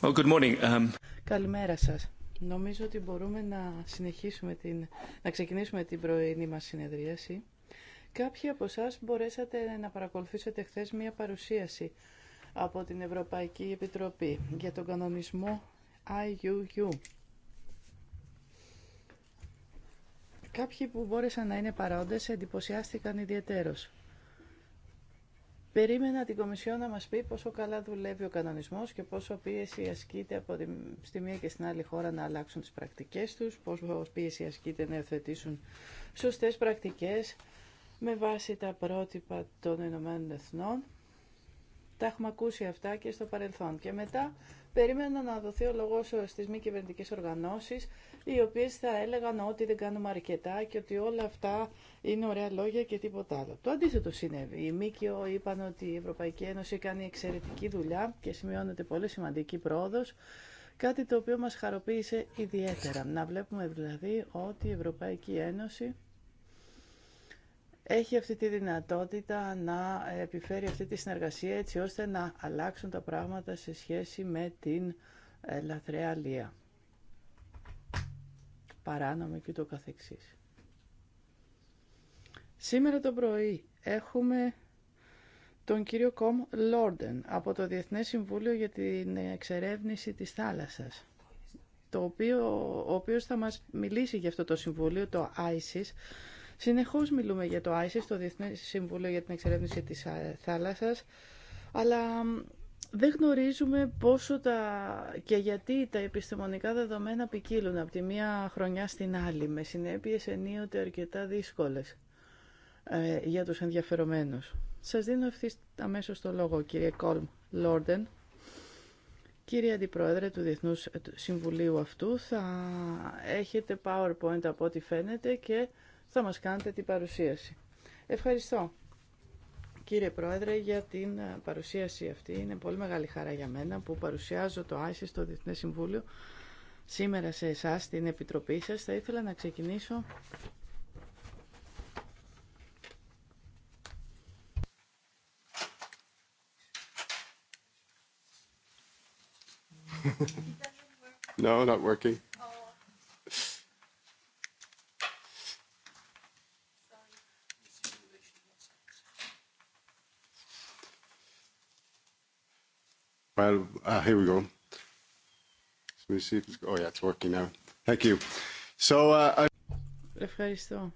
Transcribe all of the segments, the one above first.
good morning. Um, Καλημέρα σας. Νομίζω ότι μπορούμε να συνεχίσουμε την, να ξεκινήσουμε την πρωινή μας συνεδρίαση. Κάποιοι από εσά μπορέσατε να παρακολουθήσετε χθε μία παρουσίαση από την Ευρωπαϊκή Επιτροπή για τον κανονισμό IUU. Κάποιοι που μπόρεσαν να είναι παρόντες εντυπωσιάστηκαν ιδιαίτερως. Περίμενα την Κομισιό να μας πει πόσο καλά δουλεύει ο κανονισμός και πόσο πίεση ασκείται από τη, στη μία και στην άλλη χώρα να αλλάξουν τις πρακτικές τους, πόσο πίεση ασκείται να υιοθετήσουν σωστές πρακτικές με βάση τα πρότυπα των Ηνωμένων Εθνών. Τα έχουμε ακούσει αυτά και στο παρελθόν. Και μετά περίμενα να δοθεί ο λόγος στι μη κυβερνητικέ οργανώσει, οι οποίες θα έλεγαν ότι δεν κάνουμε αρκετά και ότι όλα αυτά είναι ωραία λόγια και τίποτα άλλο. Το αντίθετο συνέβη. Οι ΜΚΟ είπαν ότι η Ευρωπαϊκή Ένωση κάνει εξαιρετική δουλειά και σημειώνεται πολύ σημαντική πρόοδος, κάτι το οποίο μας χαροποίησε ιδιαίτερα. Να βλέπουμε δηλαδή ότι η Ευρωπαϊκή Ένωση έχει αυτή τη δυνατότητα να επιφέρει αυτή τη συνεργασία έτσι ώστε να αλλάξουν τα πράγματα σε σχέση με την ε, λαθρέα λία. Παράνομη και το καθεξής. Σήμερα το πρωί έχουμε τον κύριο Κομ Λόρντεν από το Διεθνές Συμβούλιο για την Εξερεύνηση της Θάλασσας το οποίο, ο οποίος θα μας μιλήσει για αυτό το συμβούλιο, το ISIS, Συνεχώ μιλούμε για το ISIS, το Διεθνέ Συμβούλιο για την Εξερεύνηση της ε, Θάλασσας, αλλά δεν γνωρίζουμε πόσο τα και γιατί τα επιστημονικά δεδομένα ποικίλουν από τη μία χρονιά στην άλλη, με συνέπειες ενίοτε αρκετά δύσκολες ε, για τους ενδιαφερομένους. Σας δίνω ευθύ αμέσω το λόγο, κύριε Κόλμ Λόρντεν. Κύριε Αντιπρόεδρε του Διεθνούς ε, Συμβουλίου αυτού, θα έχετε PowerPoint από ό,τι φαίνεται και θα μας κάνετε την παρουσίαση. Ευχαριστώ κύριε Πρόεδρε για την ε, παρουσίαση αυτή. Είναι πολύ μεγάλη χαρά για μένα που παρουσιάζω το ΆΙΣΙ στο Διεθνές Συμβούλιο σήμερα σε εσάς, την Επιτροπή σας. Θα ήθελα να ξεκινήσω No, not working. Ευχαριστώ.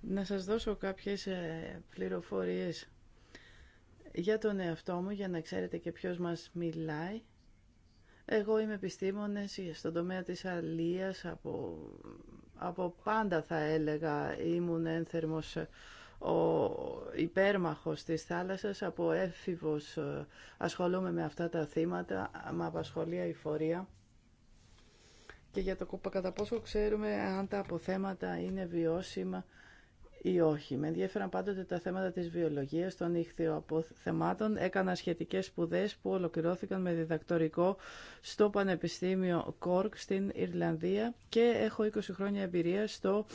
Να σας δώσω κάποιες ε, πληροφορίες για τον εαυτό μου, για να ξέρετε και ποιος μας μιλάει. Εγώ είμαι επιστήμονες στον τομέα της αλίας, από, από πάντα θα έλεγα ήμουν ένθερμος ο υπέρμαχος της θάλασσας από έφηβος ε, ασχολούμαι με αυτά τα θύματα, με απασχολεί Φορεία. και για το κατά πόσο ξέρουμε αν τα αποθέματα είναι βιώσιμα ή όχι. Με ενδιαφέραν πάντοτε τα θέματα της βιολογίας, των ηχθειοαποθεμάτων. Έκανα σχετικές σπουδές που ολοκληρώθηκαν με διδακτορικό στο Πανεπιστήμιο Κόρκ στην Ιρλανδία και έχω 20 χρόνια εμπειρία στο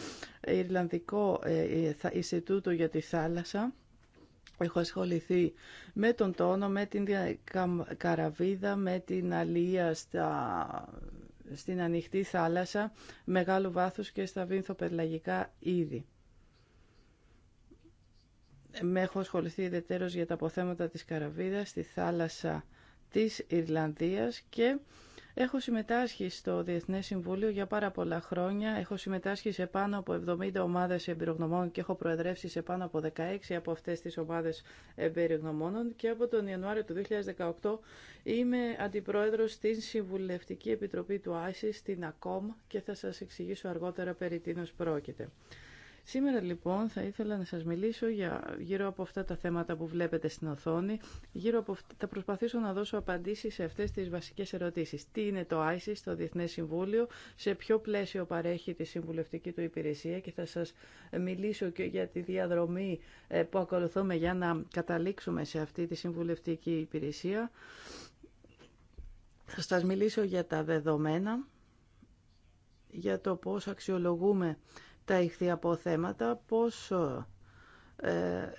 Ιρλανδικό ε, ε, Ινστιτούτο για τη Θάλασσα. Έχω ασχοληθεί με τον τόνο, με την καραβίδα, με την αλία στην ανοιχτή θάλασσα, μεγάλου βάθους και στα βίνθοπερλαγικά είδη με έχω ασχοληθεί ιδιαίτερως για τα αποθέματα της Καραβίδας στη θάλασσα της Ιρλανδίας και έχω συμμετάσχει στο Διεθνές Συμβούλιο για πάρα πολλά χρόνια. Έχω συμμετάσχει σε πάνω από 70 ομάδες εμπειρογνωμών και έχω προεδρεύσει σε πάνω από 16 από αυτές τις ομάδες εμπειρογνωμών. και από τον Ιανουάριο του 2018 είμαι αντιπρόεδρος στην Συμβουλευτική Επιτροπή του ΆΙΣΙΣ, στην ΑΚΟΜ και θα σας εξηγήσω αργότερα περί τίνος πρόκειται. Σήμερα λοιπόν θα ήθελα να σας μιλήσω για, γύρω από αυτά τα θέματα που βλέπετε στην οθόνη. Γύρω από, θα προσπαθήσω να δώσω απαντήσεις σε αυτές τις βασικές ερωτήσεις. Τι είναι το ISIS, το Διεθνές Συμβούλιο, σε ποιο πλαίσιο παρέχει τη συμβουλευτική του υπηρεσία και θα σας μιλήσω και για τη διαδρομή ε, που ακολουθούμε για να καταλήξουμε σε αυτή τη συμβουλευτική υπηρεσία. Θα σας μιλήσω για τα δεδομένα, για το πώς αξιολογούμε τα ηχθή αποθέματα, πώς ε,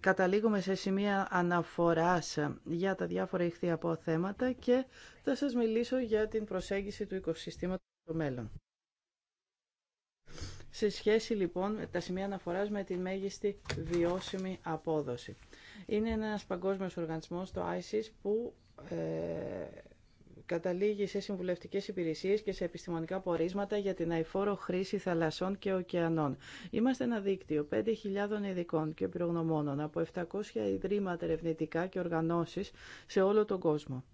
καταλήγουμε σε σημεία αναφοράς για τα διάφορα ηχθή αποθέματα και θα σας μιλήσω για την προσέγγιση του οικοσυστήματος στο μέλλον. Σε σχέση λοιπόν με τα σημεία αναφοράς με τη μέγιστη βιώσιμη απόδοση. Είναι ένας παγκόσμιος οργανισμός, το ISIS, που ε, καταλήγει σε συμβουλευτικές υπηρεσίες και σε επιστημονικά πορίσματα για την αηφόρο χρήση θαλασσών και ωκεανών. Είμαστε ένα δίκτυο 5.000 ειδικών και πυρογνωμόνων από 700 ιδρύματα ερευνητικά και οργανώσεις σε όλο τον κόσμο.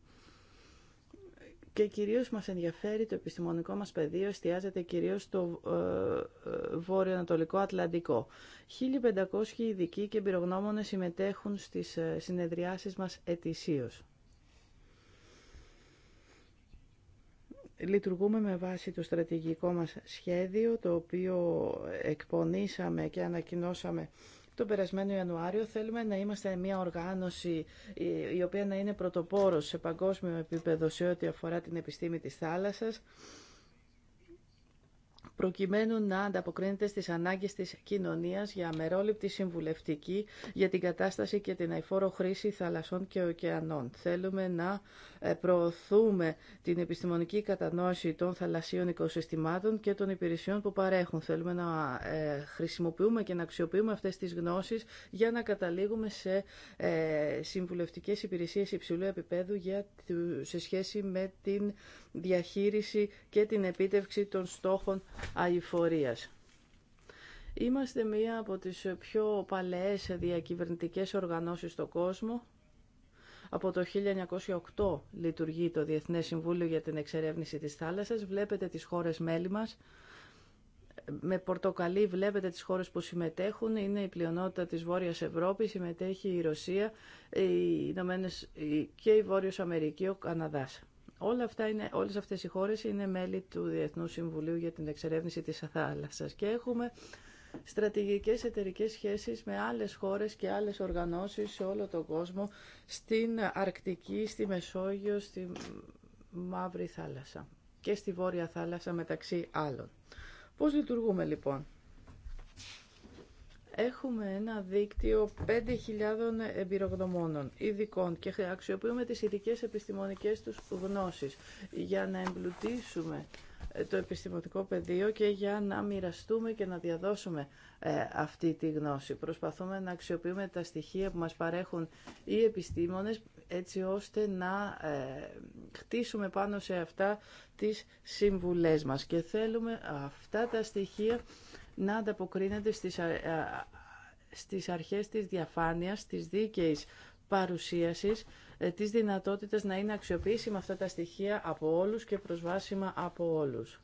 Και κυρίως μας ενδιαφέρει το επιστημονικό μας πεδίο, εστιάζεται κυρίως στο ε, ε βόρειο-ανατολικό Ατλαντικό. 1.500 ειδικοί και εμπειρογνώμονες συμμετέχουν στις ε, συνεδριάσεις μας ετησίως. λειτουργούμε με βάση το στρατηγικό μας σχέδιο, το οποίο εκπονήσαμε και ανακοινώσαμε τον περασμένο Ιανουάριο. Θέλουμε να είμαστε μια οργάνωση η οποία να είναι πρωτοπόρος σε παγκόσμιο επίπεδο σε ό,τι αφορά την επιστήμη της θάλασσας προκειμένου να ανταποκρίνεται στις ανάγκες της κοινωνίας για αμερόληπτη συμβουλευτική για την κατάσταση και την αηφόρο χρήση θαλασσών και ωκεανών. Θέλουμε να ε, προωθούμε την επιστημονική κατανόηση των θαλασσίων οικοσυστημάτων και των υπηρεσιών που παρέχουν. Θέλουμε να ε, χρησιμοποιούμε και να αξιοποιούμε αυτές τις γνώσεις για να καταλήγουμε σε ε, συμβουλευτικές υπηρεσίες υψηλού επίπεδου για, σε σχέση με την διαχείριση και την επίτευξη των στόχων αηφορίας. Είμαστε μία από τις πιο παλαιές διακυβερνητικές οργανώσεις στον κόσμο από το 1908 λειτουργεί το Διεθνές Συμβούλιο για την Εξερεύνηση της Θάλασσας. Βλέπετε τις χώρες μέλη μας. Με πορτοκαλί βλέπετε τις χώρες που συμμετέχουν. Είναι η πλειονότητα της Βόρειας Ευρώπης, συμμετέχει η Ρωσία οι και η Βόρειος Αμερική, ο Καναδάς. Όλα αυτά είναι, όλες αυτές οι χώρες είναι μέλη του Διεθνού Συμβουλίου για την Εξερεύνηση της Θάλασσας και έχουμε στρατηγικές εταιρικές σχέσεις με άλλες χώρες και άλλες οργανώσεις σε όλο τον κόσμο, στην Αρκτική, στη Μεσόγειο, στη Μαύρη Θάλασσα και στη Βόρεια Θάλασσα μεταξύ άλλων. Πώς λειτουργούμε λοιπόν. Έχουμε ένα δίκτυο 5.000 εμπειρογνωμόνων, ειδικών και αξιοποιούμε τις ειδικές επιστημονικές τους γνώσεις για να εμπλουτίσουμε το επιστημονικό πεδίο και για να μοιραστούμε και να διαδώσουμε ε, αυτή τη γνώση. Προσπαθούμε να αξιοποιούμε τα στοιχεία που μας παρέχουν οι επιστήμονες έτσι ώστε να ε, χτίσουμε πάνω σε αυτά τις συμβουλές μας και θέλουμε αυτά τα στοιχεία να ανταποκρίνονται στις, στις αρχές της διαφάνειας, της δίκαιης παρουσίασης ε, της δυνατότητας να είναι αξιοποιήσιμα αυτά τα στοιχεία από όλους και προσβάσιμα από όλους.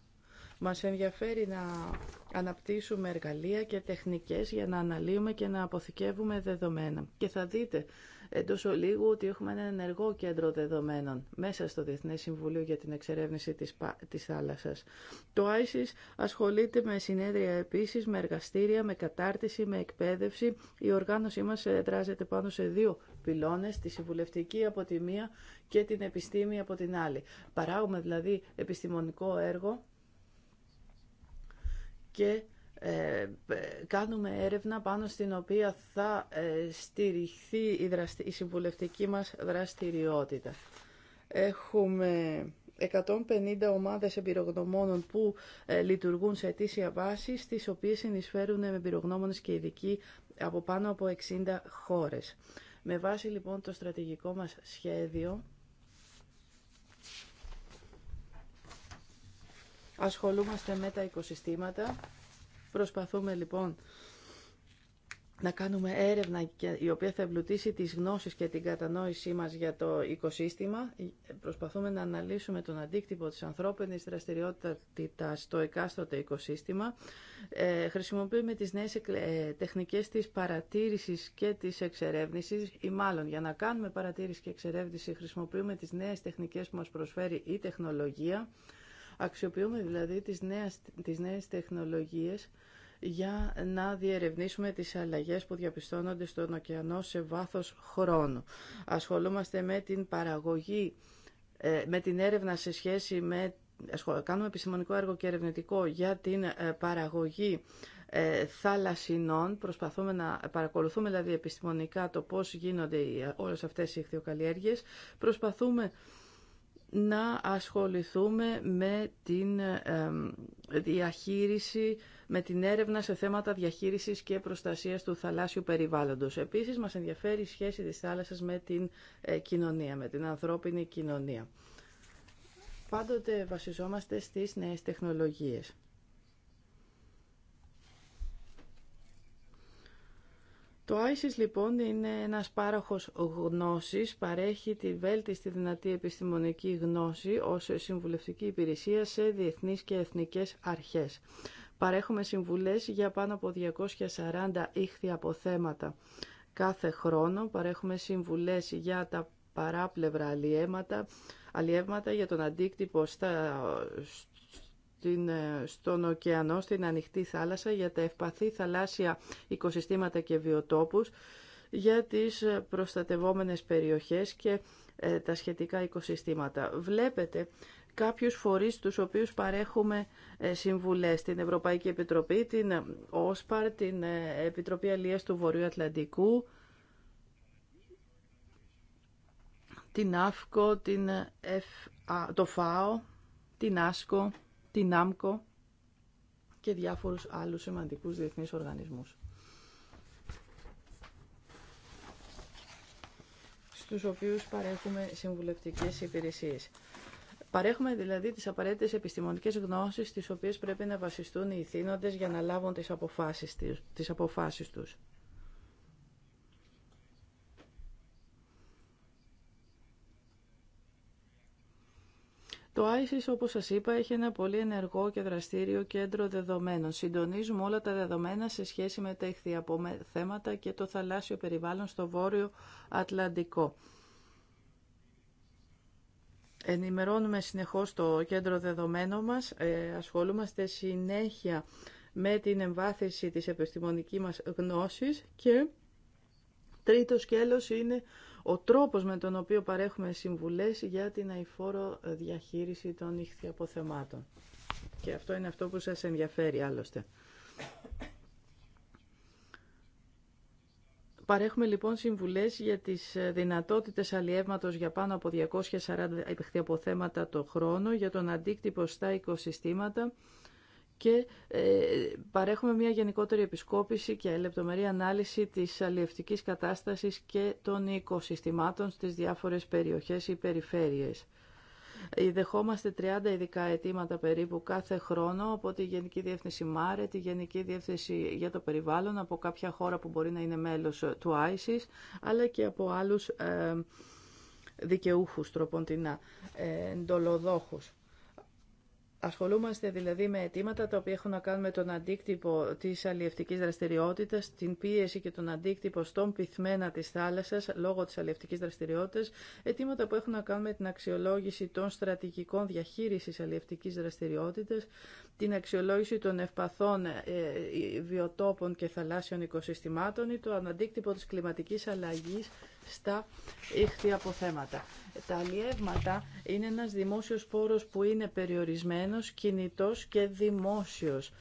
Μας ενδιαφέρει να αναπτύσσουμε εργαλεία και τεχνικές για να αναλύουμε και να αποθηκεύουμε δεδομένα. Και θα δείτε εντός ολίγου ότι έχουμε ένα ενεργό κέντρο δεδομένων μέσα στο Διεθνές Συμβουλίο για την Εξερεύνηση της, της Θάλασσας. Το ISIS ασχολείται με συνέδρια επίσης, με εργαστήρια, με κατάρτιση, με εκπαίδευση. Η οργάνωσή μας ε, πάνω σε δύο πυλώνες, τη συμβουλευτική από τη μία και την επιστήμη από την άλλη. Παράγουμε δηλαδή επιστημονικό έργο και ε, κάνουμε έρευνα πάνω στην οποία θα ε, στηριχθεί η, δραστη, η συμβουλευτική μας δραστηριότητα. Έχουμε 150 ομάδες εμπειρογνωμόνων που ε, λειτουργούν σε αιτήσια βάση, στις οποίες συνεισφέρουν με εμπειρογνώμονες και ειδικοί από πάνω από 60 χώρες. Με βάση λοιπόν το στρατηγικό μας σχέδιο, ασχολούμαστε με τα οικοσυστήματα. Προσπαθούμε λοιπόν να κάνουμε έρευνα η οποία θα εμπλουτίσει τις γνώσεις και την κατανόησή μας για το οικοσύστημα. Προσπαθούμε να αναλύσουμε τον αντίκτυπο της ανθρώπινης δραστηριότητας στο εκάστοτε οικοσύστημα. Ε, χρησιμοποιούμε τις νέες ε, τεχνικές της παρατήρησης και της εξερεύνησης ή μάλλον για να κάνουμε παρατήρηση και εξερεύνηση χρησιμοποιούμε τις νέες τεχνικές που μας προσφέρει η τεχνολογία. Αξιοποιούμε δηλαδή τις νέες, τις νέες τεχνολογίες για να διερευνήσουμε τις αλλαγές που διαπιστώνονται στον ωκεανό σε βάθος χρόνου. Ασχολούμαστε με την παραγωγή, ε, με την έρευνα σε σχέση με κάνουμε επιστημονικό έργο και ερευνητικό για την ε, παραγωγή ε, θαλασσινών. Προσπαθούμε να παρακολουθούμε δηλαδή επιστημονικά το πώς γίνονται όλες αυτές οι ηχθειοκαλλιέργειες. Προσπαθούμε να ασχοληθούμε με την διαχείριση με την έρευνα σε θέματα διαχείρισης και προστασίας του θαλάσσιου περιβάλλοντος. Επίσης, μας ενδιαφέρει η σχέση της θάλασσας με την ε, κοινωνία, με την ανθρώπινη κοινωνία. Πάντοτε βασιζόμαστε στις νέες τεχνολογίες. Το ISIS λοιπόν είναι ένας πάροχος γνώσης, παρέχει τη βέλτιστη δυνατή επιστημονική γνώση ως συμβουλευτική υπηρεσία σε διεθνείς και εθνικές αρχές. Παρέχουμε συμβουλές για πάνω από 240 ήχθη αποθέματα κάθε χρόνο. Παρέχουμε συμβουλές για τα παράπλευρα αλλιεύματα, για τον αντίκτυπο στα, ε, στον ωκεανό, στην ανοιχτή θάλασσα, για τα ευπαθή θαλάσσια οικοσυστήματα και βιοτόπους, για τις ε, προστατευόμενες περιοχές και ε, τα σχετικά οικοσυστήματα. Βλέπετε κάποιους φορείς τους οποίους παρέχουμε ε, συμβουλές, την Ευρωπαϊκή Επιτροπή, την ε, ΟΣΠΑΡ, την ε, Επιτροπή Αλίας του Βορείου Ατλαντικού, την ΑΦΚΟ, την το ΦΑΟ, την ΑΣΚΟ, την ΑΜΚΟ και διάφορους άλλους σημαντικούς διεθνείς οργανισμούς. στους οποίους παρέχουμε συμβουλευτικές υπηρεσίες. Παρέχουμε δηλαδή τις απαραίτητες επιστημονικές γνώσεις τις οποίες πρέπει να βασιστούν οι θύνοντες για να λάβουν τις αποφάσεις, τις αποφάσεις τους. Το ISIS, όπως σας είπα, έχει ένα πολύ ενεργό και δραστήριο κέντρο δεδομένων. Συντονίζουμε όλα τα δεδομένα σε σχέση με τα θέματα και το θαλάσσιο περιβάλλον στο Βόρειο Ατλαντικό ενημερώνουμε συνεχώς το κέντρο δεδομένων μας, ε, ασχολούμαστε συνέχεια με την εμβάθυνση της επιστημονικής μας γνώσης και τρίτο σκέλος είναι ο τρόπος με τον οποίο παρέχουμε συμβουλές για την αϊφόρο διαχείριση των ηχθιαποθεμάτων. Και αυτό είναι αυτό που σας ενδιαφέρει άλλωστε. Παρέχουμε λοιπόν συμβουλές για τις ε, δυνατότητες αλλιεύματος για πάνω από 240 αποθέματα το χρόνο, για τον αντίκτυπο στα οικοσυστήματα και ε, παρέχουμε μια γενικότερη επισκόπηση και λεπτομερή ανάλυση της αλλιευτικής κατάστασης και των οικοσυστημάτων στις διάφορες περιοχές ή περιφέρειες. Ε, δεχόμαστε 30 ειδικά αιτήματα περίπου κάθε χρόνο από τη Γενική Διεύθυνση ΜΑΡΕ, τη Γενική Διεύθυνση για το Περιβάλλον, από κάποια χώρα που μπορεί να είναι μέλος ε, του ISIS, αλλά και από άλλους ε, δικαιούχους τροποντινά, εντολοδόχους. Ασχολούμαστε δηλαδή με αιτήματα τα οποία έχουν να κάνουν με τον αντίκτυπο της αλλιευτικής δραστηριότητας, την πίεση και τον αντίκτυπο στον πυθμένα της θάλασσας λόγω της αλλιευτικής δραστηριότητας, αιτήματα που έχουν να κάνουν με την αξιολόγηση των στρατηγικών διαχείρισης αλλιευτικής δραστηριότητας, την αξιολόγηση των ευπαθών ε, βιοτόπων και θαλάσσιων οικοσυστημάτων ή το αντίκτυπο της κλιματικής αλλαγής στα ήχθη αποθέματα. Τα αλλιεύματα είναι ένας δημόσιος πόρος που είναι περιορισμένος, κινητός και δημόσιος.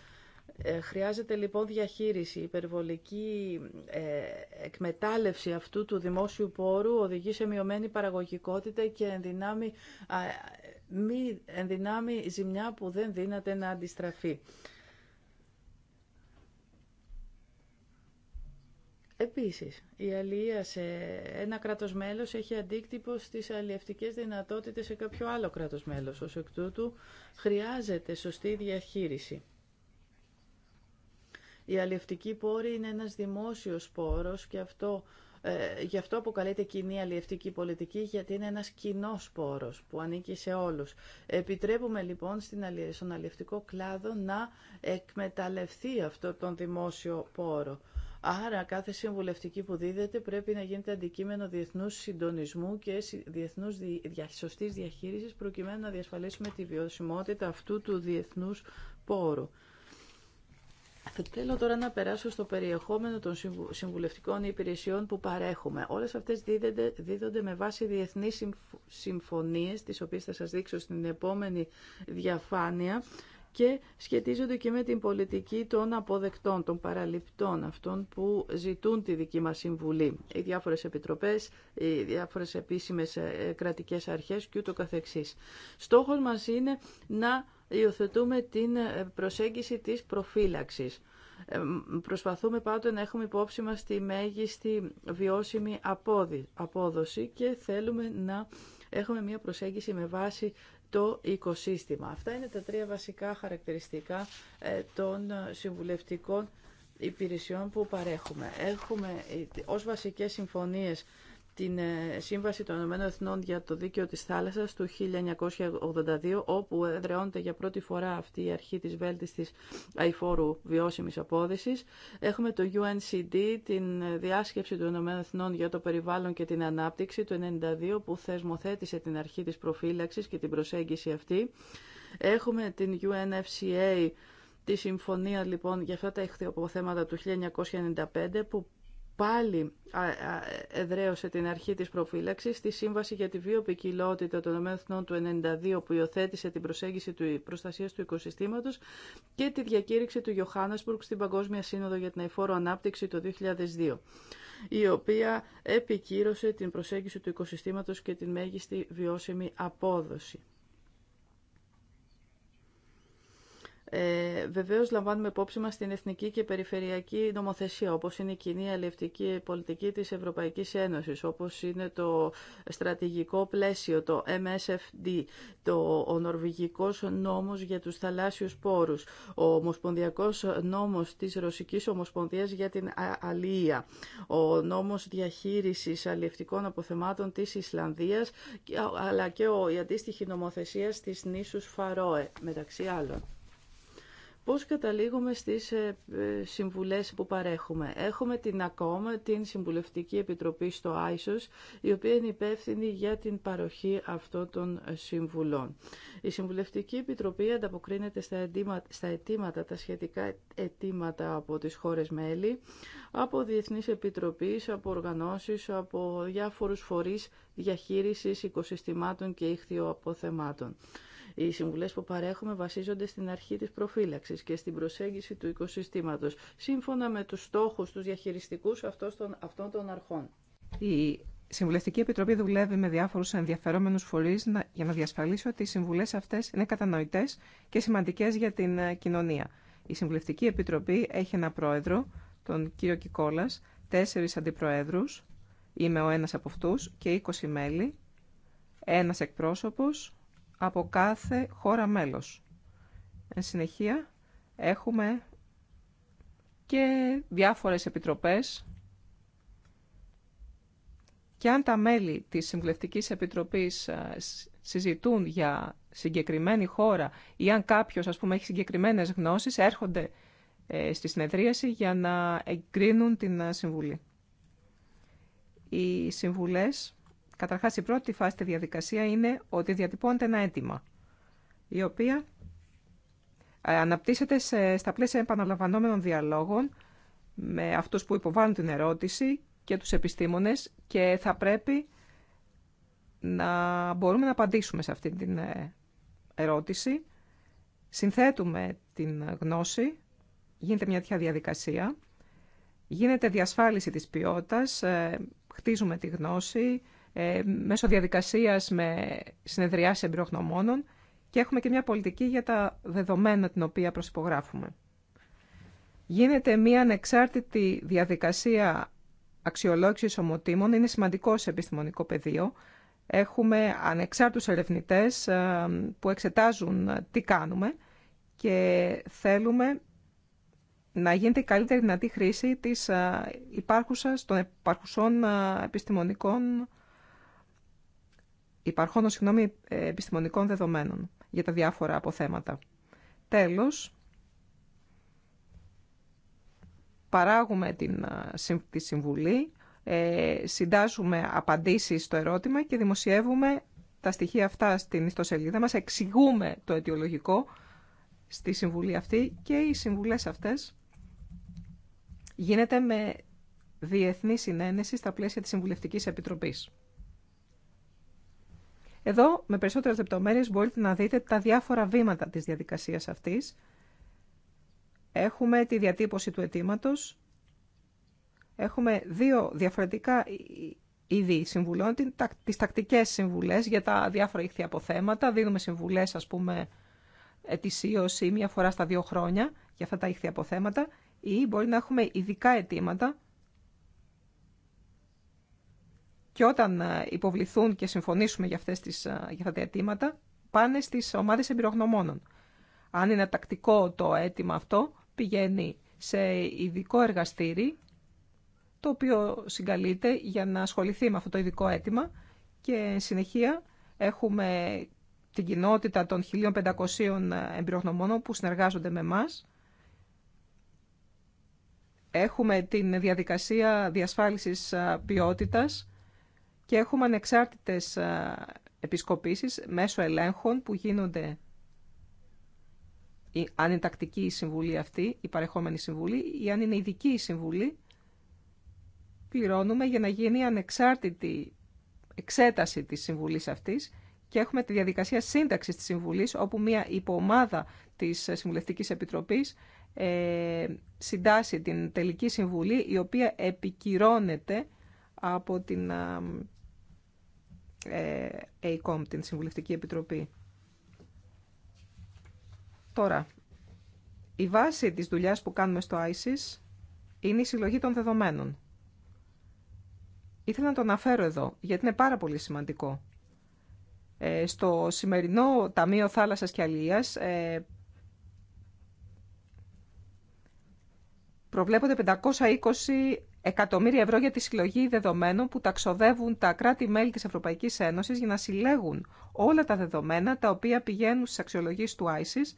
Ε, χρειάζεται λοιπόν διαχείριση. Η υπερβολική ε, εκμετάλλευση αυτού του δημόσιου πόρου οδηγεί σε μειωμένη παραγωγικότητα και ενδυνάμει, μη ενδυνάμει ζημιά που δεν δύναται να αντιστραφεί. Επίσης, η αλληλεία σε ένα κράτος μέλος έχει αντίκτυπο στις αλληλευτικές δυνατότητες σε κάποιο άλλο κράτος μέλος. Ως εκ τούτου, χρειάζεται σωστή διαχείριση. Η αλληλευτική πόρη είναι ένας δημόσιος πόρος και αυτό, ε, γι' αυτό αποκαλείται κοινή αλληλευτική πολιτική, γιατί είναι ένας κοινό πόρος που ανήκει σε όλους. Επιτρέπουμε λοιπόν στην, στον αλληλευτικό κλάδο να εκμεταλλευτεί αυτό τον δημόσιο πόρο. Άρα κάθε συμβουλευτική που δίδεται πρέπει να γίνεται αντικείμενο διεθνούς συντονισμού και διεθνούς σωστής διαχείρισης προκειμένου να διασφαλίσουμε τη βιωσιμότητα αυτού του διεθνούς πόρου. Θα θέλω τώρα να περάσω στο περιεχόμενο των συμβουλευτικών υπηρεσιών που παρέχουμε. Όλες αυτές δίδονται, δίδονται με βάση διεθνείς συμφωνίες, τις οποίες θα σας δείξω στην επόμενη διαφάνεια, και σχετίζονται και με την πολιτική των αποδεκτών, των παραληπτών, αυτών που ζητούν τη δική μας συμβουλή. Οι διάφορες επιτροπές, οι διάφορες επίσημες ε, κρατικές αρχές και το καθεξής. Στόχος μας είναι να υιοθετούμε την ε, προσέγγιση της προφύλαξης. Ε, προσπαθούμε πάντοτε να έχουμε υπόψη μας τη μέγιστη βιώσιμη απόδοση και θέλουμε να έχουμε μια προσέγγιση με βάση το οικοσύστημα. Αυτά είναι τα τρία βασικά χαρακτηριστικά ε, των συμβουλευτικών υπηρεσιών που παρέχουμε. Έχουμε ε, ως βασικές συμφωνίες την ε, Σύμβαση των Ηνωμένων Εθνών για το Δίκαιο της Θάλασσας του 1982, όπου εδρεώνεται για πρώτη φορά αυτή η αρχή της βέλτιστης αηφόρου βιώσιμης απόδυσης. Έχουμε το UNCD, την διάσκεψη των Ηνωμένων Εθνών για το Περιβάλλον και την Ανάπτυξη του 1992, που θεσμοθέτησε την αρχή της προφύλαξης και την προσέγγιση αυτή. Έχουμε την UNFCA, τη συμφωνία λοιπόν για αυτά τα ηχθειοποθέματα του 1995 που πάλι εδραίωσε την αρχή της προφύλαξης στη Σύμβαση για τη Βιοπικιλότητα των ΗΠΑ του 1992 που υιοθέτησε την προσέγγιση του προστασίας του οικοσυστήματος και τη διακήρυξη του Johannesburg στην Παγκόσμια Σύνοδο για την Εφόρο Ανάπτυξη το 2002 η οποία επικύρωσε την προσέγγιση του οικοσυστήματος και την μέγιστη βιώσιμη απόδοση. Ε, Βεβαίω, λαμβάνουμε υπόψη μα την εθνική και περιφερειακή νομοθεσία, όπω είναι η κοινή αλληλευτική πολιτική τη Ευρωπαϊκή Ένωση, όπω είναι το στρατηγικό πλαίσιο, το MSFD, το, ο νορβηγικό νόμο για του θαλάσσιου πόρου, ο ομοσπονδιακό νόμο τη Ρωσική Ομοσπονδία για την Αλία, ο νόμο διαχείριση αλληλευτικών αποθεμάτων τη Ισλανδία, αλλά και ο, η αντίστοιχη νομοθεσία τη νήσου Φαρόε, μεταξύ άλλων. Πώς καταλήγουμε στις ε, ε, συμβουλές που παρέχουμε. Έχουμε την ακόμα την Συμβουλευτική Επιτροπή στο ΆΙΣΟΣ, η οποία είναι υπεύθυνη για την παροχή αυτών των συμβουλών. Η Συμβουλευτική Επιτροπή ανταποκρίνεται στα, αιτήματα, στα τα σχετικά αιτήματα από τις χώρες μέλη, από διεθνείς επιτροπής, από οργανώσεις, από διάφορους φορείς διαχείρισης οικοσυστημάτων και ηχθειοαποθεμάτων. αποθεμάτων. Οι συμβουλέ που παρέχουμε βασίζονται στην αρχή τη προφύλαξης και στην προσέγγιση του οικοσυστήματος, σύμφωνα με τους στόχους, του διαχειριστικού αυτών των αρχών. Η Συμβουλευτική Επιτροπή δουλεύει με διάφορου ενδιαφερόμενου φορεί για να διασφαλίσει ότι οι συμβουλέ αυτέ είναι κατανοητέ και σημαντικέ για την ε, κοινωνία. Η Συμβουλευτική Επιτροπή έχει ένα πρόεδρο, τον κύριο Κικόλα, τέσσερι αντιπροέδρου, είμαι ο ένα από αυτού, και είκοσι μέλη, ένα εκπρόσωπο από κάθε χώρα μέλος. Εν συνεχεία, έχουμε και διάφορες επιτροπές και αν τα μέλη της Συμβουλευτικής Επιτροπής ε, συζητούν για συγκεκριμένη χώρα ή αν κάποιος ας πούμε έχει συγκεκριμένες γνώσεις έρχονται ε, στη συνεδρίαση για να εγκρίνουν την ε, Συμβουλή. Οι συμβουλές Καταρχάς, η πρώτη φάση τη διαδικασία είναι ότι διατυπώνεται ένα αίτημα, η οποία ε, αναπτύσσεται στα πλαίσια επαναλαμβανόμενων διαλόγων με αυτούς που υποβάλλουν την ερώτηση και τους επιστήμονες και θα πρέπει να μπορούμε να απαντήσουμε σε αυτή την ε, ερώτηση. Συνθέτουμε την γνώση, γίνεται μια τέτοια διαδικασία, γίνεται διασφάλιση της ποιότητας, ε, χτίζουμε τη γνώση, ε, μέσω διαδικασία με συνεδριάσει εμπειρογνωμόνων και έχουμε και μια πολιτική για τα δεδομένα την οποία προσυπογράφουμε. Γίνεται μια ανεξάρτητη διαδικασία αξιολόγησης ομοτήμων, είναι σημαντικό σε επιστημονικό πεδίο. Έχουμε ανεξάρτητους ερευνητές ε, που εξετάζουν τι κάνουμε και θέλουμε να γίνεται η καλύτερη δυνατή χρήση της ε, υπάρχουσας, των επαρχουσών επιστημονικών υπαρχόντων συγγνώμη, ε, επιστημονικών δεδομένων για τα διάφορα αποθέματα. Τέλος, παράγουμε την, τη συμβουλή, ε, συντάζουμε απαντήσεις στο ερώτημα και δημοσιεύουμε τα στοιχεία αυτά στην ιστοσελίδα μας, εξηγούμε το αιτιολογικό στη συμβουλή αυτή και οι συμβουλές αυτές γίνεται με διεθνή συνένεση στα πλαίσια της Συμβουλευτικής Επιτροπής. Εδώ με περισσότερες λεπτομέρειες μπορείτε να δείτε τα διάφορα βήματα της διαδικασίας αυτής. Έχουμε τη διατύπωση του αιτήματο. Έχουμε δύο διαφορετικά είδη συμβουλών, τις τακτικές συμβουλές για τα διάφορα ήχθη αποθέματα. Δίνουμε συμβουλές, ας πούμε, ετησίως ή μία φορά στα δύο χρόνια για αυτά τα ήχθη αποθέματα ή μπορεί να έχουμε ειδικά αιτήματα και όταν ε, υποβληθούν και συμφωνήσουμε για, αυτές τις, ε, για αυτά τα αιτήματα, πάνε στις ομάδες εμπειρογνωμόνων. Αν είναι τακτικό το αίτημα αυτό, πηγαίνει σε ειδικό εργαστήρι, το οποίο συγκαλείται για να ασχοληθεί με αυτό το ειδικό αίτημα και συνεχεία έχουμε την κοινότητα των 1.500 ε, εμπειρογνωμόνων που συνεργάζονται με μας. Έχουμε την διαδικασία διασφάλισης ποιότητας και έχουμε ανεξάρτητες επισκοπήσεις μέσω ελέγχων που γίνονται αν είναι τακτική η συμβουλή αυτή, η παρεχόμενη συμβουλή, ή αν είναι ειδική η συμβουλή, πληρώνουμε για να γίνει ανεξάρτητη εξέταση της συμβουλής αυτής και έχουμε τη διαδικασία σύνταξης της συμβουλής, όπου μια υποομάδα της Συμβουλευτικής Επιτροπής ε, συντάσσει την τελική συμβουλή, η οποία επικυρώνεται από την ACOM, ε, την Συμβουλευτική Επιτροπή. Τώρα, η βάση της δουλειάς που κάνουμε στο ISIS είναι η συλλογή των δεδομένων. Ήθελα να το αναφέρω εδώ, γιατί είναι πάρα πολύ σημαντικό. Ε, στο σημερινό Ταμείο Θάλασσας και Αλίας ε, προβλέπονται 520 εκατομμύρια ευρώ για τη συλλογή δεδομένων που ταξοδεύουν τα κράτη-μέλη της Ευρωπαϊκής Ένωσης για να συλλέγουν όλα τα δεδομένα τα οποία πηγαίνουν στις αξιολογίες του ISIS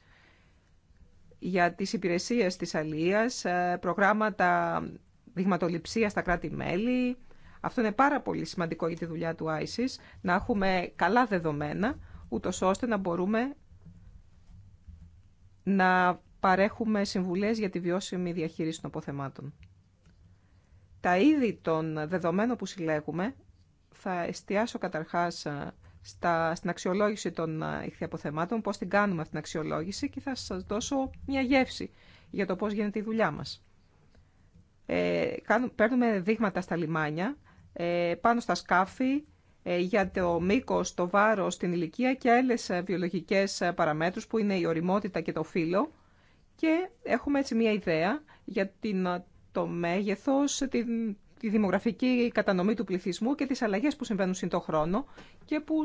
για τις υπηρεσίες της αλίας, ε, προγράμματα δειγματοληψία στα κράτη-μέλη. Αυτό είναι πάρα πολύ σημαντικό για τη δουλειά του ISIS, να έχουμε καλά δεδομένα, ούτως ώστε να μπορούμε να παρέχουμε συμβουλές για τη βιώσιμη διαχείριση των αποθεμάτων. Τα είδη των δεδομένων που συλλέγουμε θα εστιάσω καταρχάς ε, στην αξιολόγηση των ε, ηχθιαποθεμάτων, πώς την κάνουμε αυτήν την αξιολόγηση και θα σας δώσω μια γεύση για το πώς γίνεται η δουλειά μας. Ε, κάνουμε, παίρνουμε δείγματα στα λιμάνια, ε, πάνω στα σκάφη, για το μήκος, το βάρος, την ηλικία και άλλες βιολογικές παραμέτρους που είναι η οριμότητα και το φύλλο και έχουμε έτσι μια ιδέα για την το μέγεθος, τη, δημογραφική κατανομή του πληθυσμού και τις αλλαγές που συμβαίνουν συν το χρόνο και που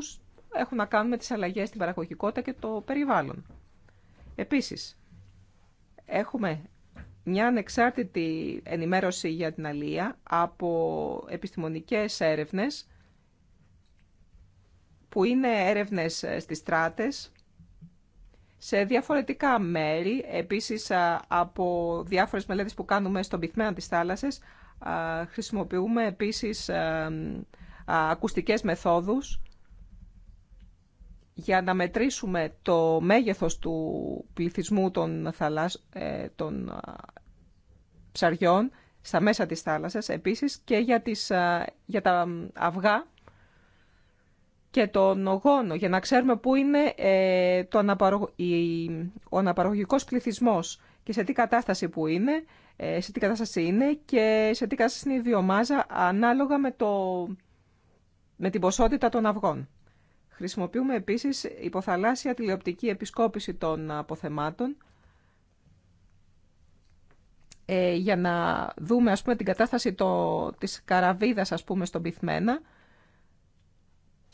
έχουν να κάνουν με τις αλλαγές στην παραγωγικότητα και το περιβάλλον. Επίσης, έχουμε μια ανεξάρτητη ενημέρωση για την αλία από επιστημονικές έρευνες που είναι έρευνες στις στράτες σε διαφορετικά μέρη. Επίσης, από διάφορες μελέτες που κάνουμε στον πυθμένα της θάλασσας, χρησιμοποιούμε επίσης ακουστικές μεθόδους για να μετρήσουμε το μέγεθος του πληθυσμού των, θαλάσ... Ε, ψαριών στα μέσα της θάλασσας, επίσης και για, τις, για τα αυγά και τον για να ξέρουμε πού είναι ε, το ο αναπαραγωγικός πληθυσμός και σε τι κατάσταση που είναι, ε, σε τι κατάσταση είναι και σε τι κατάσταση είναι η βιομάζα ανάλογα με, το... με την ποσότητα των αυγών. Χρησιμοποιούμε επίσης υποθαλάσσια τηλεοπτική επισκόπηση των αποθεμάτων ε, για να δούμε ας πούμε, την κατάσταση το... της καραβίδας ας πούμε, στον πυθμένα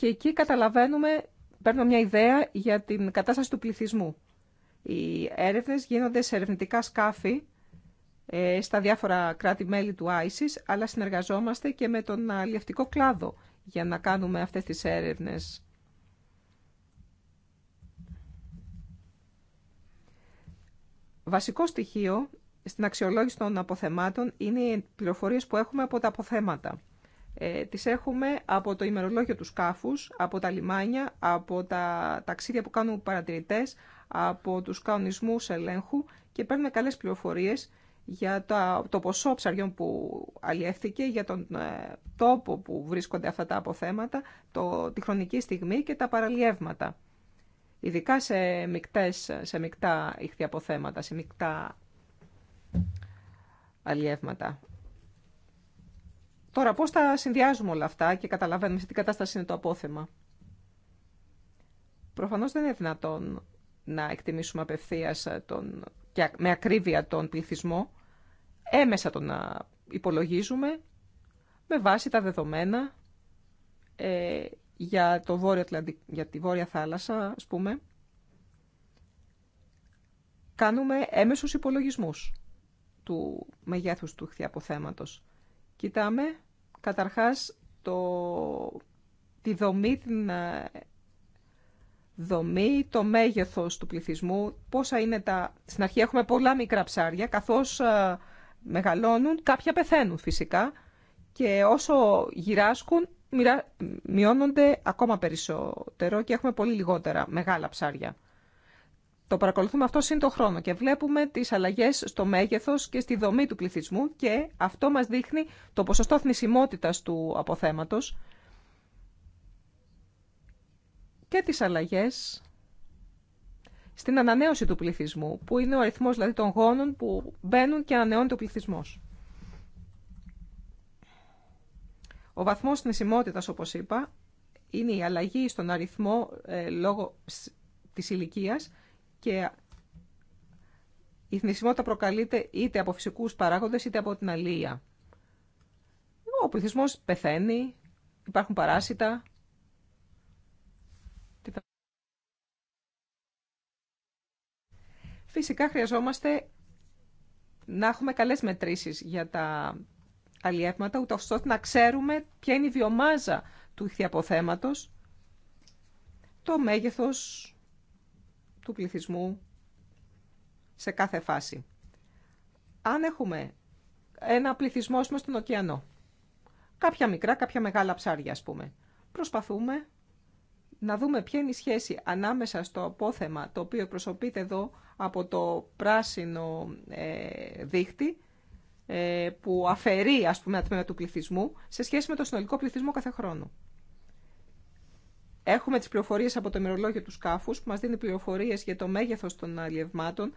και εκεί καταλαβαίνουμε, παίρνω μια ιδέα για την κατάσταση του πληθυσμού. Οι έρευνες γίνονται σε ερευνητικά σκάφη ε, στα διάφορα κράτη-μέλη του ISIS, αλλά συνεργαζόμαστε και με τον αλληλευτικό κλάδο για να κάνουμε αυτές τις έρευνες. Βασικό στοιχείο στην αξιολόγηση των αποθεμάτων είναι οι πληροφορίες που έχουμε από τα αποθέματα ε, τις έχουμε από το ημερολόγιο του σκάφους, από τα λιμάνια, από τα ταξίδια που κάνουν παρατηρητές, από τους κανονισμούς ελέγχου και παίρνουμε καλές πληροφορίες για το, το ποσό ψαριών που αλλιεύθηκε, για τον ε, τόπο που βρίσκονται αυτά τα αποθέματα, το, τη χρονική στιγμή και τα παραλιεύματα. Ειδικά σε, μικτές, σε μεικτά ηχθιαποθέματα, σε μεικτά αλλιεύματα. Τώρα πώς τα συνδυάζουμε όλα αυτά και καταλαβαίνουμε σε τι κατάσταση είναι το απόθεμα. Προφανώς δεν είναι δυνατόν να εκτιμήσουμε απευθείας τον, και με ακρίβεια τον πληθυσμό. Έμεσα τον να υπολογίζουμε με βάση τα δεδομένα ε, για, το βόρειο για τη Βόρεια Θάλασσα, ας πούμε. Κάνουμε έμεσους υπολογισμούς του μεγέθους του χθιαποθέματος. Κοιτάμε καταρχάς το, τη ε, δομή, το μέγεθος του πληθυσμού, πόσα είναι τα... Στην αρχή έχουμε πολλά μικρά ψάρια, καθώς ε, μεγαλώνουν, κάποια πεθαίνουν φυσικά και όσο γυράσκουν μειώνονται ακόμα περισσότερο και έχουμε πολύ λιγότερα μεγάλα ψάρια το παρακολουθούμε αυτό σύντο χρόνο και βλέπουμε τις αλλαγέ στο μέγεθος και στη δομή του πληθυσμού και αυτό μας δείχνει το ποσοστό θνησιμότητας του αποθέματος και τις αλλαγέ στην ανανέωση του πληθυσμού, που είναι ο αριθμό δηλαδή των γόνων που μπαίνουν και ανανεώνεται ο πληθυσμό. Ο βαθμός θνησιμότητας, όπως είπα, είναι η αλλαγή στον αριθμό ε, λόγω της ηλικίας και η θνησιμότητα προκαλείται είτε από φυσικούς παράγοντες είτε από την αλληλεία. Ο πληθυσμός πεθαίνει, υπάρχουν παράσιτα. Φυσικά χρειαζόμαστε να έχουμε καλές μετρήσεις για τα αλλιεύματα, ούτω ώστε να ξέρουμε ποια είναι η βιομάζα του ηχθιαποθέματος, το μέγεθος του πληθυσμού σε κάθε φάση. Αν έχουμε ένα πληθυσμό μας στον ωκεανό, κάποια μικρά, κάποια μεγάλα ψάρια ας πούμε, προσπαθούμε να δούμε ποια είναι η σχέση ανάμεσα στο απόθεμα το οποίο προσωπείται εδώ από το πράσινο ε, δίχτυ ε, που αφαιρεί ας πούμε ένα τμήμα του πληθυσμού σε σχέση με το συνολικό πληθυσμό κάθε χρόνο. Έχουμε τις πληροφορίες από το μυρολόγιο του σκάφους που μας δίνει πληροφορίες για το μέγεθος των αλλιευμάτων.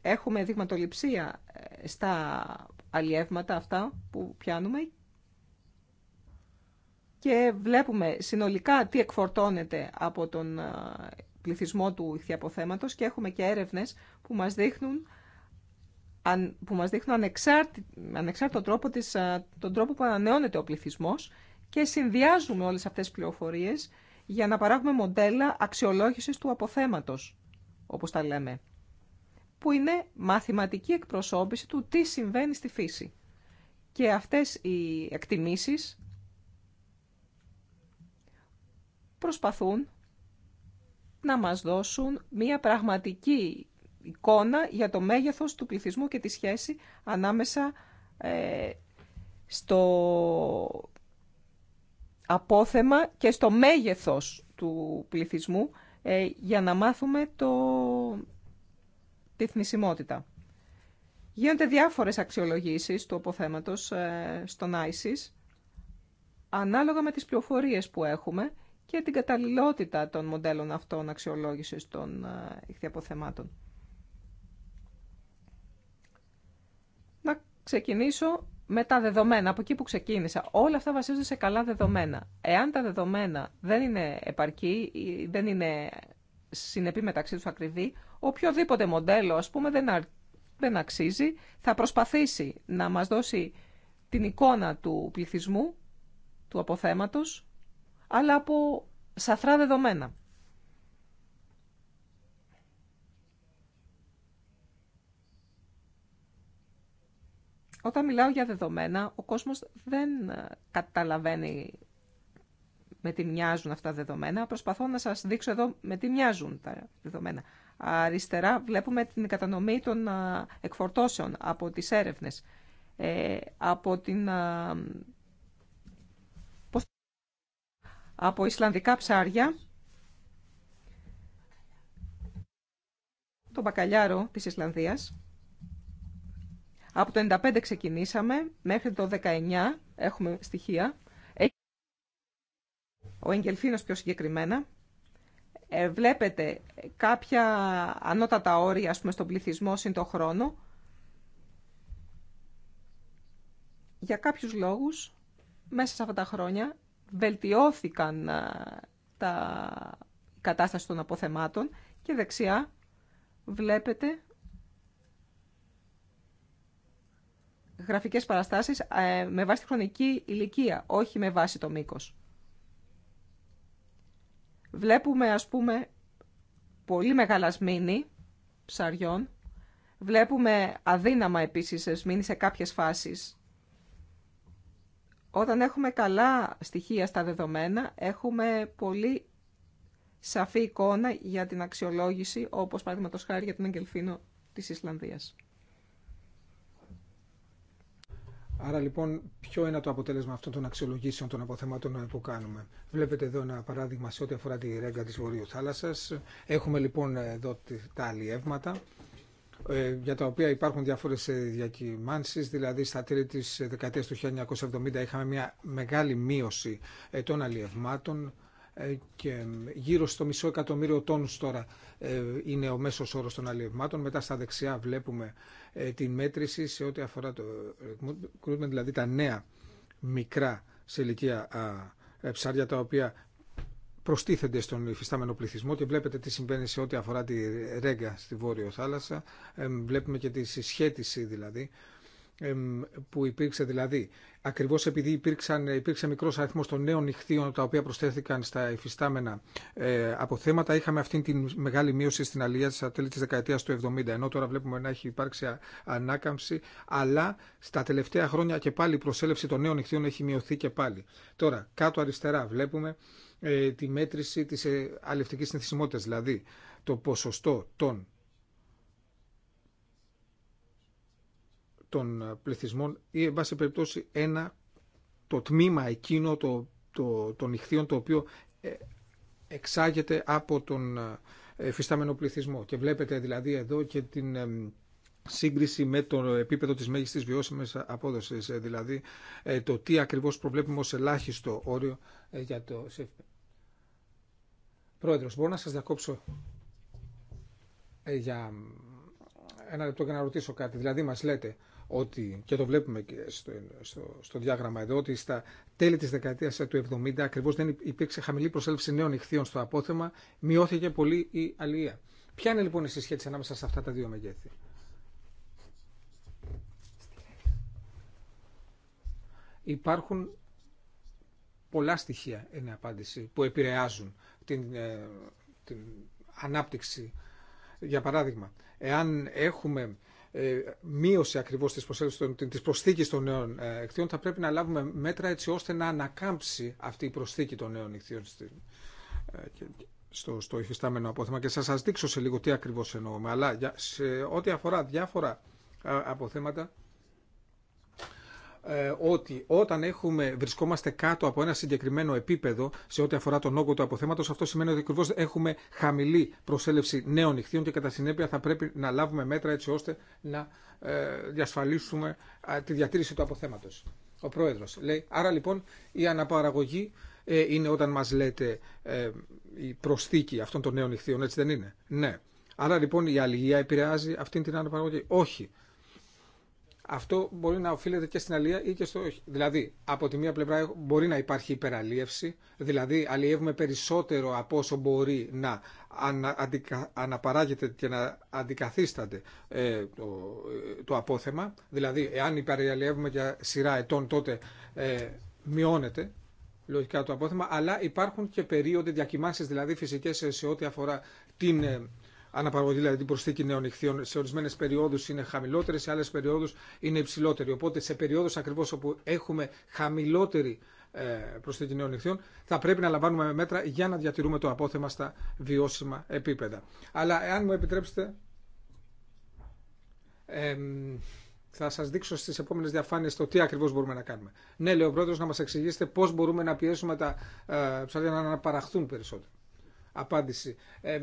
Έχουμε δειγματοληψία ε, στα αλλιεύματα αυτά που πιάνουμε και βλέπουμε συνολικά τι εκφορτώνεται από τον ε, πληθυσμό του ηχθιαποθέματος και έχουμε και έρευνες που μας δείχνουν που μας δείχνουν ανεξάρτη, ανεξάρτητο τρόπο ε, τον τρόπο που ανανεώνεται ο πληθυσμός και συνδυάζουμε όλες αυτές τις πληροφορίες για να παράγουμε μοντέλα αξιολόγησης του αποθέματος, όπως τα λέμε, που είναι μαθηματική εκπροσώπηση του τι συμβαίνει στη φύση. Και αυτές οι εκτιμήσεις προσπαθούν να μας δώσουν μία πραγματική εικόνα για το μέγεθος του πληθυσμού και τη σχέση ανάμεσα ε, στο απόθεμα και στο μέγεθος του πληθυσμού ε, για να μάθουμε το... τη θνησιμότητα. Γίνονται διάφορες αξιολογήσεις του αποθέματος ε, στον ΆΙΣΙΣ ανάλογα με τις πληροφορίες που έχουμε και την καταλληλότητα των μοντέλων αυτών αξιολόγησης των ηχθιαποθεμάτων. Ε, να ξεκινήσω με τα δεδομένα, από εκεί που ξεκίνησα. Όλα αυτά βασίζονται σε καλά δεδομένα. Εάν τα δεδομένα δεν είναι επαρκή, δεν είναι συνεπή μεταξύ του ακριβή, οποιοδήποτε μοντέλο, α πούμε, δεν, δεν αξίζει, θα προσπαθήσει να μας δώσει την εικόνα του πληθυσμού, του αποθέματος, αλλά από σαθρά δεδομένα. Όταν μιλάω για δεδομένα, ο κόσμος δεν ε, καταλαβαίνει με τι μοιάζουν αυτά τα δεδομένα. Προσπαθώ να σας δείξω εδώ με τι μοιάζουν τα δεδομένα. Αριστερά βλέπουμε την κατανομή των ε, εκφορτώσεων από τις έρευνες, ε, από την... Από Ισλανδικά ψάρια, το μπακαλιάρο της Ισλανδίας, από το 95 ξεκινήσαμε, μέχρι το 19 έχουμε στοιχεία. Ο Εγγελφίνος πιο συγκεκριμένα. Ε, βλέπετε κάποια ανώτατα όρια ας πούμε, στον πληθυσμό συν το χρόνο. Για κάποιους λόγους, μέσα σε αυτά τα χρόνια, βελτιώθηκαν τα κατάσταση των αποθεμάτων και δεξιά βλέπετε γραφικές παραστάσεις ε, με βάση τη χρονική ηλικία, όχι με βάση το μήκο. Βλέπουμε, ας πούμε, πολύ μεγάλα σμήνη ψαριών. Βλέπουμε αδύναμα επίσης σμήνη σε κάποιες φάσεις. Όταν έχουμε καλά στοιχεία στα δεδομένα, έχουμε πολύ σαφή εικόνα για την αξιολόγηση, όπως παραδείγματος χάρη για την αγγελφίνο της Ισλανδίας. Άρα λοιπόν ποιο είναι το αποτέλεσμα αυτών των αξιολογήσεων των αποθεμάτων που κάνουμε. Βλέπετε εδώ ένα παράδειγμα σε ό,τι αφορά τη ρέγγα της Βορείου Θάλασσας. Έχουμε λοιπόν εδώ τα αλλιεύματα ε, για τα οποία υπάρχουν διάφορε διακυμάνσει, δηλαδή στα τέλη της δεκαετία του 1970 είχαμε μια μεγάλη μείωση ε, των αλλιευμάτων ε, και γύρω στο μισό εκατομμύριο τόνους τώρα ε, είναι ο μέσος όρος των αλλιευμάτων. Μετά στα δεξιά βλέπουμε ε, την μέτρηση σε ό,τι αφορά το recruitment, δηλαδή τα νέα μικρά σε ηλικία ψάρια τα οποία προστίθενται στον υφιστάμενο πληθυσμό και βλέπετε τι συμβαίνει σε ό,τι αφορά τη Ρέγκα στη Βόρειο Θάλασσα. Βλέπουμε και τη συσχέτιση δηλαδή που υπήρξε δηλαδή. Ακριβώς επειδή υπήρξαν, υπήρξε μικρός αριθμός των νέων νυχθείων τα οποία προσθέθηκαν στα υφιστάμενα ε, αποθέματα είχαμε αυτή τη μεγάλη μείωση στην αλληλεία στα τέλη της δεκαετίας του 70 ενώ τώρα βλέπουμε να έχει υπάρξει ανάκαμψη αλλά στα τελευταία χρόνια και πάλι η προσέλευση των νέων νυχθείων έχει μειωθεί και πάλι. Τώρα κάτω αριστερά βλέπουμε ε, τη μέτρηση της ε, αλευτικής δηλαδή το ποσοστό των των πληθυσμών ή, εν πάση περιπτώσει, ένα, το τμήμα εκείνο το, το, των νυχθείων το οποίο ε, εξάγεται από τον εφισταμένο πληθυσμό. Και βλέπετε δηλαδή εδώ και την ε, σύγκριση με το επίπεδο της μέγιστης βιώσιμης απόδοσης, ε, δηλαδή το τι ακριβώς προβλέπουμε ως ελάχιστο όριο για το ΣΕΦΠΕ. Πρόεδρος, μπορώ να σας διακόψω για ένα λεπτό και να ρωτήσω κάτι. Δηλαδή μας λέτε ότι, και το βλέπουμε και στο, στο, στο διάγραμμα εδώ, ότι στα τέλη της δεκαετίας του 70 ακριβώς δεν υπήρξε χαμηλή προσέλευση νέων ηχθείων στο απόθεμα, μειώθηκε πολύ η αλληλεία. Ποια είναι λοιπόν η συσχέτιση ανάμεσα σε αυτά τα δύο μεγέθη. Υπάρχουν πολλά στοιχεία, είναι απάντηση, που επηρεάζουν την, ε, την ανάπτυξη. Για παράδειγμα, εάν έχουμε ε, μείωση ακριβώς της, της προσθήκης των νέων εκτίων θα πρέπει να λάβουμε μέτρα έτσι ώστε να ανακάμψει αυτή η προσθήκη των νέων εκτίων ε, στο, στο υφιστάμενο απόθεμα και θα σας δείξω σε λίγο τι ακριβώς εννοούμε αλλά σε ό,τι αφορά διάφορα αποθέματα ε, ότι όταν έχουμε, βρισκόμαστε κάτω από ένα συγκεκριμένο επίπεδο σε ό,τι αφορά τον όγκο του αποθέματο, αυτό σημαίνει ότι ακριβώ έχουμε χαμηλή προσέλευση νέων νυχθείων και κατά συνέπεια θα πρέπει να λάβουμε μέτρα έτσι ώστε να ε, διασφαλίσουμε τη διατήρηση του αποθέματο. Ο πρόεδρο λέει, άρα λοιπόν η αναπαραγωγή ε, είναι όταν μα λέτε η προσθήκη αυτών των νέων νυχθείων, έτσι δεν είναι. Ναι. Άρα λοιπόν η αλληλεία επηρεάζει αυτή την αναπαραγωγή. Όχι αυτό μπορεί να οφείλεται και στην αλία ή και στο όχι. Δηλαδή, από τη μία πλευρά μπορεί να υπάρχει υπεραλίευση, δηλαδή αλλιεύουμε περισσότερο από όσο μπορεί να αναπαράγεται και να αντικαθίσταται ε, το, ε, το απόθεμα. Δηλαδή, εάν υπεραλλιεύουμε για σειρά ετών, τότε ε, μειώνεται λογικά το απόθεμα, αλλά υπάρχουν και περίοδοι διακοιμάνσεις, δηλαδή φυσικές σε ό,τι αφορά την ε, αναπαραγωγή, δηλαδή την προσθήκη νέων ηχθείων, σε ορισμένε περιόδου είναι χαμηλότερη, σε άλλε περιόδου είναι υψηλότερη. Οπότε σε περιόδου ακριβώ όπου έχουμε χαμηλότερη ε, προσθήκη νέων νυχθείων, θα πρέπει να λαμβάνουμε μέτρα για να διατηρούμε το απόθεμα στα βιώσιμα επίπεδα. Αλλά εάν μου επιτρέψετε. Εμ... Θα σα δείξω στι επόμενε διαφάνειε το τι ακριβώ μπορούμε να κάνουμε. Ναι, λέει ο πρόεδρο, να μα εξηγήσετε πώ μπορούμε να πιέσουμε τα ε, ψάρια να αναπαραχθούν περισσότερο. Απάντηση. Ε,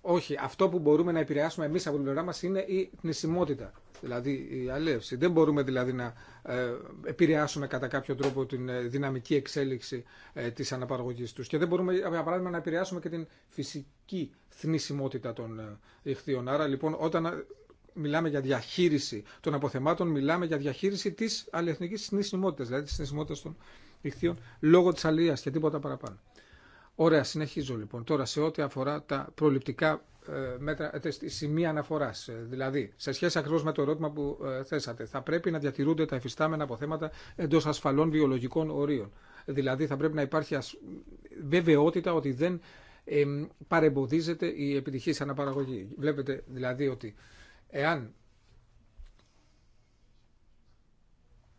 όχι, αυτό που μπορούμε να επηρεάσουμε εμεί από την πλευρά μα είναι η θνησιμότητα, δηλαδή η αλεύση. Δεν μπορούμε δηλαδή να ε, επηρεάσουμε κατά κάποιο τρόπο την ε, δυναμική εξέλιξη ε, τη αναπαραγωγή του. και δεν μπορούμε για παράδειγμα να επηρεάσουμε και την φυσική θνησιμότητα των ηχθείων. Άρα λοιπόν όταν μιλάμε για διαχείριση των αποθεμάτων, μιλάμε για διαχείριση τη αλληλεθνική θνησιμότητας, δηλαδή τη θνησιμότητας των ηχθείων λόγω τη αλληλεία και τίποτα παραπάνω. Ωραία, συνεχίζω λοιπόν. Τώρα σε ό,τι αφορά τα προληπτικά ε, μέτρα, ε, σημεία αναφορά. Ε, δηλαδή, σε σχέση ακριβώ με το ερώτημα που θέσατε, θα πρέπει να διατηρούνται τα εφιστάμενα αποθέματα εντό ασφαλών βιολογικών ορίων. Δηλαδή, θα πρέπει να υπάρχει βεβαιότητα ότι δεν παρεμποδίζεται η επιτυχής αναπαραγωγή. Βλέπετε δηλαδή ότι εάν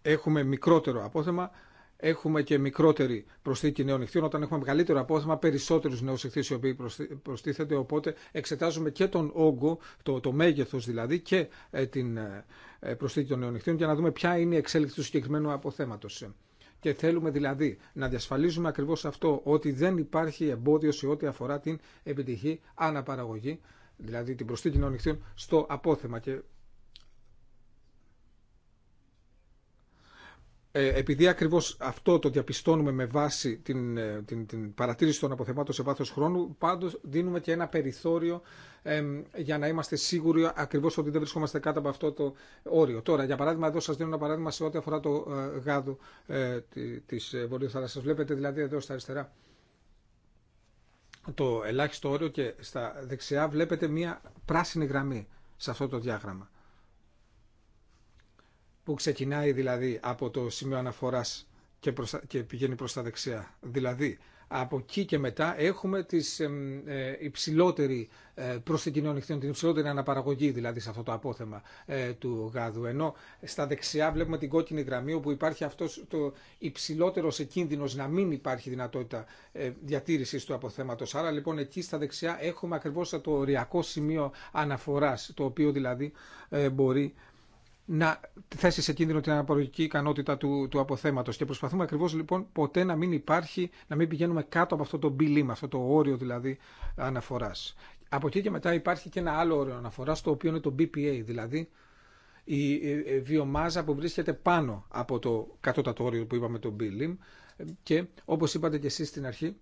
έχουμε μικρότερο απόθεμα, έχουμε και μικρότερη προσθήκη νέων νυχθείων. Όταν έχουμε μεγαλύτερο απόθεμα, περισσότερου νέου νυχθεί οι οποίοι προστίθεται. Οπότε εξετάζουμε και τον όγκο, το, το μέγεθο δηλαδή, και ε, την ε, ε, προσθήκη των νέων νυχθείων για να δούμε ποια είναι η εξέλιξη του συγκεκριμένου αποθέματο. Και θέλουμε δηλαδή να διασφαλίζουμε ακριβώ αυτό, ότι δεν υπάρχει εμπόδιο σε ό,τι αφορά την επιτυχή αναπαραγωγή, δηλαδή την προσθήκη νέων νυχθείων, στο απόθεμα. Και Ε, επειδή ακριβώ αυτό το διαπιστώνουμε με βάση την, ε, την, την παρατήρηση των αποθεμάτων σε βάθο χρόνου, πάντω δίνουμε και ένα περιθώριο ε, για να είμαστε σίγουροι ακριβώ ότι δεν βρισκόμαστε κάτω από αυτό το όριο. Τώρα, για παράδειγμα, εδώ σα δίνω ένα παράδειγμα σε ό,τι αφορά το ε, γάδο ε, τη ε, Βορείου Βλέπετε δηλαδή εδώ στα αριστερά το ελάχιστο όριο και στα δεξιά βλέπετε μία πράσινη γραμμή σε αυτό το διάγραμμα που ξεκινάει δηλαδή από το σημείο αναφοράς και, και πηγαίνει προς τα δεξιά. Δηλαδή, από εκεί και μετά έχουμε τις ε, ε, υψηλότερη ε, την νυχτή, την υψηλότερη αναπαραγωγή δηλαδή σε αυτό το απόθεμα ε, του γάδου. Ενώ στα δεξιά βλέπουμε την κόκκινη γραμμή όπου υπάρχει αυτό το υψηλότερο σε κίνδυνος να μην υπάρχει δυνατότητα ε, διατήρησης του αποθέματος. Άρα λοιπόν εκεί στα δεξιά έχουμε ακριβώς το οριακό σημείο αναφοράς το οποίο δηλαδή ε, μπορεί να θέσει σε κίνδυνο την αναπαραγωγική ικανότητα του, του αποθέματο. Και προσπαθούμε ακριβώ λοιπόν ποτέ να μην υπάρχει, να μην πηγαίνουμε κάτω από αυτό το μπιλίμα, αυτό το όριο δηλαδή αναφορά. Από εκεί και μετά υπάρχει και ένα άλλο όριο αναφορά, το οποίο είναι το BPA, δηλαδή η βιομάζα που βρίσκεται πάνω από το κατώτατο όριο που είπαμε το B-LIM. και όπως είπατε και εσείς στην αρχή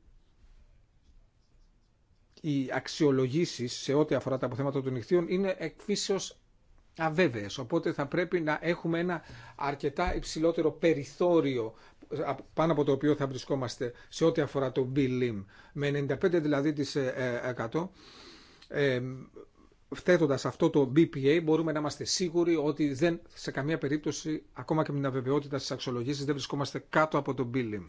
οι αξιολογήσεις σε ό,τι αφορά τα αποθέματα των νυχθείων είναι εκφύσεως αβέβαιες. Οπότε θα πρέπει να έχουμε ένα αρκετά υψηλότερο περιθώριο πάνω από το οποίο θα βρισκόμαστε σε ό,τι αφορά το BLIM. Με 95 δηλαδή τις 100 ε, ε αυτό το BPA μπορούμε να είμαστε σίγουροι ότι δεν, σε καμία περίπτωση ακόμα και με την αβεβαιότητα στις αξιολογήσεις δεν βρισκόμαστε κάτω από το BLIM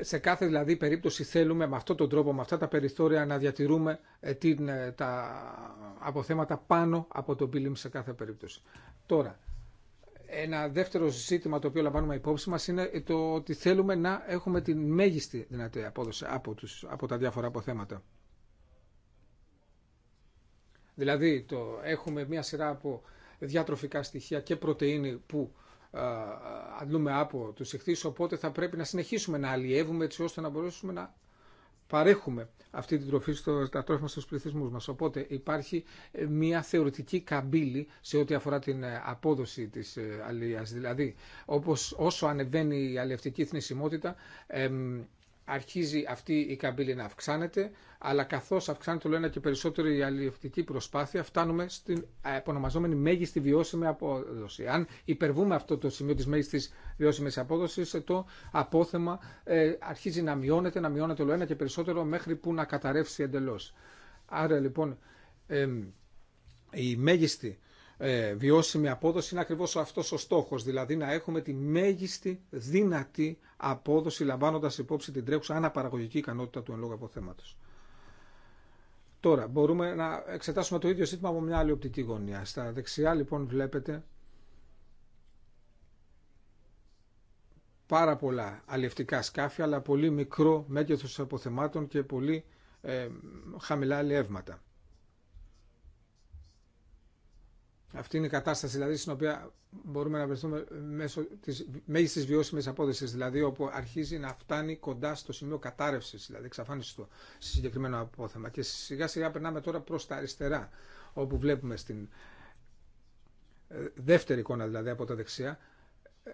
σε κάθε δηλαδή περίπτωση θέλουμε με αυτόν τον τρόπο, με αυτά τα περιθώρια να διατηρούμε ε, την, ε, τα αποθέματα πάνω από το πύλιμ σε κάθε περίπτωση. Τώρα, ένα δεύτερο ζήτημα το οποίο λαμβάνουμε υπόψη μας είναι το ότι θέλουμε να έχουμε την μέγιστη δυνατή απόδοση από, τους, από τα διάφορα αποθέματα. Δηλαδή, το, έχουμε μια σειρά από διατροφικά στοιχεία και πρωτεΐνη που αντλούμε από τους εχθείς, οπότε θα πρέπει να συνεχίσουμε να αλλιεύουμε έτσι ώστε να μπορέσουμε να παρέχουμε αυτή την τροφή στο, τα τρόφιμα στους πληθυσμούς μας. Οπότε υπάρχει ε, μια θεωρητική καμπύλη σε ό,τι αφορά την ε, απόδοση της ε, αλληλείας. Δηλαδή, όπως, όσο ανεβαίνει η αλλιευτική θνησιμότητα, αρχίζει αυτή η καμπύλη να αυξάνεται, αλλά καθώς αυξάνεται όλο ένα και περισσότερο η αλληλευτική προσπάθεια, φτάνουμε στην επωνομαζόμενη μέγιστη βιώσιμη απόδοση. Αν υπερβούμε αυτό το σημείο της μέγιστης βιώσιμη απόδοσης, το απόθεμα ε, αρχίζει να μειώνεται, να μειώνεται όλο ένα και περισσότερο μέχρι που να καταρρεύσει εντελώ. Άρα λοιπόν η μέγιστη ε, βιώσιμη απόδοση είναι ακριβώς αυτός ο στόχος, δηλαδή να έχουμε τη μέγιστη δυνατή απόδοση λαμβάνοντας υπόψη την τρέχουσα αναπαραγωγική ικανότητα του εν λόγω αποθέματος. Τώρα μπορούμε να εξετάσουμε το ίδιο σύστημα από μια άλλη οπτική γωνία. Στα δεξιά λοιπόν βλέπετε πάρα πολλά αλλιευτικά σκάφη αλλά πολύ μικρό μέγεθος αποθεμάτων και πολύ ε, χαμηλά λεύματα Αυτή είναι η κατάσταση δηλαδή στην οποία μπορούμε να βρεθούμε μέσω τη μέγιστη βιώσιμη απόδοση, δηλαδή όπου αρχίζει να φτάνει κοντά στο σημείο κατάρρευση, δηλαδή εξαφάνιση του συγκεκριμένο απόθεμα. Και σιγά σιγά περνάμε τώρα προ τα αριστερά, όπου βλέπουμε στην ε, δεύτερη εικόνα δηλαδή από τα δεξιά ε,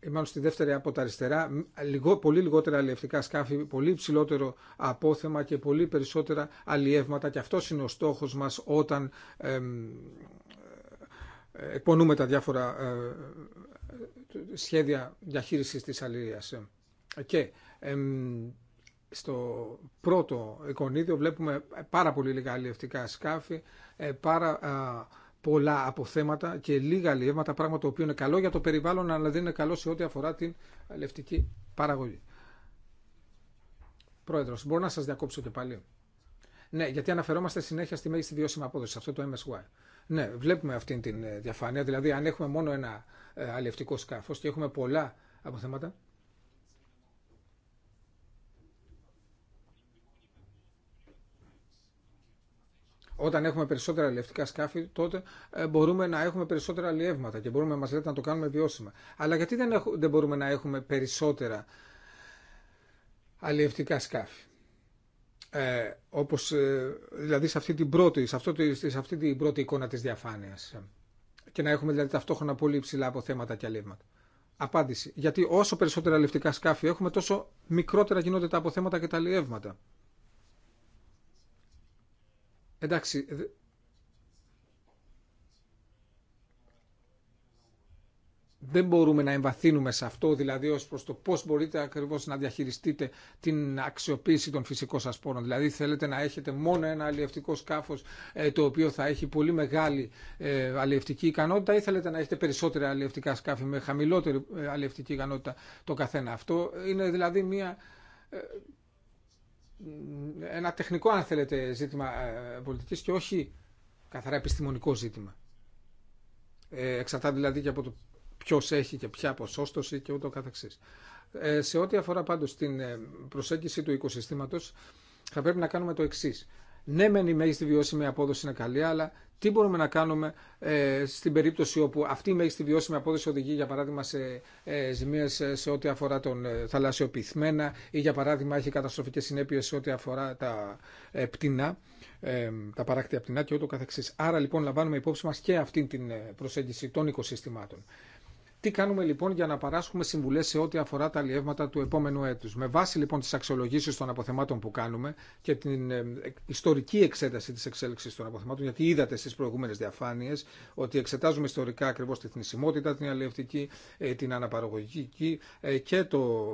ε, μάλλον στη δεύτερη από τα αριστερά, λιγό, πολύ λιγότερα αλλιευτικά σκάφη, πολύ ψηλότερο απόθεμα και πολύ περισσότερα αλλιεύματα και αυτό είναι ο στόχος μας όταν ε, εκπονούμε τα διάφορα ε, ε σχέδια διαχείρισης της αλληλείας. Και στο πρώτο εικονίδιο βλέπουμε πάρα πολύ λίγα αλλιευτικά σκάφη, πάρα πολλά αποθέματα και λίγα λιεύματα, πράγμα το οποίο είναι καλό για το περιβάλλον, αλλά δεν είναι καλό σε ό,τι αφορά την λευτική παραγωγή. Πρόεδρο, μπορώ να σας διακόψω και πάλι. Ναι, γιατί αναφερόμαστε συνέχεια στη μέγιστη βιώσιμη απόδοση, αυτό το MSY. Ναι, βλέπουμε αυτή την ε, διαφάνεια, δηλαδή αν έχουμε μόνο ένα ε, αλλιευτικό σκάφο και έχουμε πολλά αποθέματα, όταν έχουμε περισσότερα αλλιευτικά σκάφη, τότε ε, μπορούμε να έχουμε περισσότερα αλλιεύματα και μπορούμε, μας λέτε, να το κάνουμε βιώσιμα. Αλλά γιατί δεν, δεν μπορούμε να έχουμε περισσότερα αλλιευτικά σκάφη. Ε, όπως, ε, δηλαδή, σε αυτή, την πρώτη, σε, αυτό, σε αυτή την πρώτη εικόνα της διαφάνειας. Ε, και να έχουμε, δηλαδή, ταυτόχρονα πολύ υψηλά αποθέματα και αλλιεύματα. Απάντηση. Γιατί όσο περισσότερα αλλιευτικά σκάφη έχουμε, τόσο μικρότερα γίνονται τα αποθέματα και τα αλλιεύματα. Εντάξει, δεν μπορούμε να εμβαθύνουμε σε αυτό, δηλαδή ως προς το πώς μπορείτε ακριβώς να διαχειριστείτε την αξιοποίηση των φυσικών σας πόρων. Δηλαδή θέλετε να έχετε μόνο ένα αλλιευτικό σκάφος ε, το οποίο θα έχει πολύ μεγάλη ε, αλλιευτική ικανότητα ή θέλετε να έχετε περισσότερα αλλιευτικά σκάφη με χαμηλότερη ε, αλλιευτική ικανότητα το καθένα. Αυτό είναι δηλαδή μια ένα τεχνικό αν θέλετε ζήτημα ε, πολιτικής και όχι καθαρά επιστημονικό ζήτημα. Ε, εξαρτάται δηλαδή και από το ποιο έχει και ποια ποσόστοση και ούτω καθεξής. Ε, σε ό,τι αφορά πάντως την ε, προσέγγιση του οικοσυστήματος θα πρέπει να κάνουμε το εξή. Ναι, μεν η μέγιστη βιώσιμη απόδοση είναι καλή, αλλά τι μπορούμε να κάνουμε ε, στην περίπτωση όπου αυτή η μέγιστη βιώσιμη απόδοση οδηγεί για παράδειγμα σε ε, ζημίες ε, σε ό,τι αφορά τον ε, πυθμένα ή για παράδειγμα έχει καταστροφικές συνέπειες σε ό,τι αφορά τα ε, πτηνά, ε, τα παράκτια πτηνά και ούτω καθεξής. Άρα λοιπόν λαμβάνουμε υπόψη μας και αυτή την προσέγγιση των οικοσυστημάτων. Τι κάνουμε λοιπόν για να παράσχουμε συμβουλέ σε ό,τι αφορά τα αλλιεύματα του επόμενου έτου. Με βάση λοιπόν τι αξιολογήσει των αποθεμάτων που κάνουμε και την ε, ιστορική εξέταση τη εξέλιξη των αποθεμάτων, γιατί είδατε στι προηγούμενε διαφάνειε ότι εξετάζουμε ιστορικά ακριβώ τη θνησιμότητα, την αλλιευτική, ε, την αναπαραγωγική ε, και το,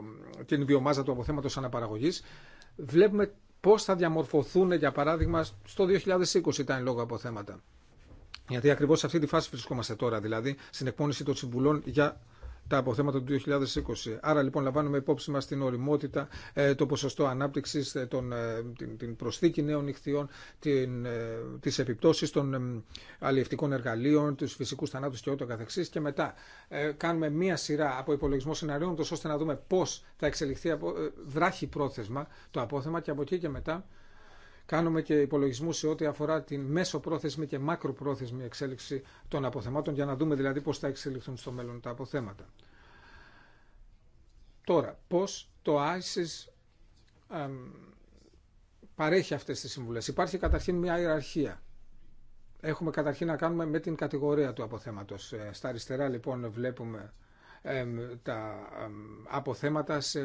την βιομάζα του αποθέματο αναπαραγωγή. Βλέπουμε πώ θα διαμορφωθούν, για παράδειγμα, στο 2020 τα εν λόγω αποθέματα. Γιατί ακριβώ σε αυτή τη φάση βρισκόμαστε τώρα, δηλαδή στην εκπόνηση των συμβουλών για τα αποθέματα του 2020. Άρα λοιπόν λαμβάνουμε υπόψη μας την οριμότητα, ε, το ποσοστό ανάπτυξης, ε, τον, ε, την, την προσθήκη νέων νυχθειών, την, τις επιπτώσεις των αλλιευτικών εργαλείων, τους φυσικούς θανάτους και ό,τι καθεξής και μετά κάνουμε μία σειρά από υπολογισμό σενάριων ώστε να δούμε πώς θα εξελιχθεί από, πρόθεσμα το απόθεμα και από εκεί και μετά κάνουμε και υπολογισμού σε ό,τι αφορά την μέσοπρόθεσμη και μακροπρόθεσμη εξέλιξη των αποθεμάτων, για να δούμε δηλαδή πώ θα εξελιχθούν στο μέλλον τα αποθέματα. Τώρα, πώ το ISIS παρέχει αυτές τις συμβουλές. Υπάρχει καταρχήν μια ιεραρχία. Έχουμε καταρχήν να κάνουμε με την κατηγορία του αποθέματος. Ε, στα αριστερά λοιπόν βλέπουμε τα αποθέματα σε,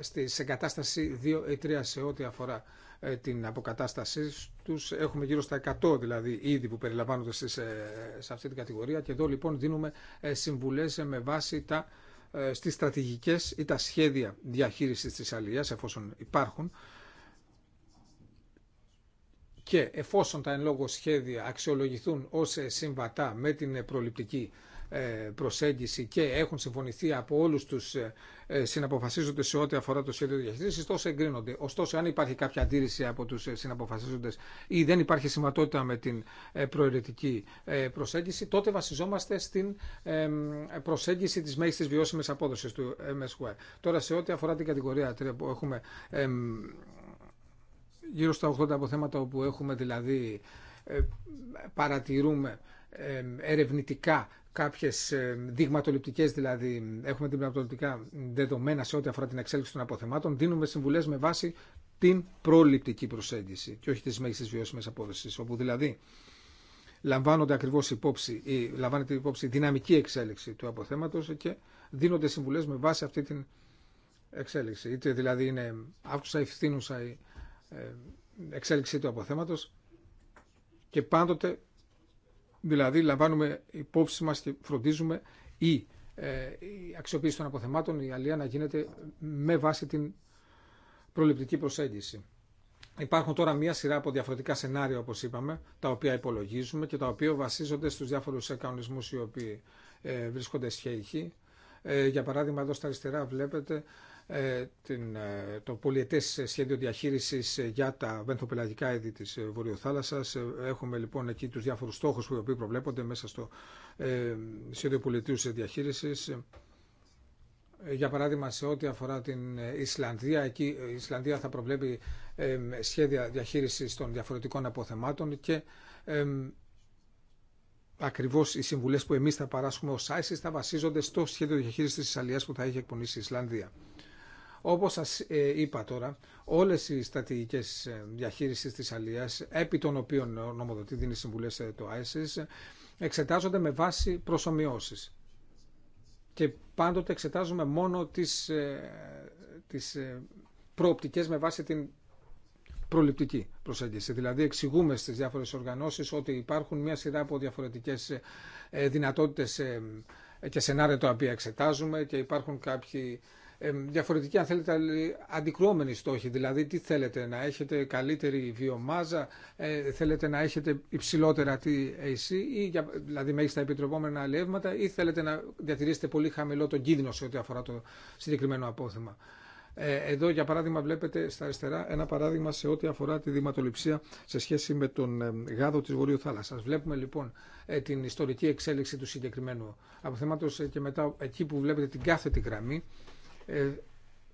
στη, σε κατάσταση 2 ή 3 σε ό,τι αφορά ε, την αποκατάστασή του, Έχουμε γύρω στα 100 δηλαδή ήδη που περιλαμβάνονται ε, σε αυτή την κατηγορία και εδώ λοιπόν δίνουμε ε, συμβουλές με βάση τα στις στρατηγικές ή τα σχέδια διαχείρισης της αλίας εφόσον υπάρχουν και εφόσον τα εν λόγω σχέδια αξιολογηθούν ως συμβατά με την προληπτική ε, προσέγγιση και έχουν συμφωνηθεί από όλους τους ε, ε, συναποφασίζονται σε ό,τι αφορά το σχέδιο διαχείριση, τόσο εγκρίνονται. Ωστόσο, αν υπάρχει κάποια αντίρρηση από τους συναποφασίζοντες ή δεν υπάρχει σημαντότητα με την προαιρετική προσέγγιση, τότε βασιζόμαστε στην προσέγγιση της μέγιστης βιώσιμης απόδοσης του MSY. Τώρα, σε ό,τι αφορά την κατηγορία 3 που έχουμε γύρω στα 80 θέματα όπου έχουμε δηλαδή παρατηρούμε ερευνητικά κάποιες ε, δειγματοληπτικές δηλαδή, έχουμε δειγματοληπτικά δεδομένα σε ό,τι αφορά την εξέλιξη των αποθεμάτων, δίνουμε συμβουλές με βάση την προληπτική προσέγγιση και όχι τις μέγιστες βιώσιμες απόδοσεις, όπου δηλαδή λαμβάνονται ακριβώς υπόψη, ή, λαμβάνεται υπόψη η δυναμική εξέλιξη του αποθέματος και δίνονται συμβουλές με βάση αυτή την εξέλιξη. Είτε δηλαδή είναι αύξουσα ή φθήνουσα η ε, εξέλιξη του αποθέματος και πάντοτε Δηλαδή λαμβάνουμε υπόψη μας και φροντίζουμε ή ε, αξιοποίηση των αποθεμάτων, η αλία να γίνεται με βάση την προληπτική προσέγγιση. Υπάρχουν τώρα μία σειρά από διαφορετικά σενάρια, όπω είπαμε, τα οποία υπολογίζουμε και τα οποία βασίζονται στου διάφορου κανονισμού οι οποίοι ε, βρίσκονται Ε, για παράδειγμα, εδώ στα αριστερά βλέπετε ε, την, ε, το πολιετές σχέδιο διαχείρισης ε, για τα βενθοπελαγικά είδη της Βορειοθάλασσας. Έχουμε λοιπόν εκεί τους διάφορους στόχους που οι προβλέπονται μέσα στο σχέδιο πολιτείου διαχείρισης. Για παράδειγμα, σε ό,τι αφορά την Ισλανδία, εκεί η Ισλανδία θα προβλέπει σχέδια διαχείρισης των διαφορετικών αποθεμάτων και ακριβώ οι συμβουλέ που εμεί θα παράσχουμε ω ISIS θα βασίζονται στο σχέδιο διαχείριση τη Αλία που θα έχει εκπονήσει η Ισλανδία. Όπως σας ε, είπα τώρα, όλες οι στρατηγικές ε, διαχείρισης της αλίας, επί των οποίων νομοδοτή δίνει συμβουλές ε, το ISIS, εξετάζονται με βάση προσωμιώσεις. Και πάντοτε εξετάζουμε μόνο τις, τις προοπτικές με βάση την προληπτική προσέγγιση. Δηλαδή εξηγούμε στις διάφορες οργανώσεις ότι υπάρχουν μια σειρά από διαφορετικές δυνατότητες και σενάρια τα οποία εξετάζουμε και υπάρχουν κάποιοι ε, διαφορετική αν θέλετε αντικρουόμενη στόχη. Δηλαδή τι θέλετε να έχετε καλύτερη βιομάζα, ε, θέλετε να έχετε υψηλότερα TAC ή δηλαδή στα επιτρεπόμενα αλλιεύματα ή θέλετε να διατηρήσετε πολύ χαμηλό τον κίνδυνο σε ό,τι αφορά το συγκεκριμένο απόθεμα. Ε, εδώ για παράδειγμα βλέπετε στα αριστερά ένα παράδειγμα σε ό,τι αφορά τη δηματοληψία σε σχέση με τον γάδο της Βορείου Θάλασσας. Βλέπουμε λοιπόν την ιστορική εξέλιξη του συγκεκριμένου αποθέματος και μετά εκεί που βλέπετε την κάθετη γραμμή ε,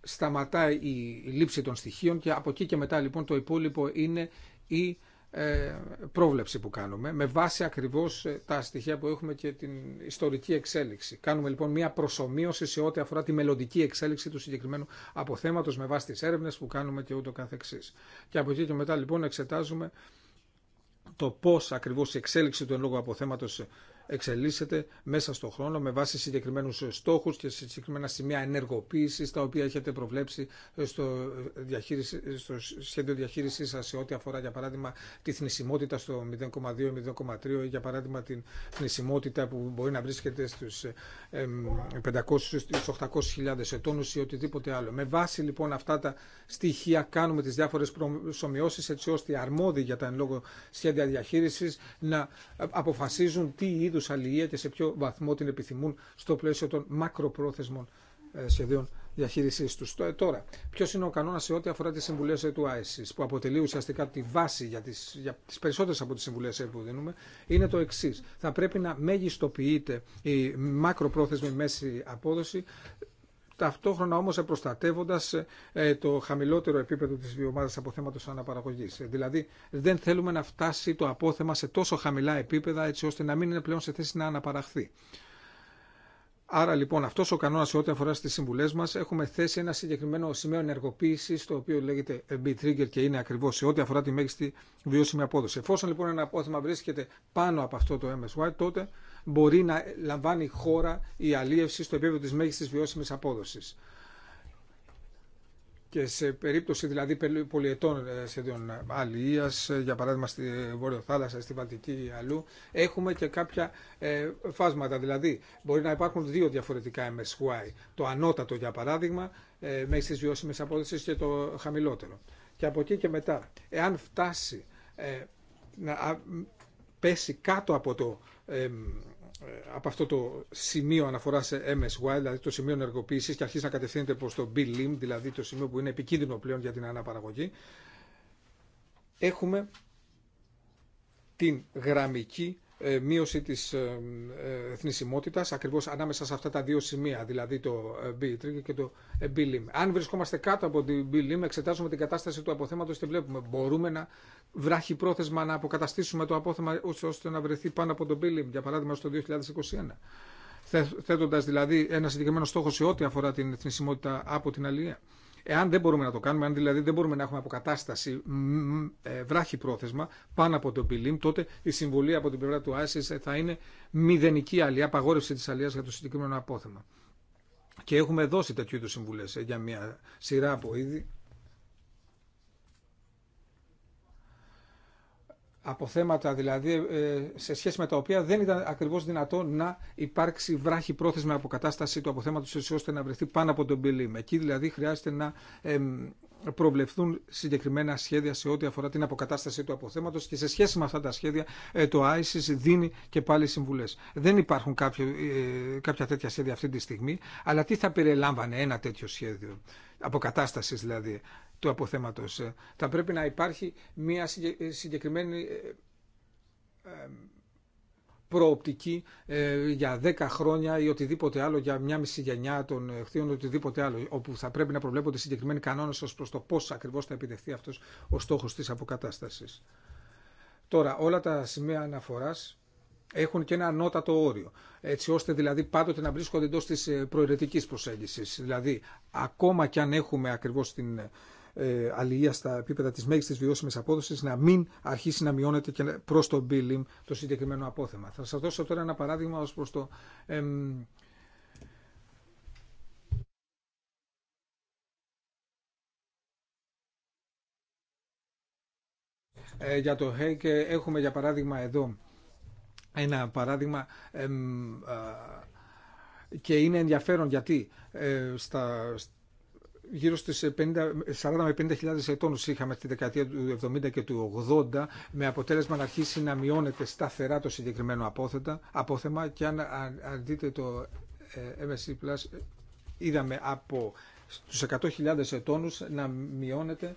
σταματάει η λήψη των στοιχείων και από εκεί και μετά λοιπόν το υπόλοιπο είναι η ε, πρόβλεψη που κάνουμε με βάση ακριβώς ε, τα στοιχεία που έχουμε και την ιστορική εξέλιξη. Κάνουμε λοιπόν μια προσωμείωση σε ό,τι αφορά τη μελλοντική εξέλιξη του συγκεκριμένου αποθέματος με βάση τις έρευνες που κάνουμε και ούτω καθεξής. Και από εκεί και μετά λοιπόν εξετάζουμε το πώς ακριβώς η εξέλιξη του εν λόγω αποθέματος εξελίσσεται μέσα στον χρόνο με βάση συγκεκριμένου στόχου και συγκεκριμένα σημεία ενεργοποίηση τα οποία έχετε προβλέψει στο, στο σχέδιο διαχείρισή σα σε ό,τι αφορά για παράδειγμα τη θνησιμότητα στο 0,2-0,3 ή για παράδειγμα την θνησιμότητα που μπορεί να βρίσκεται στου 500-800.000 ετών ή οτιδήποτε άλλο. Με βάση λοιπόν αυτά τα στοιχεία κάνουμε τι διάφορε προσωμιώσει έτσι ώστε οι αρμόδιοι για τα εν λόγω σχέδια διαχείριση να αποφασίζουν τι είδου είδου αλληλεία και σε ποιο βαθμό την επιθυμούν στο πλαίσιο των μακροπρόθεσμων ε, σχεδίων διαχείρισή του. Ε, τώρα, ποιο είναι ο κανόνα σε ό,τι αφορά τι συμβουλέ του ISIS, που αποτελεί ουσιαστικά τη βάση για τι τις περισσότερε από τι συμβουλέ που δίνουμε, είναι το εξή. Θα πρέπει να μεγιστοποιείται η μακροπρόθεσμη μέση απόδοση ταυτόχρονα όμως προστατεύοντα ε, το χαμηλότερο επίπεδο της από αποθέματος αναπαραγωγή. Ε, δηλαδή δεν θέλουμε να φτάσει το απόθεμα σε τόσο χαμηλά επίπεδα έτσι ώστε να μην είναι πλέον σε θέση να αναπαραχθεί. Άρα λοιπόν αυτό ο κανόνα σε ό,τι αφορά στι συμβουλέ μα έχουμε θέσει ένα συγκεκριμένο σημείο ενεργοποίηση το οποίο λέγεται B-Trigger και είναι ακριβώ σε ό,τι αφορά τη μέγιστη βιώσιμη απόδοση. Εφόσον λοιπόν ένα απόθεμα βρίσκεται πάνω από αυτό το MSY τότε μπορεί να λαμβάνει χώρα η αλίευση στο επίπεδο της μέγιστης βιώσιμης απόδοσης. Και σε περίπτωση δηλαδή πολυετών ε, σχεδίων ε, αλληλείας, ε, για παράδειγμα στη Βόρειο Θάλασσα, στη Βαλτική ή αλλού, έχουμε και κάποια φάσματα. Δηλαδή μπορεί να υπάρχουν δύο διαφορετικά MSY. Το ανώτατο για παράδειγμα, ε, μέχρι απόδοσης και το χαμηλότερο. Και από εκεί και μετά, εάν φτάσει να πέσει κάτω από το ε, από αυτό το σημείο αναφορά σε MSY, δηλαδή το σημείο ενεργοποίηση και αρχίζει να κατευθύνεται προ το Bill lim δηλαδή το σημείο που είναι επικίνδυνο πλέον για την αναπαραγωγή, έχουμε την γραμμική ε, μείωση της ε, ε, θνησιμότητας ακριβώ ανάμεσα σε αυτά τα δύο σημεία, δηλαδή το B3 και το B-lim. Αν βρισκόμαστε κάτω από την B-lim, εξετάζουμε την κατάσταση του αποθέματο και βλέπουμε μπορούμε να βράχει πρόθεσμα να αποκαταστήσουμε το απόθεμα ώστε να βρεθεί πάνω από το B-lim, για παράδειγμα στο 2021. Θέτοντας δηλαδή ένα συγκεκριμένο στόχο σε ό,τι αφορά την εθνισμότητα από την αλληλεία. Εάν δεν μπορούμε να το κάνουμε, αν δηλαδή δεν μπορούμε να έχουμε αποκατάσταση ε, βράχη πρόθεσμα πάνω από το πιλίμ, τότε η συμβολή από την πλευρά του ΆΣΙΣ θα είναι μηδενική αλία, απαγόρευση της αλίας για το συγκεκριμένο απόθεμα. Και έχουμε δώσει τέτοιου είδου συμβουλέ ε, για μια σειρά από είδη από θέματα δηλαδή ε, σε σχέση με τα οποία δεν ήταν ακριβώς δυνατό να υπάρξει βράχη πρόθεσμη αποκατάσταση του αποθέματος έτσι ώστε να βρεθεί πάνω από τον πυλήμ. Εκεί δηλαδή χρειάζεται να προβλεφθούν συγκεκριμένα σχέδια σε ό,τι αφορά την αποκατάσταση του αποθέματος και σε σχέση με αυτά τα σχέδια ε, το ISIS δίνει και πάλι συμβουλές. Δεν υπάρχουν κάποιο, ε, κάποια τέτοια σχέδια αυτή τη στιγμή, αλλά τι θα περιλάμβανε ένα τέτοιο σχέδιο αποκατάστασης δηλαδή του αποθέματος. Ε, θα πρέπει να υπάρχει μια ε, συγκεκριμένη ε, προοπτική για 10 χρόνια ή οτιδήποτε άλλο, για μια μισή γενιά των χθείων, οτιδήποτε άλλο, όπου θα πρέπει να προβλέπονται συγκεκριμένοι κανόνε ως προς το πώ ακριβώς θα επιτευχθεί αυτός ο στόχος τη αποκατάσταση. Τώρα, όλα τα σημεία αναφοράς έχουν και ένα ανώτατο όριο, έτσι ώστε δηλαδή πάντοτε να βρίσκονται εντό της προαιρετικής προσέγγιση. Δηλαδή, ακόμα και αν έχουμε ακριβώς την ε, αλληλεία στα επίπεδα τη μέγιστη βιώσιμη απόδοση να μην αρχίσει να μειώνεται και προ το billing το συγκεκριμένο απόθεμα. Θα σα δώσω τώρα ένα παράδειγμα ω προ το. Ε, για το και έχουμε για παράδειγμα εδώ ένα παράδειγμα και είναι ενδιαφέρον γιατί ε, στα, γύρω στις 50, 40 με 50 χιλιάδες ετώνους είχαμε στη δεκαετία του 70 και του 80 με αποτέλεσμα να αρχίσει να μειώνεται σταθερά το συγκεκριμένο απόθετα, απόθεμα και αν, δείτε το ε, MSC ε, είδαμε από τους 100.000 ετώνους να μειώνεται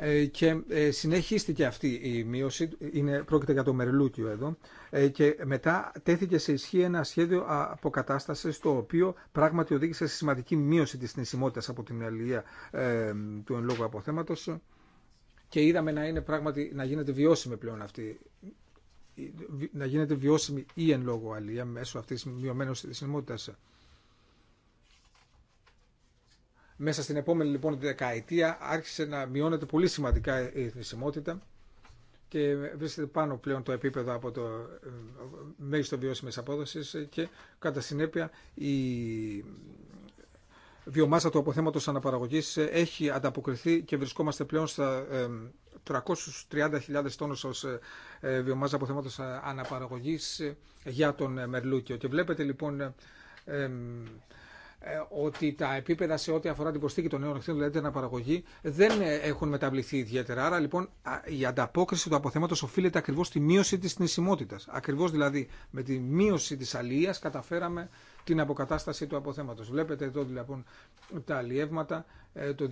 Ε, και ε, συνεχίστηκε αυτή η μείωση, είναι, πρόκειται για το Μερλούκιο εδώ, ε, και μετά τέθηκε σε ισχύ ένα σχέδιο αποκατάστασης το οποίο πράγματι οδήγησε σε σημαντική μείωση της νησιμότητας από την αλληλεία του εν λόγω αποθέματος και είδαμε να, είναι πράγματι, να γίνεται βιώσιμη πλέον αυτή να γίνεται βιώσιμη ή εν λόγω αλληλεία μέσω αυτής της μειωμένης μέσα στην επόμενη λοιπόν δεκαετία άρχισε να μειώνεται πολύ σημαντικά η θνησιμότητα και βρίσκεται πάνω πλέον το επίπεδο από το ε, μέγιστο βιώσιμης απόδοσης και κατά συνέπεια η βιομάσα του αποθέματος αναπαραγωγής έχει ανταποκριθεί και βρισκόμαστε πλέον στα 330.000 ε, τόνους ως ε, βιομάζα αποθέματος αναπαραγωγής για τον Μερλούκιο. Και βλέπετε λοιπόν ε, ότι τα επίπεδα σε ό,τι αφορά την προσθήκη των νέων εχθρών, δηλαδή την αναπαραγωγή, δεν ε, έχουν μεταβληθεί ιδιαίτερα. Άρα λοιπόν η ανταπόκριση του αποθέματο οφείλεται ακριβώ στη μείωση τη νησιμότητα. Ακριβώ δηλαδή με τη μείωση τη αλληλεία καταφέραμε την αποκατάσταση του αποθέματο. Βλέπετε εδώ λοιπόν τα αλλιεύματα ε, το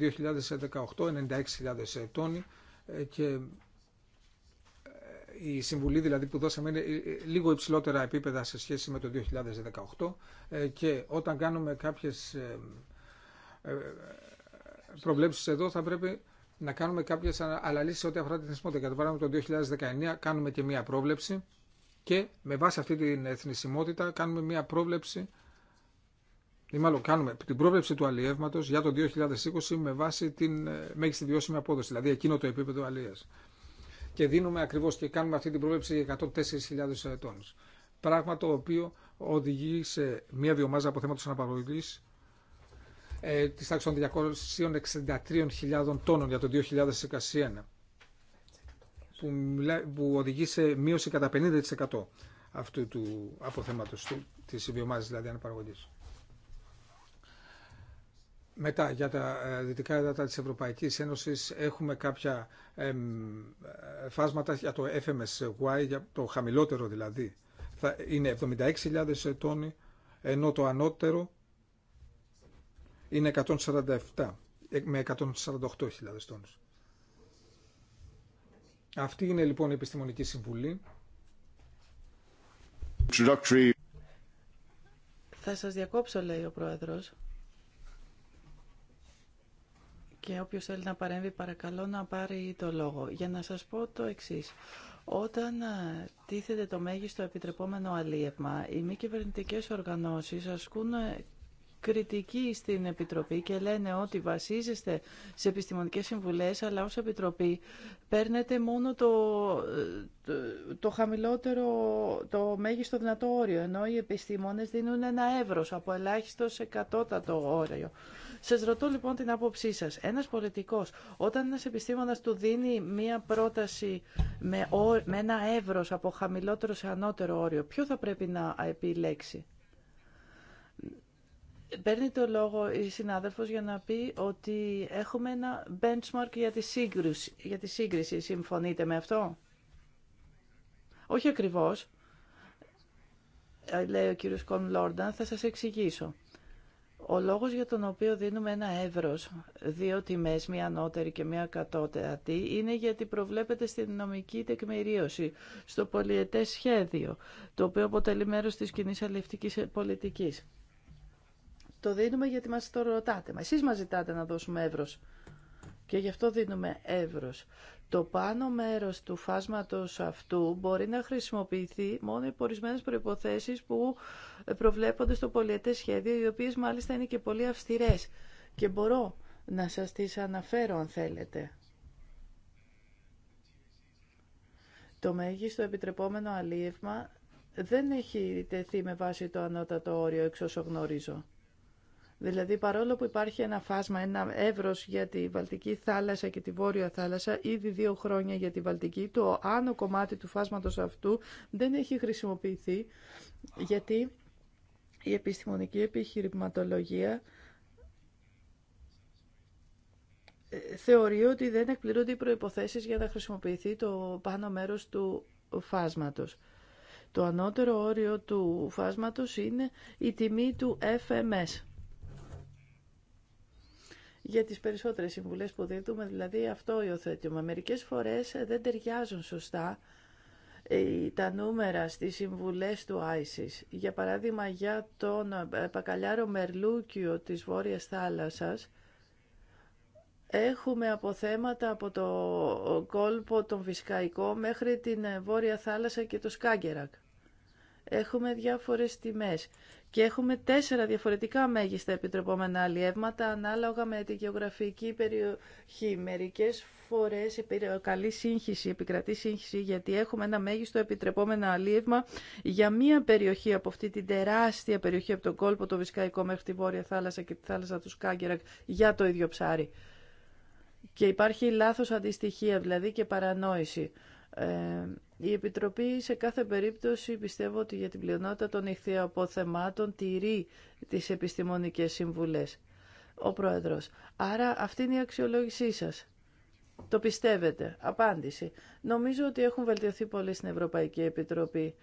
2018, 96.000 τόνοι και η συμβουλή δηλαδή που δώσαμε είναι ε, ε, λίγο υψηλότερα επίπεδα σε σχέση με το 2018 ε, και όταν κάνουμε κάποιες προβλέψεις εδώ θα πρέπει να κάνουμε κάποιες αναλύσεις ό,τι αφορά την εθνισμότητα. Για το παράδειγμα το 2019 κάνουμε και μία πρόβλεψη και με βάση αυτή την εθνισμότητα κάνουμε μία πρόβλεψη ή μάλλον κάνουμε την πρόβλεψη του αλλιεύματος για το 2020 με βάση την μέγιστη βιώσιμη απόδοση, δηλαδή εκείνο το επίπεδο αλλιεύματος και δίνουμε ακριβώς και κάνουμε αυτή την πρόβλεψη για 104.000 τόνους. Πράγμα το οποίο οδηγεί σε μια βιομάζα αποθέματος αναπαραγωγής ε, της τάξης των 263.000 τόνων για το 2021 που, μιλά, που οδηγεί σε μείωση κατά 50% αυτού του αποθέματος του, της βιομάζας δηλαδή αναπαραγωγής. Μετά, για τα ε, δυτικά έδατα της Ευρωπαϊκής Ένωσης έχουμε κάποια ε, φάσματα για το FMSY, για το χαμηλότερο δηλαδή. Θα είναι 76.000 τόνοι, ενώ το ανώτερο είναι 147, ε, με 148.000 τόνους. Αυτή είναι λοιπόν η επιστημονική συμβουλή. Θα σας διακόψω, λέει ο Πρόεδρος και όποιος θέλει να παρέμβει παρακαλώ να πάρει το λόγο. Για να σας πω το εξής. Όταν ε, τίθεται το μέγιστο επιτρεπόμενο αλίευμα, οι μη κυβερνητικέ οργανώσεις ασκούν ε, κριτική στην Επιτροπή και λένε ότι βασίζεστε σε επιστημονικές συμβουλές, αλλά ως Επιτροπή παίρνετε μόνο το, ε, το, χαμηλότερο, το μέγιστο δυνατό όριο, ενώ οι επιστήμονες δίνουν ένα εύρος από ελάχιστο σε κατώτατο όριο. Σα ρωτώ λοιπόν την άποψή σας. Ένας πολιτικός, όταν ένα επιστήμονα του δίνει μία πρόταση με, με ένα εύρο από χαμηλότερο σε ανώτερο όριο, ποιο θα πρέπει να επιλέξει. Παίρνει το λόγο η συνάδελφος για να πει ότι έχουμε ένα benchmark για τη σύγκριση. Για τη σύγκριση. Συμφωνείτε με αυτό? Όχι ακριβώς, ε, λέει ο κύριος Κον θα σας εξηγήσω. Ο λόγος για τον οποίο δίνουμε ένα εύρος, δύο τιμές, μία ανώτερη και μία κατώτερη, είναι γιατί προβλέπεται στην νομική τεκμηρίωση, στο πολιετές σχέδιο, το οποίο αποτελεί μέρος της κοινή αλληλευτικής πολιτικής. Το δίνουμε γιατί μας το ρωτάτε. Εσείς μας ζητάτε να δώσουμε εύρος και γι' αυτό δίνουμε εύρος. Το πάνω μέρος του φάσματος αυτού μπορεί να χρησιμοποιηθεί μόνο οι ορισμένε προϋποθέσεις που προβλέπονται στο πολιετές σχέδιο, οι οποίες μάλιστα είναι και πολύ αυστηρές. Και μπορώ να σας τις αναφέρω αν θέλετε. Το μέγιστο επιτρεπόμενο αλίευμα δεν έχει τεθεί με βάση το ανώτατο όριο εξ όσο γνωρίζω. Δηλαδή παρόλο που υπάρχει ένα φάσμα, ένα εύρος για τη Βαλτική θάλασσα και τη Βόρεια θάλασσα, ήδη δύο χρόνια για τη Βαλτική, το άνω κομμάτι του φάσματος αυτού δεν έχει χρησιμοποιηθεί γιατί η επιστημονική επιχειρηματολογία ε, θεωρεί ότι δεν εκπληρούνται οι προϋποθέσεις για να χρησιμοποιηθεί το πάνω μέρος του φάσματος. Το ανώτερο όριο του φάσματος είναι η τιμή του FMS για τις περισσότερες συμβουλές που δίδουμε, δηλαδή αυτό υιοθετούμε. Μερικές φορές ε, δεν ταιριάζουν σωστά ε, τα νούμερα στις συμβουλές του ISIS. Για παράδειγμα, για τον ε, Πακαλιάρο Μερλούκιο της Βόρειας Θάλασσας, Έχουμε αποθέματα από το κόλπο τον Βυσκαϊκό μέχρι την Βόρεια Θάλασσα και το Σκάγκερακ. Έχουμε διάφορες τιμές και έχουμε τέσσερα διαφορετικά μέγιστα επιτρεπόμενα αλλιεύματα ανάλογα με τη γεωγραφική περιοχή. Μερικέ φορέ καλή σύγχυση, επικρατεί σύγχυση γιατί έχουμε ένα μέγιστο επιτρεπόμενο αλλιεύμα για μία περιοχή από αυτή την τεράστια περιοχή από τον κόλπο το Βυσκαϊκό μέχρι τη Βόρεια Θάλασσα και τη θάλασσα του Σκάγκερακ για το ίδιο ψάρι. Και υπάρχει λάθος αντιστοιχεία δηλαδή και παρανόηση. Ε, η Επιτροπή σε κάθε περίπτωση πιστεύω ότι για την πλειονότητα των ηχθειαποθεμάτων τηρεί τις επιστημονικές συμβουλές. Ο Πρόεδρος. Άρα αυτή είναι η αξιολόγησή σας. Το πιστεύετε. Απάντηση. Νομίζω ότι έχουν βελτιωθεί πολύ στην Ευρωπαϊκή Επιτροπή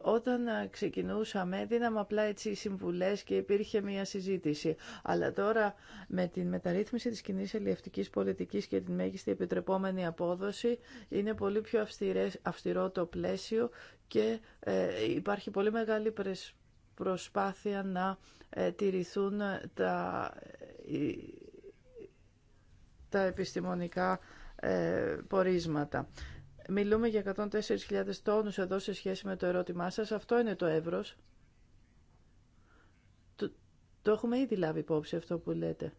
όταν ξεκινούσαμε δίναμε απλά έτσι συμβουλές και υπήρχε μια συζήτηση. Αλλά τώρα με την μεταρρύθμιση της κοινή ελιευτικής πολιτικής και την μέγιστη επιτρεπόμενη απόδοση είναι πολύ πιο αυστηρές, αυστηρό το πλαίσιο και ε, υπάρχει πολύ μεγάλη προσπάθεια να ε, τηρηθούν ε, τα, ε, τα επιστημονικά ε, πορίσματα. Μιλούμε για 104.000 τόνους εδώ σε σχέση με το ερώτημά σας. Αυτό είναι το εύρος. Το, έχουμε ήδη λάβει υπόψη αυτό που λέτε.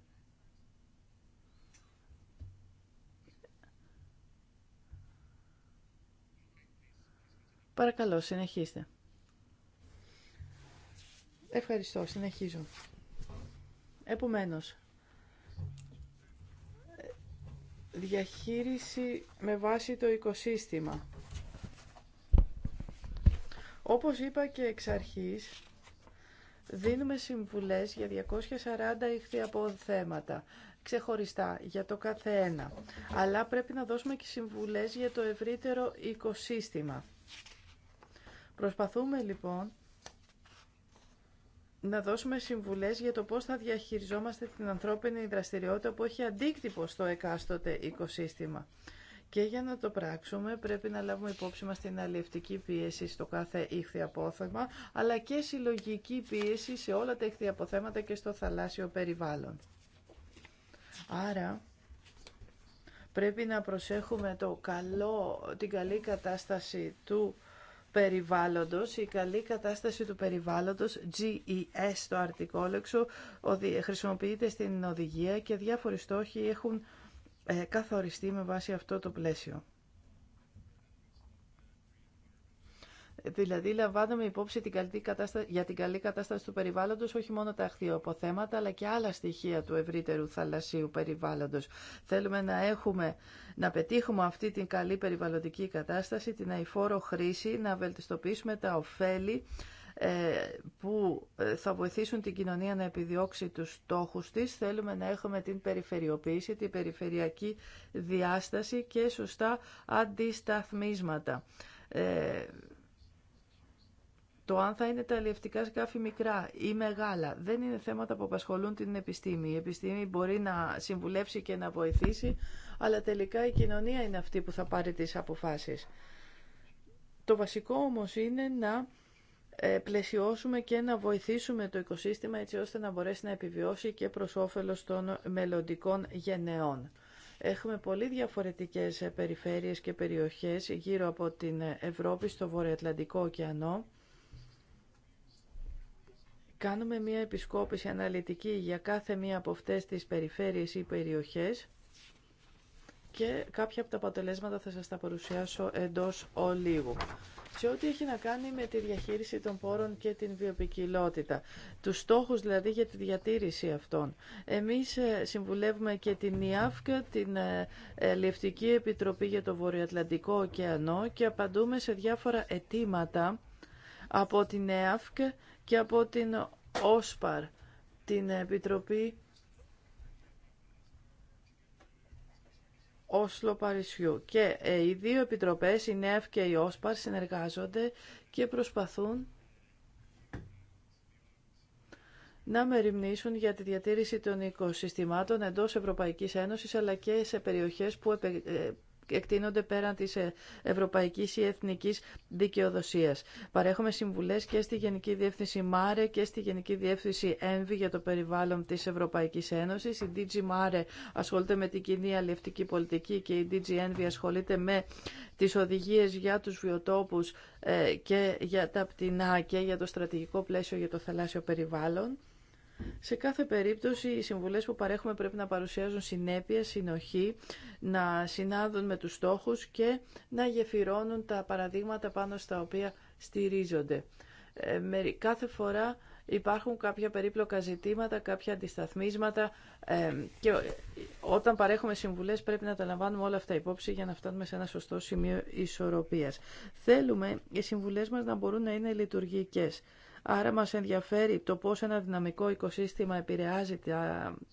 Παρακαλώ, συνεχίστε. Ευχαριστώ, συνεχίζω. Επομένως, διαχείριση με βάση το οικοσύστημα. Όπως είπα και εξ αρχής, δίνουμε συμβουλές για 240 ηχθη από θέματα, ξεχωριστά για το καθένα. Αλλά πρέπει να δώσουμε και συμβουλές για το ευρύτερο οικοσύστημα. Προσπαθούμε λοιπόν να δώσουμε συμβουλές για το πώς θα διαχειριζόμαστε την ανθρώπινη δραστηριότητα που έχει αντίκτυπο στο εκάστοτε οικοσύστημα. Και για να το πράξουμε πρέπει να λάβουμε υπόψη μας την αλληλευτική πίεση στο κάθε ήχθη απόθεμα, αλλά και συλλογική πίεση σε όλα τα ήχθη αποθέματα και στο θαλάσσιο περιβάλλον. Άρα πρέπει να προσέχουμε το καλό, την καλή κατάσταση του περιβάλλοντος, η καλή κατάσταση του περιβάλλοντος, GES το αρτικόλεξο, χρησιμοποιείται στην οδηγία και διάφοροι στόχοι έχουν ε, καθοριστεί με βάση αυτό το πλαίσιο. Δηλαδή λαμβάνουμε υπόψη την καλή κατάσταση, για την καλή κατάσταση του περιβάλλοντος όχι μόνο τα αχθιοποθέματα αλλά και άλλα στοιχεία του ευρύτερου θαλασσίου περιβάλλοντο. Θέλουμε να, έχουμε, να πετύχουμε αυτή την καλή περιβαλλοντική κατάσταση, την αηφόρο χρήση, να βελτιστοποιήσουμε τα ωφέλη ε, που ε, θα βοηθήσουν την κοινωνία να επιδιώξει τους στόχους της. Θέλουμε να έχουμε την περιφερειοποίηση, την περιφερειακή διάσταση και σωστά αντισταθμίσματα. Ε, το αν θα είναι τα αλλιευτικά σκάφη μικρά ή μεγάλα δεν είναι θέματα που απασχολούν την επιστήμη. Η επιστήμη μπορεί να συμβουλεύσει και να βοηθήσει, αλλά τελικά η κοινωνία είναι αυτή που θα πάρει τις αποφάσεις. Το βασικό όμως είναι να ε, πλαισιώσουμε και να βοηθήσουμε το οικοσύστημα έτσι ώστε να μπορέσει να επιβιώσει και προς όφελος των μελλοντικών γενεών. Έχουμε πολύ διαφορετικές ε, περιφέρειες και περιοχές γύρω από την Ευρώπη στο Βορειοατλαντικό ωκεανό Κάνουμε μία επισκόπηση αναλυτική για κάθε μία από αυτές τις περιφέρειες ή περιοχές και κάποια από τα αποτελέσματα θα σας τα παρουσιάσω εντός ολίγου. Σε ό,τι έχει να κάνει με τη διαχείριση των πόρων και την βιοπικιλότητα, τους στόχους δηλαδή για τη διατήρηση αυτών. Εμείς ε, συμβουλεύουμε και την ΙΑΦΚ, την ε, ε, Λευτική Επιτροπή για το Βορειοατλαντικό Ωκεανό και απαντούμε σε διάφορα αιτήματα από την ΕΑΦΚ και από την ΟΣΠΑΡ, την Επιτροπή Όσλο Παρισιού. Και ε, οι δύο επιτροπές, η ΝΕΦ και η ΟΣΠΑΡ, συνεργάζονται και προσπαθούν να μεριμνήσουν για τη διατήρηση των οικοσυστημάτων εντός Ευρωπαϊκής Ένωσης αλλά και σε περιοχές που ε, εκτείνονται πέραν της ε, ευρωπαϊκής ή εθνικής δικαιοδοσίας. Παρέχουμε συμβουλές και στη Γενική Διεύθυνση ΜΑΡΕ και στη Γενική Διεύθυνση ΕΝΒΙ για το περιβάλλον της Ευρωπαϊκής Ένωσης. Η DG ΜΑΡΕ ασχολείται με την κοινή αλληλευτική πολιτική και η DG ΕΝΒΙ ασχολείται με τις οδηγίες για τους βιοτόπους ε, και για τα πτηνά και για το στρατηγικό πλαίσιο για το θαλάσσιο περιβάλλον. Σε κάθε περίπτωση οι συμβουλές που παρέχουμε πρέπει να παρουσιάζουν συνέπεια, συνοχή, να συνάδουν με τους στόχους και να γεφυρώνουν τα παραδείγματα πάνω στα οποία στηρίζονται. Ε, κάθε φορά υπάρχουν κάποια περίπλοκα ζητήματα, κάποια αντισταθμίσματα ε, και όταν παρέχουμε συμβουλές πρέπει να τα λαμβάνουμε όλα αυτά υπόψη για να φτάνουμε σε ένα σωστό σημείο ισορροπίας. Θέλουμε οι συμβουλές μας να μπορούν να είναι λειτουργικές. Άρα μας ενδιαφέρει το πώς ένα δυναμικό οικοσύστημα επηρεάζει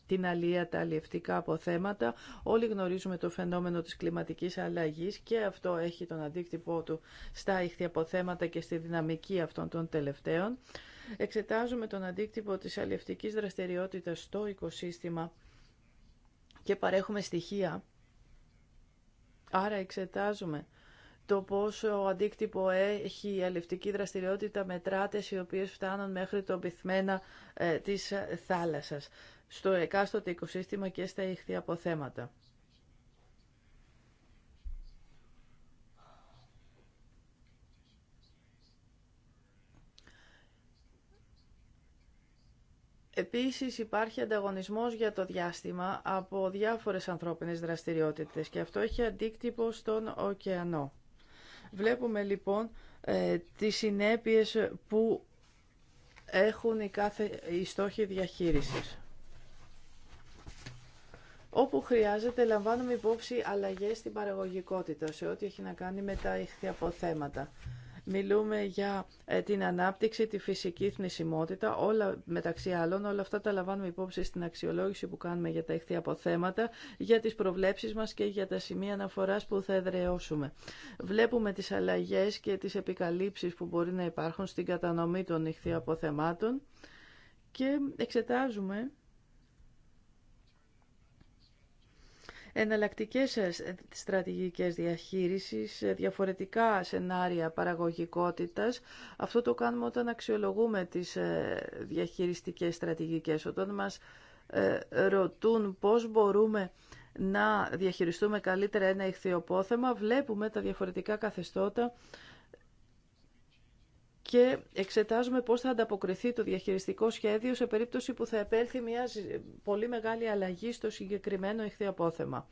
την αλία, τα αλλιευτικά αποθέματα. Όλοι γνωρίζουμε το φαινόμενο της κλιματικής αλλαγής και αυτό έχει τον αντίκτυπό του στα αποθέματα και στη δυναμική αυτών των τελευταίων. Εξετάζουμε τον αντίκτυπο της αλλιευτικής δραστηριότητας στο οικοσύστημα και παρέχουμε στοιχεία. Άρα εξετάζουμε το πόσο αντίκτυπο έχει η αλευτική δραστηριότητα με τράτες οι οποίες φτάνουν μέχρι το πυθμένα ε, της θάλασσας, στο εκάστοτε οικοσύστημα και στα ηχθή αποθέματα. Επίσης υπάρχει ανταγωνισμός για το διάστημα από διάφορες ανθρώπινες δραστηριότητες και αυτό έχει αντίκτυπο στον ωκεανό. Βλέπουμε λοιπόν ε, τις συνέπειες που έχουν οι, κάθε, οι στόχοι διαχείρισης. Όπου χρειάζεται λαμβάνουμε υπόψη αλλαγές στην παραγωγικότητα σε ό,τι έχει να κάνει με τα ηχθιαποθέματα. Μιλούμε για ε, την ανάπτυξη, τη φυσική θνησιμότητα, όλα μεταξύ άλλων, όλα αυτά τα λαμβάνουμε υπόψη στην αξιολόγηση που κάνουμε για τα ηχθή αποθέματα, για τις προβλέψεις μας και για τα σημεία αναφοράς που θα εδραιώσουμε. Βλέπουμε τις αλλαγές και τις επικαλύψεις που μπορεί να υπάρχουν στην κατανομή των ηχθή αποθεμάτων και εξετάζουμε εναλλακτικές ε, ε, στρατηγικές διαχείρισης, ε, διαφορετικά σενάρια παραγωγικότητας. Αυτό το κάνουμε όταν αξιολογούμε τις διαχειριστικές στρατηγικές, όταν μας ρωτούν πώς μπορούμε να διαχειριστούμε καλύτερα ένα ηχθειοπόθεμα, βλέπουμε τα διαφορετικά καθεστώτα και εξετάζουμε πώς θα ανταποκριθεί το διαχειριστικό σχέδιο σε περίπτωση που θα επέλθει μια πολύ μεγάλη αλλαγή στο συγκεκριμένο απόθεμα.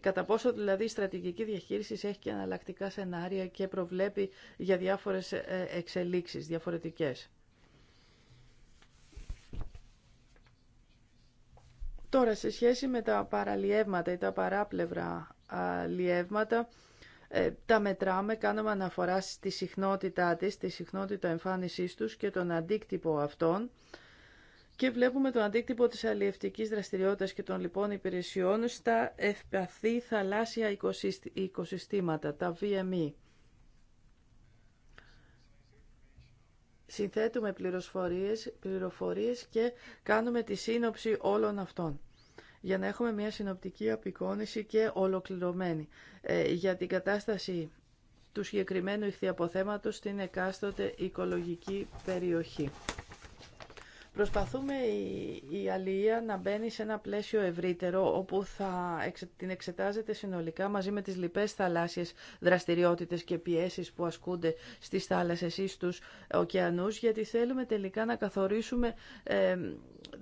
Κατά πόσο δηλαδή η στρατηγική διαχείριση έχει και αναλλακτικά σενάρια και προβλέπει για διάφορες ε, εξελίξεις διαφορετικές. Τώρα, σε σχέση με τα παραλιεύματα ή τα παράπλευρα λιεύματα, ε, τα μετράμε, κάνουμε αναφορά στη συχνότητά της, στη συχνότητα εμφάνισής τους και τον αντίκτυπο αυτών και βλέπουμε τον αντίκτυπο της αλλιευτικής δραστηριότητας και των λοιπόν υπηρεσιών στα ευπαθή θαλάσσια οικοσυστήματα, τα VME. Συνθέτουμε πληροφορίες, πληροφορίες και κάνουμε τη σύνοψη όλων αυτών για να έχουμε μια συνοπτική απεικόνηση και ολοκληρωμένη ε, για την κατάσταση του συγκεκριμένου ηχθιαποθέματος στην εκάστοτε οικολογική περιοχή. Προσπαθούμε η, η αλληλεία να μπαίνει σε ένα πλαίσιο ευρύτερο όπου θα την εξετάζεται συνολικά μαζί με τις λοιπές θαλάσσιες δραστηριότητες και πιέσεις που ασκούνται στις θάλασσες ή στους ωκεανούς γιατί θέλουμε τελικά να καθορίσουμε ε,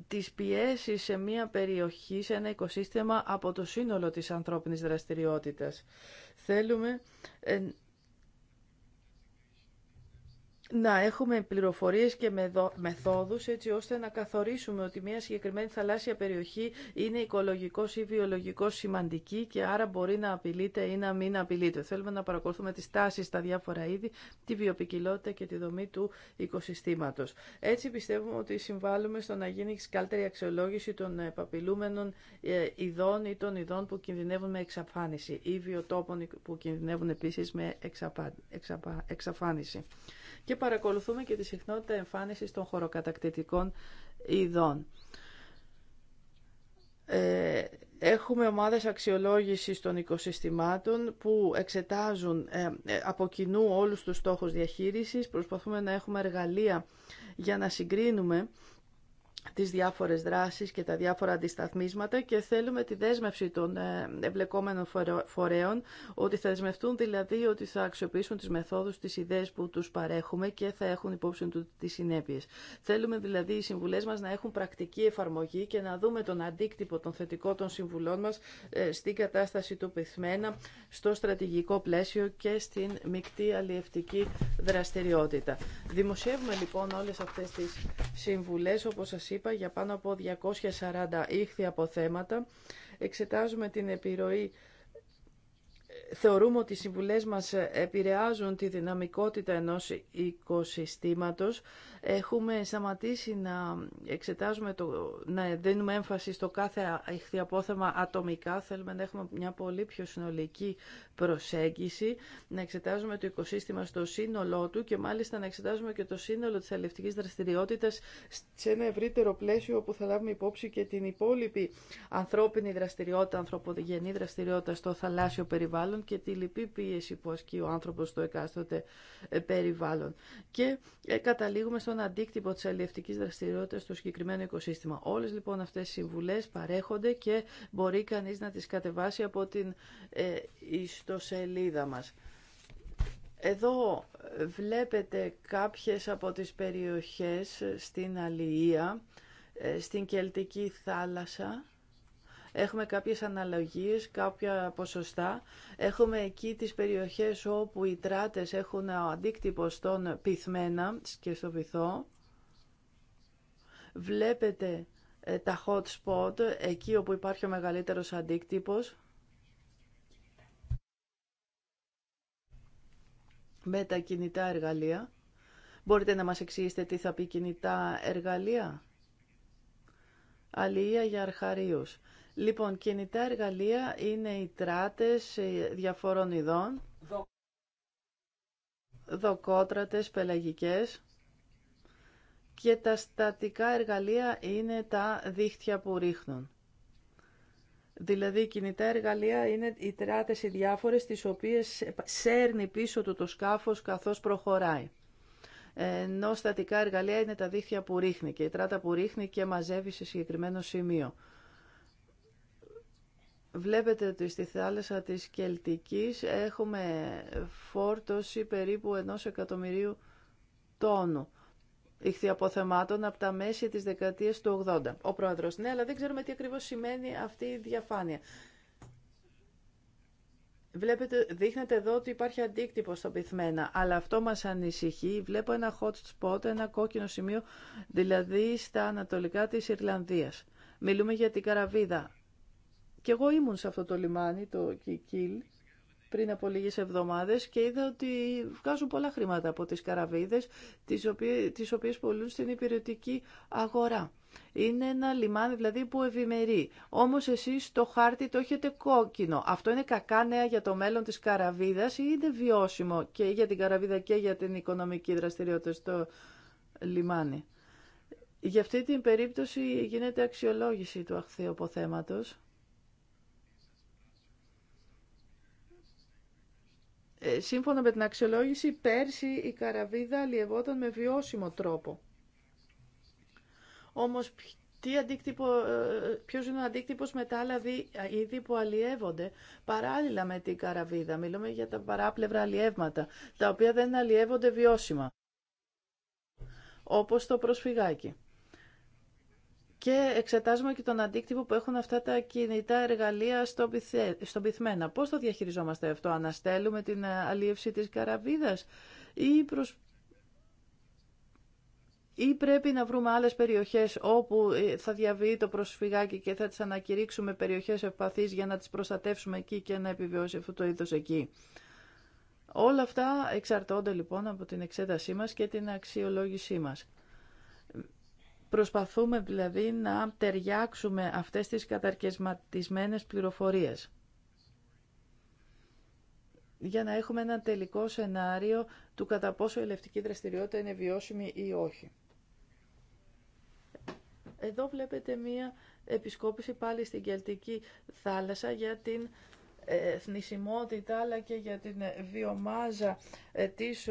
τις πιέσεις σε μια περιοχή, σε ένα οικοσύστημα από το σύνολο της ανθρώπινης δραστηριότητας. Θέλουμε ε, να έχουμε πληροφορίες και μεθόδους έτσι ώστε να καθορίσουμε ότι μια συγκεκριμένη θαλάσσια περιοχή είναι οικολογικός ή βιολογικός σημαντική και άρα μπορεί να απειλείται ή να μην απειλείται. Θέλουμε να παρακολουθούμε τις τάσεις στα διάφορα είδη, τη βιοπικιλότητα και τη δομή του οικοσυστήματος. Έτσι πιστεύουμε ότι συμβάλλουμε στο να γίνει καλύτερη αξιολόγηση των επαπειλούμενων ε, ειδών ή των ειδών που κινδυνεύουν με εξαφάνιση ή βιοτόπων που κινδυνεύουν επίσης με εξαφάνιση και παρακολουθούμε και τη συχνότητα εμφάνισης των χωροκατακτητικών ειδών. Ε, έχουμε ομάδες αξιολόγησης των οικοσυστημάτων που εξετάζουν ε, ε, από κοινού όλους τους στόχους διαχείρισης. Προσπαθούμε να έχουμε εργαλεία για να συγκρίνουμε τις διάφορες δράσεις και τα διάφορα αντισταθμίσματα και θέλουμε τη δέσμευση των ε, εμπλεκόμενων φορέων ότι θα δεσμευτούν δηλαδή ότι θα αξιοποιήσουν τις μεθόδους, τις ιδέες που τους παρέχουμε και θα έχουν υπόψη του τις συνέπειες. Θέλουμε δηλαδή οι συμβουλές μας να έχουν πρακτική εφαρμογή και να δούμε τον αντίκτυπο των θετικό των συμβουλών μας ε, στην κατάσταση του πυθμένα, στο στρατηγικό πλαίσιο και στην μεικτή αλλιευτική δραστηριότητα. Δημοσιεύουμε λοιπόν όλες αυτές τις συμβουλές όπως σας είπα, για πάνω από 240 ήχθη αποθέματα. Εξετάζουμε την επιρροή θεωρούμε ότι οι συμβουλές μας επηρεάζουν τη δυναμικότητα ενός οικοσυστήματος. Έχουμε σταματήσει να εξετάζουμε, το, να δίνουμε έμφαση στο κάθε ηχθιαπόθεμα ατομικά. Θέλουμε να έχουμε μια πολύ πιο συνολική προσέγγιση, να εξετάζουμε το οικοσύστημα στο σύνολό του και μάλιστα να εξετάζουμε και το σύνολο της αλληλευτικής δραστηριότητας σε ένα ευρύτερο πλαίσιο όπου θα λάβουμε υπόψη και την υπόλοιπη ανθρώπινη δραστηριότητα, ανθρωπογενή δραστηριότητα στο θαλάσσιο περιβάλλον και τη λυπή πίεση που ασκεί ο άνθρωπος στο εκάστοτε ε, περιβάλλον. Και ε, καταλήγουμε στον αντίκτυπο της αλληλευτικής δραστηριότητας στο συγκεκριμένο οικοσύστημα. Όλες λοιπόν αυτές οι συμβουλές παρέχονται και μπορεί κανείς να τις κατεβάσει από την ε, ιστοσελίδα μας. Εδώ ε, βλέπετε κάποιες από τις περιοχές στην Αλία, στην Κελτική θάλασσα, έχουμε κάποιες αναλογίες, κάποια ποσοστά. Έχουμε εκεί τις περιοχές όπου οι τράτες έχουν αντίκτυπο στον πυθμένα και στο βυθό. Βλέπετε ε, τα hot spot, εκεί όπου υπάρχει ο μεγαλύτερος αντίκτυπος. Με τα κινητά εργαλεία. Μπορείτε να μας εξηγήσετε τι θα πει κινητά εργαλεία. Αλληλεία για αρχαρίους. Λοιπόν, κινητά εργαλεία είναι οι τράτες διαφόρων ειδών, δοκότρατες, πελαγικές και τα στατικά εργαλεία είναι τα δίχτυα που ρίχνουν. Δηλαδή, κινητά εργαλεία είναι οι τράτες οι διάφορες, τις οποίες σέρνει πίσω του το σκάφος καθώς προχωράει. Ενώ στατικά εργαλεία είναι τα δίχτυα που ρίχνει και η τράτα που ρίχνει και μαζεύει σε συγκεκριμένο σημείο. Βλέπετε ότι στη θάλασσα της Κελτικής έχουμε φόρτωση περίπου ενός εκατομμυρίου τόνου ηχθιαποθεμάτων από τα μέση της δεκαετίας του 80. Ο πρόεδρος, ναι, αλλά δεν ξέρουμε τι ακριβώς σημαίνει αυτή η διαφάνεια. Βλέπετε, δείχνετε εδώ ότι υπάρχει αντίκτυπο στο πυθμένα, αλλά αυτό μας ανησυχεί. Βλέπω ένα hot spot, ένα κόκκινο σημείο, δηλαδή στα ανατολικά της Ιρλανδίας. Μιλούμε για την καραβίδα. Και εγώ ήμουν σε αυτό το λιμάνι, το Κικίλ, πριν από λίγες εβδομάδες και είδα ότι βγάζουν πολλά χρήματα από τις καραβίδες, τις οποίες, τις πολλούν στην υπηρετική αγορά. Είναι ένα λιμάνι δηλαδή που ευημερεί. Όμως εσείς το χάρτη το έχετε κόκκινο. Αυτό είναι κακά νέα για το μέλλον της καραβίδας ή είναι βιώσιμο και για την καραβίδα και για την οικονομική δραστηριότητα στο λιμάνι. Για αυτή την περίπτωση γίνεται αξιολόγηση του αποθέματος. Ε, σύμφωνα με την αξιολόγηση, πέρσι η καραβίδα αλλιευόταν με βιώσιμο τρόπο. Όμως, τι αντίκτυπο, ε, ποιος είναι ο αντίκτυπος με τα άλλα είδη που αλλιεύονται παράλληλα με την καραβίδα. Μιλούμε για τα παράπλευρα αλλιεύματα, τα οποία δεν αλλιεύονται βιώσιμα. Όπως το προσφυγάκι και εξετάζουμε και τον αντίκτυπο που έχουν αυτά τα κινητά εργαλεία στον, πυθε... πυθμένα. Πώς το διαχειριζόμαστε αυτό, αναστέλουμε την ε, αλίευση της καραβίδας ή πρέπει να βρούμε άλλες περιοχές όπου ε, θα διαβεί το προσφυγάκι και θα τις ανακηρύξουμε περιοχές ευπαθείς για να τις προστατεύσουμε εκεί και να επιβιώσει αυτό το είδος εκεί. Όλα αυτά εξαρτώνται λοιπόν από την εξέτασή μας και την αξιολόγησή μας. Προσπαθούμε δηλαδή να ταιριάξουμε αυτές τις καταρκεσματισμένες πληροφορίες για να έχουμε ένα τελικό σενάριο του κατά πόσο η ελευτική δραστηριότητα είναι βιώσιμη ή όχι. Εδώ βλέπετε μία επισκόπηση πάλι στην Κελτική θάλασσα για την θνησιμότητα αλλά και για την βιομάζα ε, της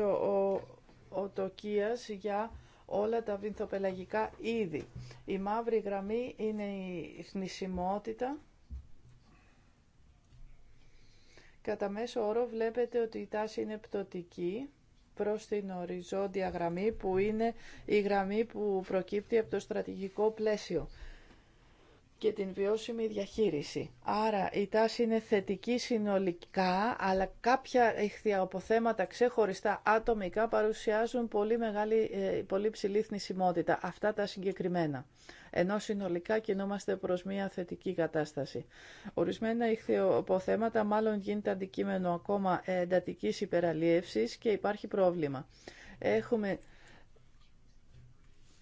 οτοκίας για όλα τα βυνθοπελαγικά είδη. Η μαύρη γραμμή είναι η θνησιμότητα. Κατά μέσο όρο βλέπετε ότι η τάση είναι πτωτική προς την οριζόντια γραμμή που είναι η γραμμή που προκύπτει από το στρατηγικό πλαίσιο και την βιώσιμη διαχείριση. Άρα η τάση είναι θετική συνολικά, αλλά κάποια ηχθιαποθέματα ξεχωριστά ατομικά παρουσιάζουν πολύ, μεγάλη, ε, πολύ ψηλή θνησιμότητα. Αυτά τα συγκεκριμένα. Ενώ συνολικά κινούμαστε προς μια θετική κατάσταση. Ορισμένα ηχθιαποθέματα μάλλον γίνεται αντικείμενο ακόμα ε, εντατικής υπεραλίευσης και υπάρχει πρόβλημα. Έχουμε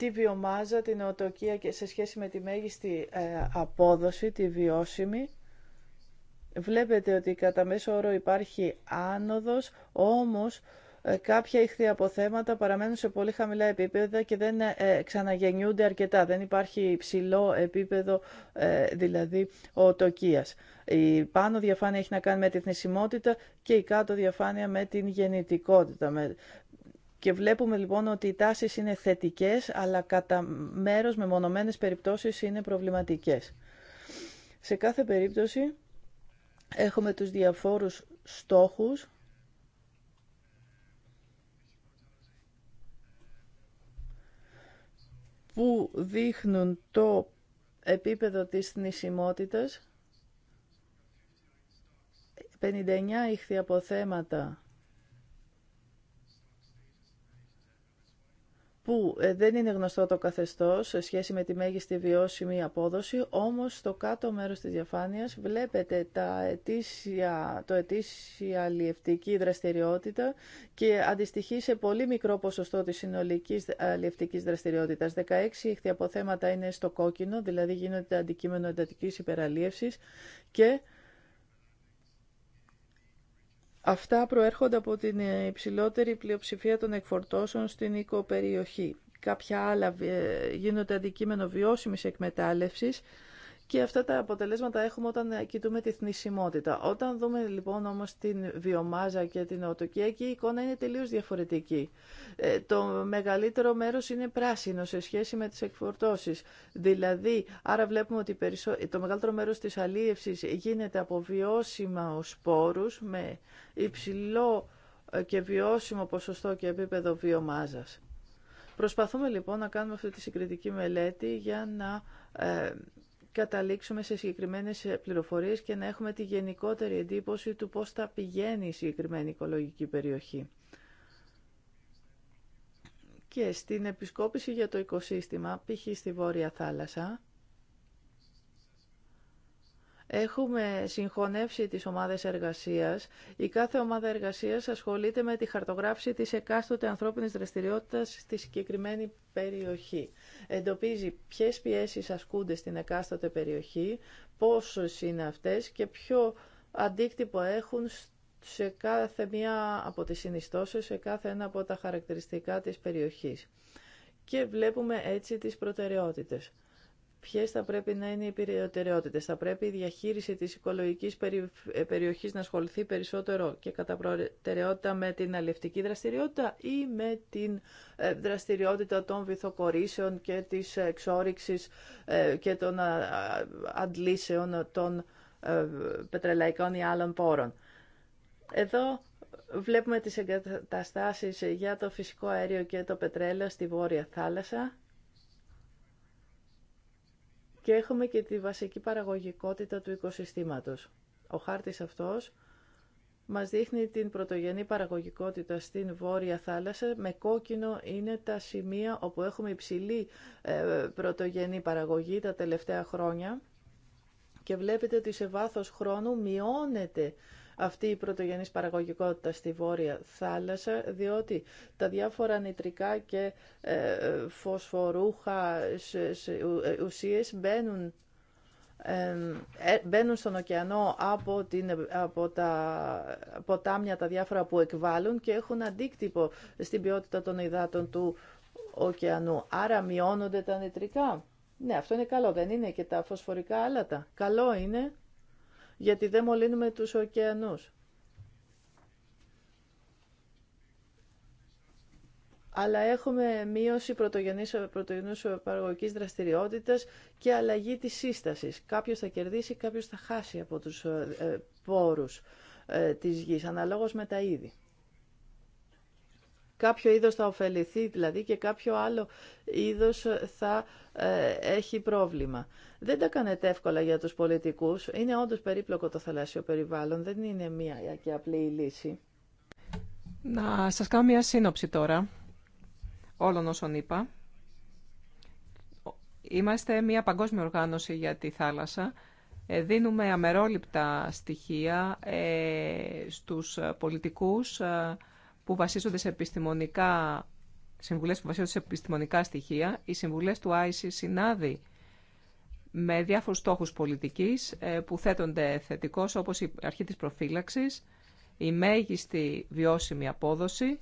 τη βιομάζα, την οτοκία και σε σχέση με τη μέγιστη ε, απόδοση, τη βιώσιμη. Βλέπετε ότι κατά μέσο όρο υπάρχει άνοδος, όμως ε, κάποια αποθέματα παραμένουν σε πολύ χαμηλά επίπεδα και δεν ε, ξαναγεννιούνται αρκετά. Δεν υπάρχει υψηλό επίπεδο δηλαδή οτοκίας. Η πάνω διαφάνεια έχει να κάνει με τη θνησιμότητα και η κάτω διαφάνεια με την γεννητικότητα, με και βλέπουμε λοιπόν ότι οι τάσεις είναι θετικές, αλλά κατά μέρος με μονομένες περιπτώσεις είναι προβληματικές. Σε κάθε περίπτωση έχουμε τους διαφόρους στόχους που δείχνουν το επίπεδο της θνησιμότητας. 59 ηχθιαποθέματα που ε, δεν είναι γνωστό το καθεστώς σε σχέση με τη μέγιστη βιώσιμη απόδοση, όμως στο κάτω μέρος της διαφάνειας βλέπετε τα το ετήσια αλλιευτική δραστηριότητα και αντιστοιχεί σε πολύ μικρό ποσοστό της συνολικής αλλιευτικής δραστηριότητας. 16 ηχθιαποθέματα είναι στο κόκκινο, δηλαδή γίνονται αντικείμενο εντατικής υπεραλίευσης και Αυτά προέρχονται από την υψηλότερη πλειοψηφία των εκφορτώσεων στην οικοπεριοχή. Κάποια άλλα ε, γίνονται αντικείμενο βιώσιμης εκμετάλλευσης και αυτά τα αποτελέσματα έχουμε όταν κοιτούμε τη θνησιμότητα. Όταν δούμε λοιπόν όμως την βιομάζα και την οτοκία, εκεί η εικόνα είναι τελείως διαφορετική. Ε, το μεγαλύτερο μέρος είναι πράσινο σε σχέση με τις εκφορτώσεις. Δηλαδή, άρα βλέπουμε ότι το μεγαλύτερο μέρος της αλίευσης γίνεται από βιώσιμα ως σπόρους με υψηλό ε, και βιώσιμο ποσοστό και επίπεδο βιομάζας. Προσπαθούμε λοιπόν να κάνουμε αυτή τη συγκριτική μελέτη για να ε, καταλήξουμε σε συγκεκριμένες πληροφορίες και να έχουμε τη γενικότερη εντύπωση του πώς θα πηγαίνει η συγκεκριμένη οικολογική περιοχή. Και στην επισκόπηση για το οικοσύστημα, π.χ. στη Βόρεια Θάλασσα, Έχουμε συγχωνεύσει τις ομάδες εργασίας. Η κάθε ομάδα εργασίας ασχολείται με τη χαρτογράφηση της εκάστοτε ανθρώπινης δραστηριότητας στη συγκεκριμένη περιοχή. Εντοπίζει ποιες πιέσεις ασκούνται στην εκάστοτε περιοχή, πόσες είναι αυτές και ποιο αντίκτυπο έχουν σε κάθε μία από τις συνιστώσεις, σε κάθε ένα από τα χαρακτηριστικά της περιοχής. Και βλέπουμε έτσι τις προτεραιότητες. Ποιε θα πρέπει να είναι οι περιοτεραιότητες. Θα πρέπει η διαχείριση της οικολογικής ε, περιοχής να ασχοληθεί περισσότερο και κατά προτεραιότητα με την αλληλευτική δραστηριότητα ή με την ε, δραστηριότητα των βυθοκορήσεων και της εξόρυξης ε, και των αντλήσεων των πετρελαϊκών ή άλλων πόρων. Εδώ βλέπουμε τις εγκαταστάσεις για το φυσικό αέριο και το πετρέλαιο στη Βόρεια Θάλασσα και έχουμε και τη βασική παραγωγικότητα του οικοσυστήματος. Ο χάρτης αυτός μας δείχνει την πρωτογενή παραγωγικότητα στην Βόρεια Θάλασσα. Με κόκκινο είναι τα σημεία όπου έχουμε υψηλή ε, πρωτογενή παραγωγή τα τελευταία χρόνια. Και βλέπετε ότι σε βάθος χρόνου μειώνεται αυτή η πρωτογενής παραγωγικότητα στη Βόρεια Θάλασσα, διότι τα διάφορα νητρικά και ε, φωσφορούχα ε, ουσίες μπαίνουν ε, μπαίνουν στον ωκεανό από, την, από τα ποτάμια τα διάφορα που εκβάλλουν και έχουν αντίκτυπο στην ποιότητα των υδάτων του ωκεανού. Άρα μειώνονται τα νητρικά. Ναι, αυτό είναι καλό. Δεν είναι και τα φωσφορικά άλατα. Καλό είναι γιατί δεν μολύνουμε τους ωκεανούς. αλλά έχουμε μείωση πρωτογενής, πρωτογενής παραγωγικής δραστηριότητας και αλλαγή της σύστασης. Κάποιος θα κερδίσει, κάποιος θα χάσει από τους ε, ε, πόρους ε, της γης, αναλόγως με τα είδη κάποιο είδος θα ωφεληθεί δηλαδή και κάποιο άλλο είδος θα ε, έχει πρόβλημα. Δεν τα κάνετε εύκολα για τους πολιτικούς. Είναι όντως περίπλοκο το θαλάσσιο περιβάλλον. Δεν είναι μία και απλή λύση. Να σας κάνω μία σύνοψη τώρα όλων όσων είπα. Είμαστε μία παγκόσμια οργάνωση για τη θάλασσα. Ε, δίνουμε αμερόληπτα στοιχεία ε, στους πολιτικούς, ε, που βασίζονται σε επιστημονικά, συμβουλές που βασίζονται σε επιστημονικά στοιχεία. Οι συμβουλές του ΆΙΣΙ συνάδει με διάφορους στόχους πολιτικής ε, που θέτονται θετικώς όπως η αρχή της προφύλαξης, η μέγιστη βιώσιμη απόδοση,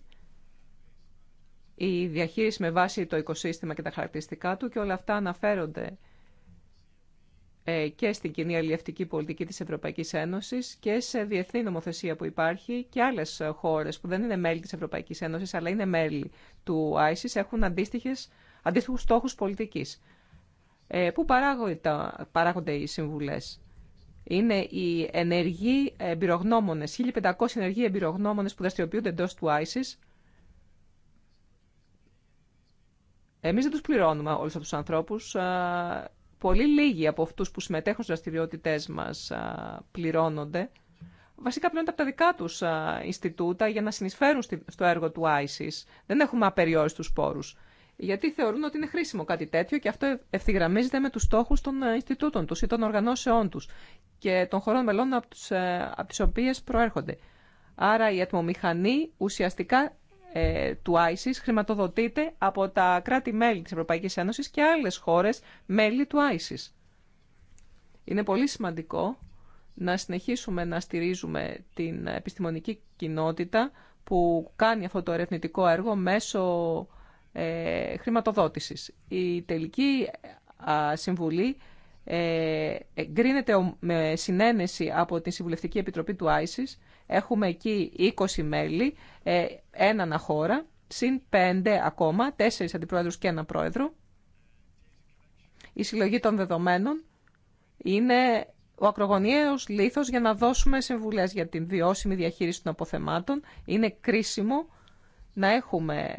η διαχείριση με βάση το οικοσύστημα και τα χαρακτηριστικά του και όλα αυτά αναφέρονται ε, και στην κοινή αλληλευτική πολιτική της Ευρωπαϊκής Ένωσης και σε διεθνή νομοθεσία που υπάρχει και άλλες χώρες που δεν είναι μέλη της Ευρωπαϊκής Ένωσης αλλά είναι μέλη του ISIS έχουν αντίστοιχες, αντίστοιχους ε, παράγονται οι συμβουλές. Είναι οι ενεργοί εμπειρογνώμονες, 1500 ενεργοί εμπειρογνώμονες που δραστηριοποιούνται 1500 ενεργοι εμπειρογνώμονε που δραστηριοποιουνται εντο του ISIS. Εμείς δεν τους πληρώνουμε όλους αυτούς τους ανθρώπους, Πολύ λίγοι από αυτούς που συμμετέχουν στις δραστηριότητε μας πληρώνονται. Βασικά πληρώνονται από τα δικά τους Ινστιτούτα για να συνεισφέρουν στο έργο του ISIS. Δεν έχουμε απεριόριστους πόρους. Γιατί θεωρούν ότι είναι χρήσιμο κάτι τέτοιο και αυτό ευθυγραμμίζεται με τους στόχους των ε, Ινστιτούτων τους ή των οργανώσεών τους και των χωρών μελών από ε, τις οποίες προέρχονται. Άρα η ατμομηχανή ουσιαστικά ε, του ISIS χρηματοδοτείται από τα κράτη-μέλη της Ευρωπαϊκής Ένωσης και άλλες χώρες μέλη του ISIS. Είναι πολύ σημαντικό να συνεχίσουμε να στηρίζουμε την επιστημονική κοινότητα που κάνει αυτό το ερευνητικό έργο μέσω ε, χρηματοδότησης. Η τελική συμβουλή ε, με συνένεση από τη Συμβουλευτική Επιτροπή του ISIS Έχουμε εκεί 20 μέλη, ε, ένα χώρα, συν 5 ακόμα, 4 αντιπρόεδρους και ένα πρόεδρο. Η συλλογή των δεδομένων είναι ο ακρογωνιαίος λίθος για να δώσουμε συμβουλές για την βιώσιμη διαχείριση των αποθεμάτων. Είναι κρίσιμο να έχουμε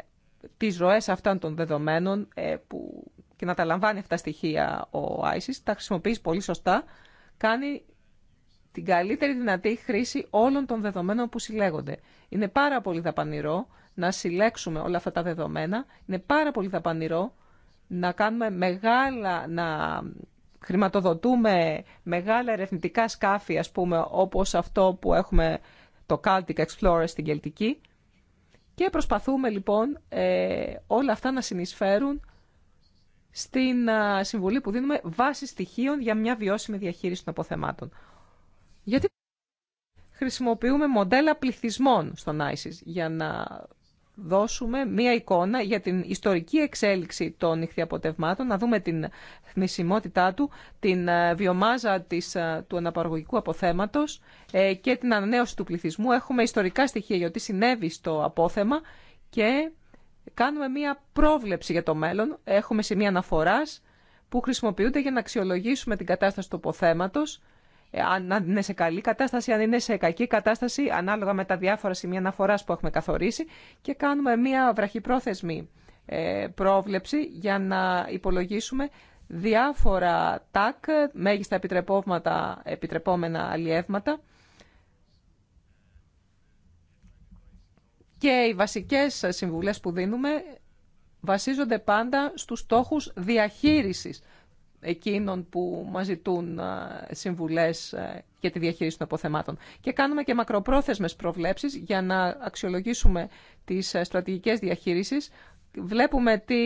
τις ροές αυτών των δεδομένων ε, που, και να τα λαμβάνει αυτά τα στοιχεία ο ISIS, τα χρησιμοποιεί πολύ σωστά, κάνει την καλύτερη δυνατή χρήση όλων των δεδομένων που συλλέγονται. Είναι πάρα πολύ δαπανηρό να συλλέξουμε όλα αυτά τα δεδομένα, είναι πάρα πολύ δαπανηρό να κάνουμε μεγάλα, να χρηματοδοτούμε μεγάλα ερευνητικά σκάφη, ας πούμε, όπως αυτό που έχουμε το Celtic Explorer στην Κελτική. Και προσπαθούμε λοιπόν ε, όλα αυτά να συνεισφέρουν στην συμβουλή που δίνουμε βάση στοιχείων για μια βιώσιμη διαχείριση των αποθεμάτων. Γιατί χρησιμοποιούμε μοντέλα πληθυσμών στον ISIS για να δώσουμε μία εικόνα για την ιστορική εξέλιξη των νυχθιαποτευμάτων, να δούμε την θνησιμότητά του, την ε, βιομάζα της, ε, του αναπαραγωγικού αποθέματος ε, και την ανανέωση του πληθυσμού. Έχουμε ιστορικά στοιχεία για ό,τι συνέβη στο απόθεμα και κάνουμε μία πρόβλεψη για το μέλλον. Έχουμε σημεία αναφοράς που χρησιμοποιούνται για να αξιολογήσουμε την κατάσταση του αποθέματος ε, αν είναι σε καλή κατάσταση, αν είναι σε κακή κατάσταση, ανάλογα με τα διάφορα σημεία αναφορά που έχουμε καθορίσει και κάνουμε μία βραχυπρόθεσμη ε, πρόβλεψη για να υπολογίσουμε διάφορα τάκ, μέγιστα επιτρεπόμενα αλλιεύματα και οι βασικές συμβουλές που δίνουμε βασίζονται πάντα στους στόχους διαχείρισης εκείνων που μας ζητούν ε, συμβουλές για ε, τη διαχείριση των αποθεμάτων. Και κάνουμε και μακροπρόθεσμες προβλέψεις για να αξιολογήσουμε τις ε, στρατηγικές διαχείρισης Βλέπουμε τι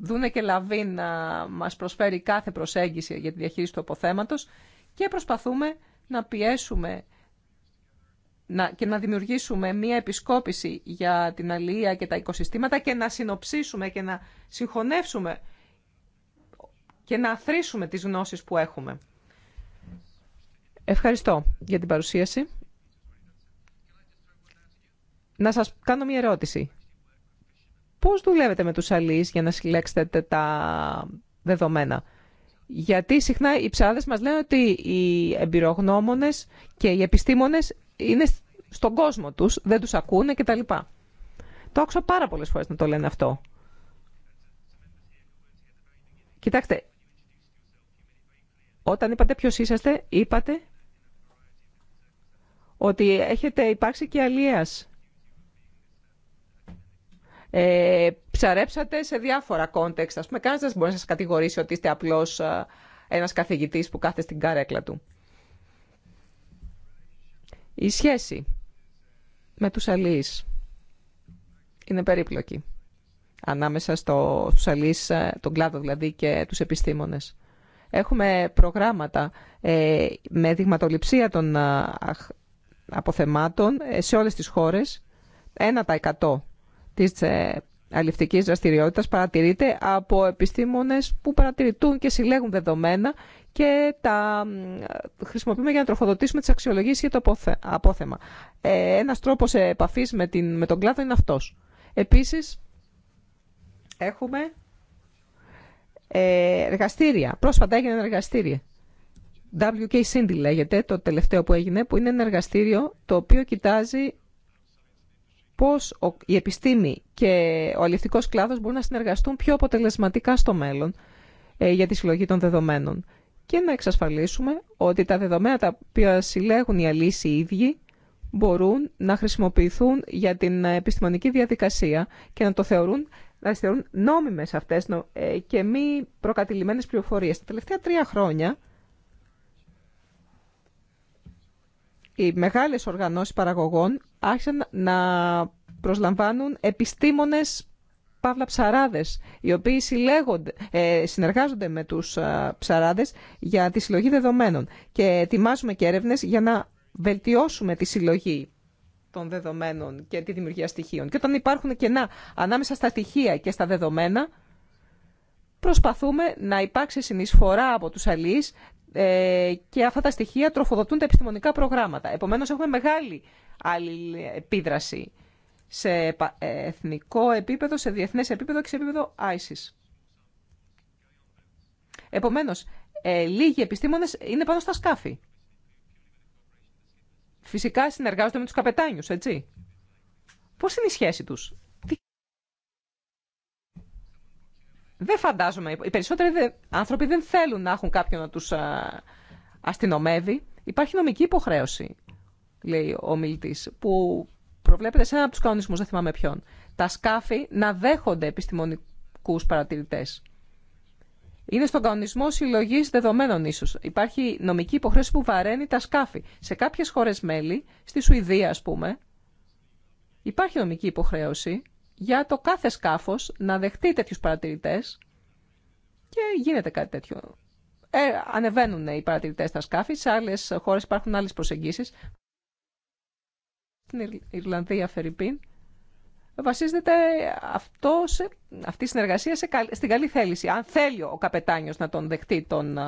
δούνε και λαβή να μας προσφέρει κάθε προσέγγιση για τη διαχείριση του αποθέματος και προσπαθούμε να πιέσουμε και να δημιουργήσουμε μία επισκόπηση για την αλληλεία και τα οικοσυστήματα και να συνοψίσουμε και να συγχωνεύσουμε και να αθροίσουμε τις γνώσεις που έχουμε. Ευχαριστώ για την παρουσίαση. Να σας κάνω μια ερώτηση. Πώς δουλεύετε με τους αλείς για να συλλέξετε τα δεδομένα. Γιατί συχνά οι ψάδες μας λένε ότι οι εμπειρογνώμονες και οι επιστήμονες είναι στον κόσμο τους, δεν τους ακούνε κτλ. Το άκουσα πάρα πολλές φορές να το λένε αυτό. Κοιτάξτε, όταν είπατε ποιος είσαστε, είπατε ότι έχετε υπάρξει και αλίας. Ε, ψαρέψατε σε διάφορα κόντεξτ. Ας πούμε, κανένας δεν μπορεί να σας κατηγορήσει ότι είστε απλώς ένας καθηγητής που κάθεται στην καρέκλα του. Η σχέση με τους αλίες είναι περίπλοκη ανάμεσα στο, στους ε, τον κλάδο δηλαδή και τους επιστήμονες. Έχουμε προγράμματα ε, με δειγματοληψία των αποθεμάτων ε, σε όλες τις χώρες. εκατό της ε, αληφτικής δραστηριότητας παρατηρείται από επιστήμονες που παρατηρητούν και συλλέγουν δεδομένα και τα χρησιμοποιούμε για να τροφοδοτήσουμε τις αξιολογήσεις για το απόθεμα. Ένας τρόπος επαφής με, την, με τον κλάδο είναι αυτός. Επίσης, έχουμε ε, εργαστήρια. Πρόσφατα έγινε ένα εργαστήριο. WK Cindy λέγεται, το τελευταίο που έγινε, που είναι ένα εργαστήριο το οποίο κοιτάζει πώς η επιστήμη και ο αληθικός κλάδος μπορούν να συνεργαστούν πιο αποτελεσματικά στο μέλλον ε, για τη συλλογή των δεδομένων και να εξασφαλίσουμε ότι τα δεδομένα τα οποία συλλέγουν οι αλήσει οι ίδιοι μπορούν να χρησιμοποιηθούν για την επιστημονική διαδικασία και να το θεωρούν να τις νόμιμες αυτές ε, και μη προκατηλημένες πληροφορίες. Τα τελευταία τρία χρόνια οι μεγάλες οργανώσεις παραγωγών άρχισαν να προσλαμβάνουν επιστήμονες παύλα ψαράδες, οι οποίοι ε, συνεργάζονται με τους ψαράδες για τη συλλογή δεδομένων. Και ετοιμάζουμε και έρευνες για να βελτιώσουμε τη συλλογή των δεδομένων και τη δημιουργία στοιχείων. Και όταν υπάρχουν κενά ανάμεσα στα στοιχεία και στα δεδομένα, προσπαθούμε να υπάρξει συνεισφορά από τους αλληλείς ε, και αυτά τα στοιχεία τροφοδοτούν τα επιστημονικά προγράμματα. Επομένως, έχουμε μεγάλη αλληλεπίδραση σε ε, εθνικό επίπεδο, σε διεθνές επίπεδο και σε επίπεδο ISIS. Επομένως, ε, λίγοι επιστήμονες είναι πάνω στα σκάφη. Φυσικά συνεργάζονται με τους καπετάνιους, έτσι. Πώς είναι η σχέση τους. Δεν φαντάζομαι. Οι περισσότεροι άνθρωποι δεν θέλουν να έχουν κάποιον να τους αστυνομεύει. Υπάρχει νομική υποχρέωση, λέει ο μιλητή, που προβλέπεται σε ένα από τους κανονισμούς, δεν θυμάμαι ποιον. Τα σκάφη να δέχονται επιστημονικούς παρατηρητές. Είναι στον κανονισμό συλλογή δεδομένων ίσω. Υπάρχει νομική υποχρέωση που βαραίνει τα σκάφη. Σε κάποιε χώρε μέλη, στη Σουηδία α πούμε, υπάρχει νομική υποχρέωση για το κάθε σκάφο να δεχτεί τέτοιου παρατηρητέ και γίνεται κάτι τέτοιο. Ε, ανεβαίνουν οι παρατηρητέ στα σκάφη. Σε άλλε χώρε υπάρχουν άλλε προσεγγίσει. Στην Ιρλανδία, Φερρυπίν, βασίζεται αυτό σε, αυτή η συνεργασία σε, στην καλή θέληση. Αν θέλει ο καπετάνιος να τον δεχτεί τον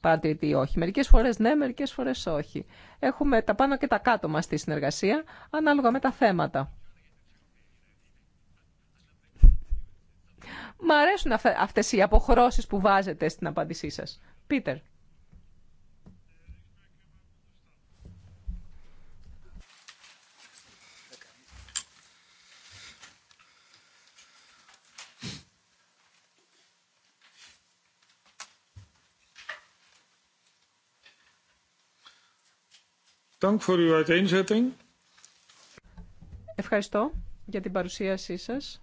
παρατηρητή ή όχι. Μερικές φορές ναι, μερικές φορές όχι. Έχουμε τα πάνω και τα κάτω μας στη συνεργασία, ανάλογα με τα θέματα. Μ' αρέσουν αυτές οι αποχρώσεις που βάζετε στην απάντησή σας. Πίτερ. Ευχαριστώ για την παρουσίασή σας.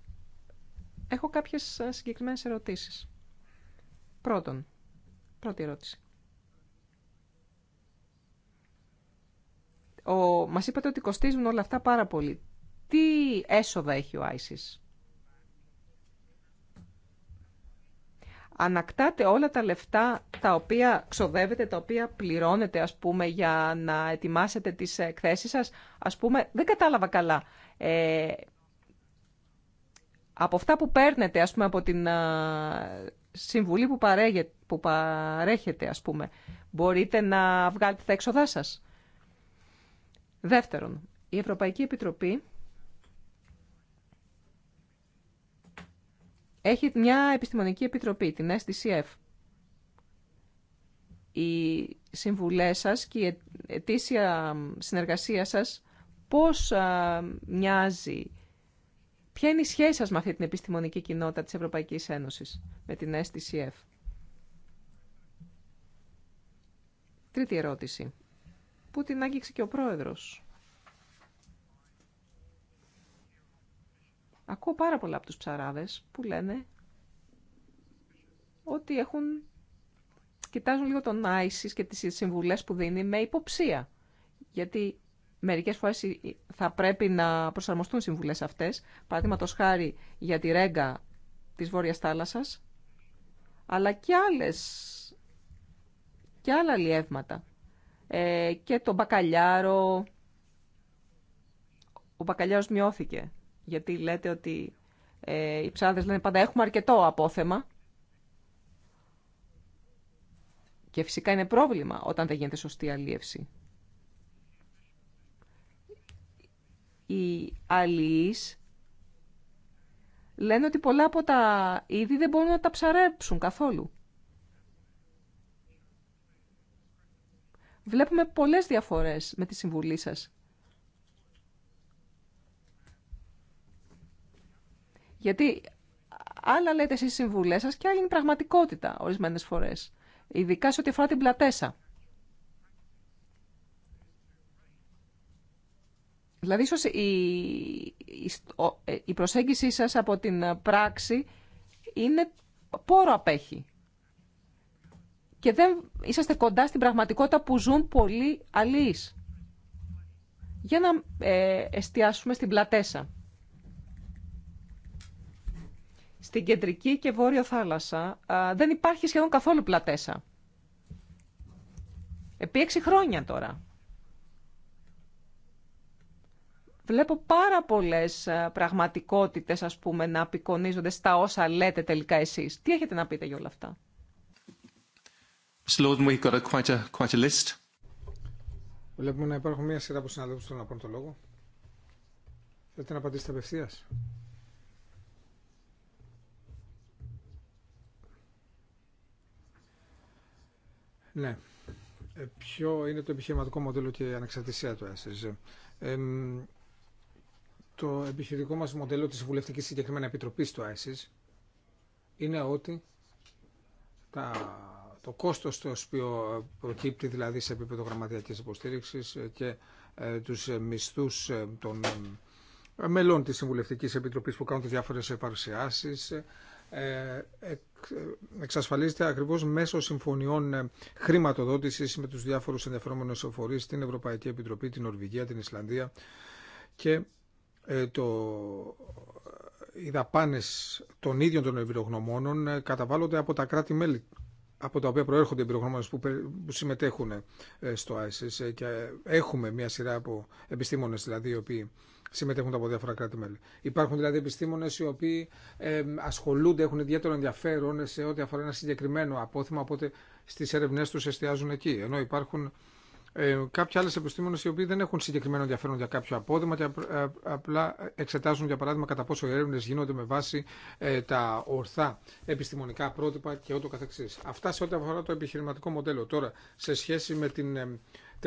Έχω κάποιες ε, συγκεκριμένες ερωτήσεις. Πρώτον, πρώτη ερώτηση. Ο, μας είπατε ότι κοστίζουν όλα αυτά πάρα πολύ. Τι έσοδα έχει ο ISIS ανακτάτε όλα τα λεφτά τα οποία ξοδεύετε, τα οποία πληρώνετε, ας πούμε, για να ετοιμάσετε τις εκθέσεις σας. Ας πούμε, δεν κατάλαβα καλά. Ε, από αυτά που παίρνετε, ας πούμε, από την συμβουλή που, παρέγε, που παρέχετε, ας πούμε, μπορείτε να βγάλετε τα έξοδά σας. Δεύτερον, η Ευρωπαϊκή Επιτροπή έχει μια επιστημονική επιτροπή, την STCF, Οι συμβουλές σας και η ετήσια συνεργασία σας, πώς μοιάζει, ποια είναι η σχέση σας με αυτή την επιστημονική κοινότητα της Ευρωπαϊκής Ένωσης, με την STCF. Τρίτη ερώτηση, που την άγγιξε και ο πρόεδρος Ακούω πάρα πολλά από τους ψαράδες που λένε ότι έχουν, κοιτάζουν λίγο τον Άισις και τις συμβουλές που δίνει με υποψία. Γιατί μερικές φορές θα πρέπει να προσαρμοστούν συμβουλές αυτές, παραδείγματος χάρη για τη ρέγγα της Βόρειας Θάλασσας, αλλά και άλλες και άλλα λιεύματα. Ε, και το μπακαλιάρο, ο μπακαλιάρος μειώθηκε. Γιατί λέτε ότι ε, οι ψάδε λένε πάντα έχουμε αρκετό απόθεμα. Και φυσικά είναι πρόβλημα όταν δεν γίνεται σωστή αλίευση. Οι αλίες λένε ότι πολλά από τα είδη δεν μπορούν να τα ψαρέψουν καθόλου. Βλέπουμε πολλές διαφορές με τη συμβουλή σας. Γιατί άλλα λέτε εσείς συμβουλές σας και άλλη είναι η πραγματικότητα ορισμένες φορές. Ειδικά σε ό,τι αφορά την πλατέσα. Δηλαδή, ίσως η, η ε, προσέγγιση σας από την πράξη είναι πόρο απέχει. Και δεν είσαστε κοντά στην πραγματικότητα που ζουν πολλοί αλλοίς. Για να ε, εστιάσουμε στην πλατέσα. στην κεντρική και βόρειο θάλασσα δεν υπάρχει σχεδόν καθόλου πλατέσα. Επί έξι χρόνια τώρα. Βλέπω πάρα πολλές πραγματικότητες, ας πούμε, να απεικονίζονται στα όσα λέτε τελικά εσείς. Τι έχετε να πείτε για όλα αυτά. Βλέπουμε να υπάρχουν μια σειρά από συναδέλφους που θέλουν να πάρουν το λόγο. Θέλετε να απαντήσετε απευθείας. Ναι. Ε, ποιο είναι το επιχειρηματικό μοντέλο και η ανεξαρτησία του ΕΣΕΖ. το επιχειρηματικό μας μοντέλο της βουλευτικής συγκεκριμένα επιτροπής του ΕΣΕΖ είναι ότι τα, το κόστος το οποίο προκύπτει δηλαδή σε επίπεδο γραμματιακής υποστήριξης και ε, τους μισθούς ε, των ε, μελών της Συμβουλευτικής Επιτροπής που κάνουν τις διάφορες παρουσιάσεις, εξασφαλίζεται ακριβώς μέσω συμφωνιών ε, χρηματοδότησης με τους διάφορους ενδιαφερόμενους φορείς, την Ευρωπαϊκή Επιτροπή, την Ορβηγία, την Ισλανδία και ε, το, ε, οι δαπάνε των ίδιων των εμπειρογνωμόνων καταβάλλονται από τα κράτη-μέλη από τα οποία προέρχονται οι εμπειρογνώμονες που συμμετέχουν στο ISIS και έχουμε μια σειρά από επιστήμονες δηλαδή οι οποίοι συμμετέχουν από διάφορα κράτη-μέλη. Υπάρχουν δηλαδή επιστήμονε οι οποίοι ε, ασχολούνται, έχουν ιδιαίτερο ενδιαφέρον σε ό,τι αφορά ένα συγκεκριμένο απόθυμα, οπότε στι έρευνέ του εστιάζουν εκεί. Ενώ υπάρχουν ε, κάποιοι άλλε επιστήμονε οι οποίοι δεν έχουν συγκεκριμένο ενδιαφέρον για κάποιο απόδημα και ε, απλά εξετάζουν, για παράδειγμα, κατά πόσο οι έρευνε γίνονται με βάση ε, τα ορθά επιστημονικά πρότυπα και ό,τι καθεξή. Αυτά σε ό,τι αφορά το επιχειρηματικό μοντέλο. Τώρα, σε σχέση με την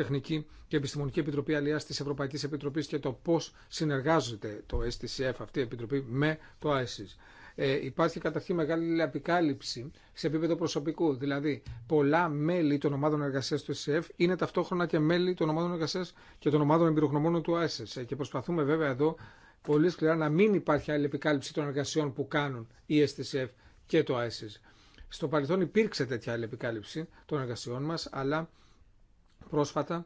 Τεχνική και Επιστημονική Επιτροπή Αλίας τη Ευρωπαϊκή Επιτροπή και το πώ συνεργάζεται το STCF, αυτή η Επιτροπή, με το ISIS. Ε, υπάρχει καταρχήν μεγάλη επικάλυψη σε επίπεδο προσωπικού. Δηλαδή, πολλά μέλη των ομάδων εργασία του STCF είναι ταυτόχρονα και μέλη των ομάδων εργασία και των ομάδων εμπειρογνωμόνων του ΆΕΣΕΣ. Και προσπαθούμε βέβαια εδώ πολύ σκληρά να μην υπάρχει άλλη επικάλυψη των εργασιών που κάνουν η STCF και το ISIS. Στο παρελθόν υπήρξε τέτοια άλλη επικάλυψη των εργασιών μα, αλλά πρόσφατα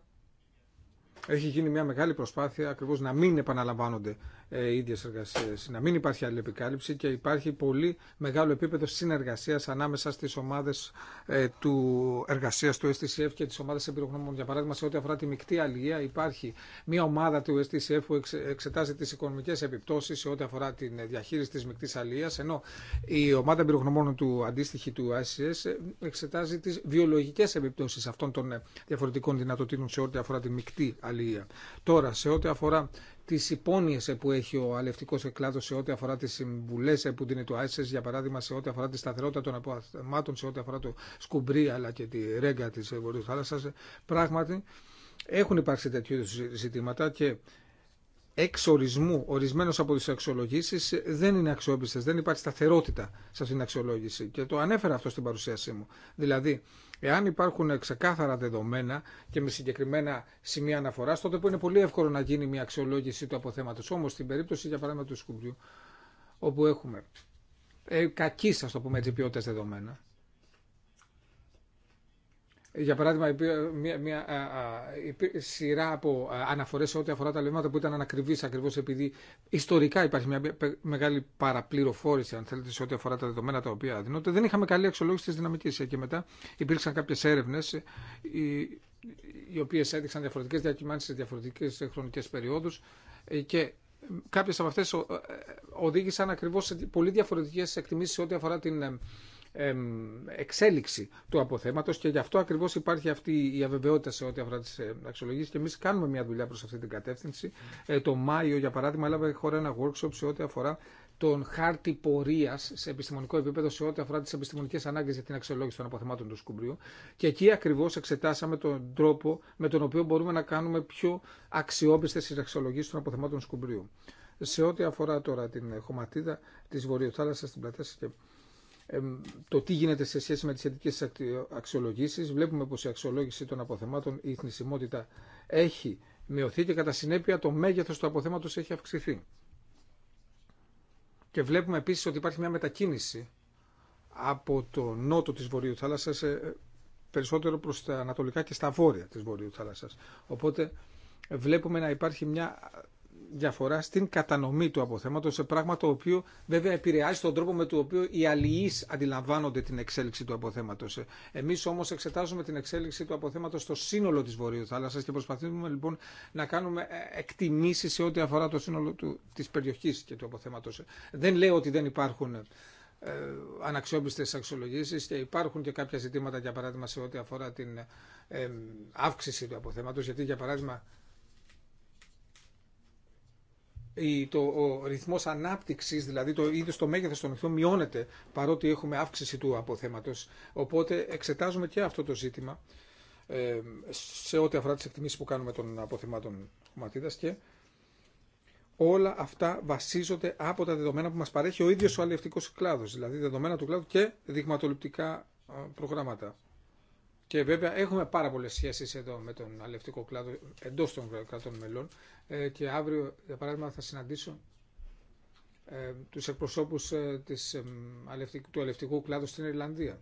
έχει γίνει μια μεγάλη προσπάθεια ακριβώς να μην επαναλαμβάνονται ε, ίδιες εργασίες, να μην υπάρχει άλλη επικάλυψη και υπάρχει πολύ μεγάλο επίπεδο συνεργασίας ανάμεσα στις ομάδες ε, του εργασίας του STCF και τις ομάδες εμπειρογνώμων. Για παράδειγμα, σε ό,τι αφορά τη μεικτή αλληλεία υπάρχει μια ομάδα του STCF που εξετάζει τις οικονομικές επιπτώσεις σε ό,τι αφορά την διαχείριση της μεικτής αλληλείας, ενώ η ομάδα εμπειρογνωμών του αντίστοιχη του ICS ε, εξετάζει τις βιολογικές επιπτώσεις αυτών των διαφορετικών δυνατοτήτων σε ό,τι αφορά τη μεικτή αλληλεία. Τώρα, σε ό,τι αφορά τις υπόνοιε που έχει ο αλευτικό εκλάδο σε ό,τι αφορά τι συμβουλέ που δίνει το ISIS, για παράδειγμα σε ό,τι αφορά τη σταθερότητα των αποθεμάτων, σε ό,τι αφορά το σκουμπρί αλλά και τη ρέγγα τη Βορειοθάλασσας Θάλασσα. πράγματι έχουν υπάρξει τέτοιου ζητήματα και εξ ορισμού ορισμένος από τι αξιολογήσει, δεν είναι αξιόπιστε. δεν υπάρχει σταθερότητα σε αυτήν την αξιολόγηση. Και το ανέφερα αυτό στην παρουσίασή μου. Δηλαδή, Εάν υπάρχουν ξεκάθαρα δεδομένα και με συγκεκριμένα σημεία αναφορά, τότε που είναι πολύ εύκολο να γίνει μια αξιολόγηση του αποθέματο. Όμω στην περίπτωση, για παράδειγμα, του σκουμπιού, όπου έχουμε ε, κακή, α το πούμε έτσι, ποιότητα δεδομένα, για παράδειγμα, μια, μια α, α, σειρά από αναφορέ σε ό,τι αφορά τα λεμματα που ήταν ανακριβεί ακριβώ επειδή ιστορικά υπάρχει μια μεγάλη παραπληροφόρηση, αν θέλετε, σε ό,τι αφορά τα δεδομένα τα οποία δίνονται. Δεν είχαμε καλή αξιολόγηση τη δυναμική. Και μετά υπήρξαν κάποιε έρευνε ε, οι, οι οποίε έδειξαν διαφορετικέ διακυμάνσει σε διαφορετικέ χρονικέ περιόδου ε, και κάποιε από αυτέ ε, οδήγησαν ακριβώ σε πολύ διαφορετικέ εκτιμήσει σε ό,τι αφορά την εξέλιξη του αποθέματος και γι' αυτό ακριβώς υπάρχει αυτή η αβεβαιότητα σε ό,τι αφορά τις αξιολογίες και εμείς κάνουμε μια δουλειά προς αυτή την κατεύθυνση. Ε, το Μάιο, για παράδειγμα, έλαβε χώρα ένα workshop σε ό,τι αφορά τον χάρτη πορεία σε επιστημονικό επίπεδο σε ό,τι αφορά τι επιστημονικέ ανάγκε για την αξιολόγηση των αποθεμάτων του σκουμπριού. Και εκεί ακριβώ εξετάσαμε τον τρόπο με τον οποίο μπορούμε να κάνουμε πιο αξιόπιστε τι αξιολογήσει των αποθεμάτων σκουμπριού. Σε ό,τι αφορά τώρα την χωματίδα τη Βορειοθάλασσα στην πλατεία το τι γίνεται σε σχέση με τις σχετικές αξιολογήσεις. Βλέπουμε πως η αξιολόγηση των αποθεμάτων, η θνησιμότητα έχει μειωθεί και κατά συνέπεια το μέγεθος του αποθέματος έχει αυξηθεί. Και βλέπουμε επίσης ότι υπάρχει μια μετακίνηση από το νότο της Βορείου Θάλασσας ε, περισσότερο προς τα ανατολικά και στα βόρεια της Βορείου Θάλασσας. Οπότε βλέπουμε να υπάρχει μια διαφορά στην κατανομή του αποθέματος, πράγμα το οποίο βέβαια επηρεάζει τον τρόπο με το οποίο οι αλληλεί αντιλαμβάνονται την εξέλιξη του αποθέματο. Εμεί όμω εξετάζουμε την εξέλιξη του αποθέματο στο σύνολο τη Βορείου θάλασσα και προσπαθούμε λοιπόν να κάνουμε ε, εκτιμήσει σε ό,τι αφορά το σύνολο τη περιοχή και του αποθέματο. Δεν λέω ότι δεν υπάρχουν ε, αναξιόπιστες αξιολογήσεις και υπάρχουν και κάποια ζητήματα για παράδειγμα σε ό,τι αφορά την ε, ε, αύξηση του αποθέματος γιατί για παράδειγμα ο ρυθμός ανάπτυξης, δηλαδή το ίδιο το μέγεθος των ηχθών μειώνεται παρότι έχουμε αύξηση του αποθέματος. Οπότε εξετάζουμε και αυτό το ζήτημα ε, σε ό,τι αφορά τι εκτιμήσει που κάνουμε των αποθεμάτων χωματίδας και όλα αυτά βασίζονται από τα δεδομένα που μας παρέχει ο ίδιος ο αλληλευτικός κλάδος, δηλαδή δεδομένα του κλάδου και δειγματοληπτικά ε, προγράμματα. Και βέβαια έχουμε πάρα πολλέ σχέσει εδώ με τον αλευτικό κλάδο εντό των κρατών μελών. Ε, και αύριο, για παράδειγμα, θα συναντήσω ε, τους εκπροσώπους ε, ε, του αλευτικού κλάδου στην Ιρλανδία.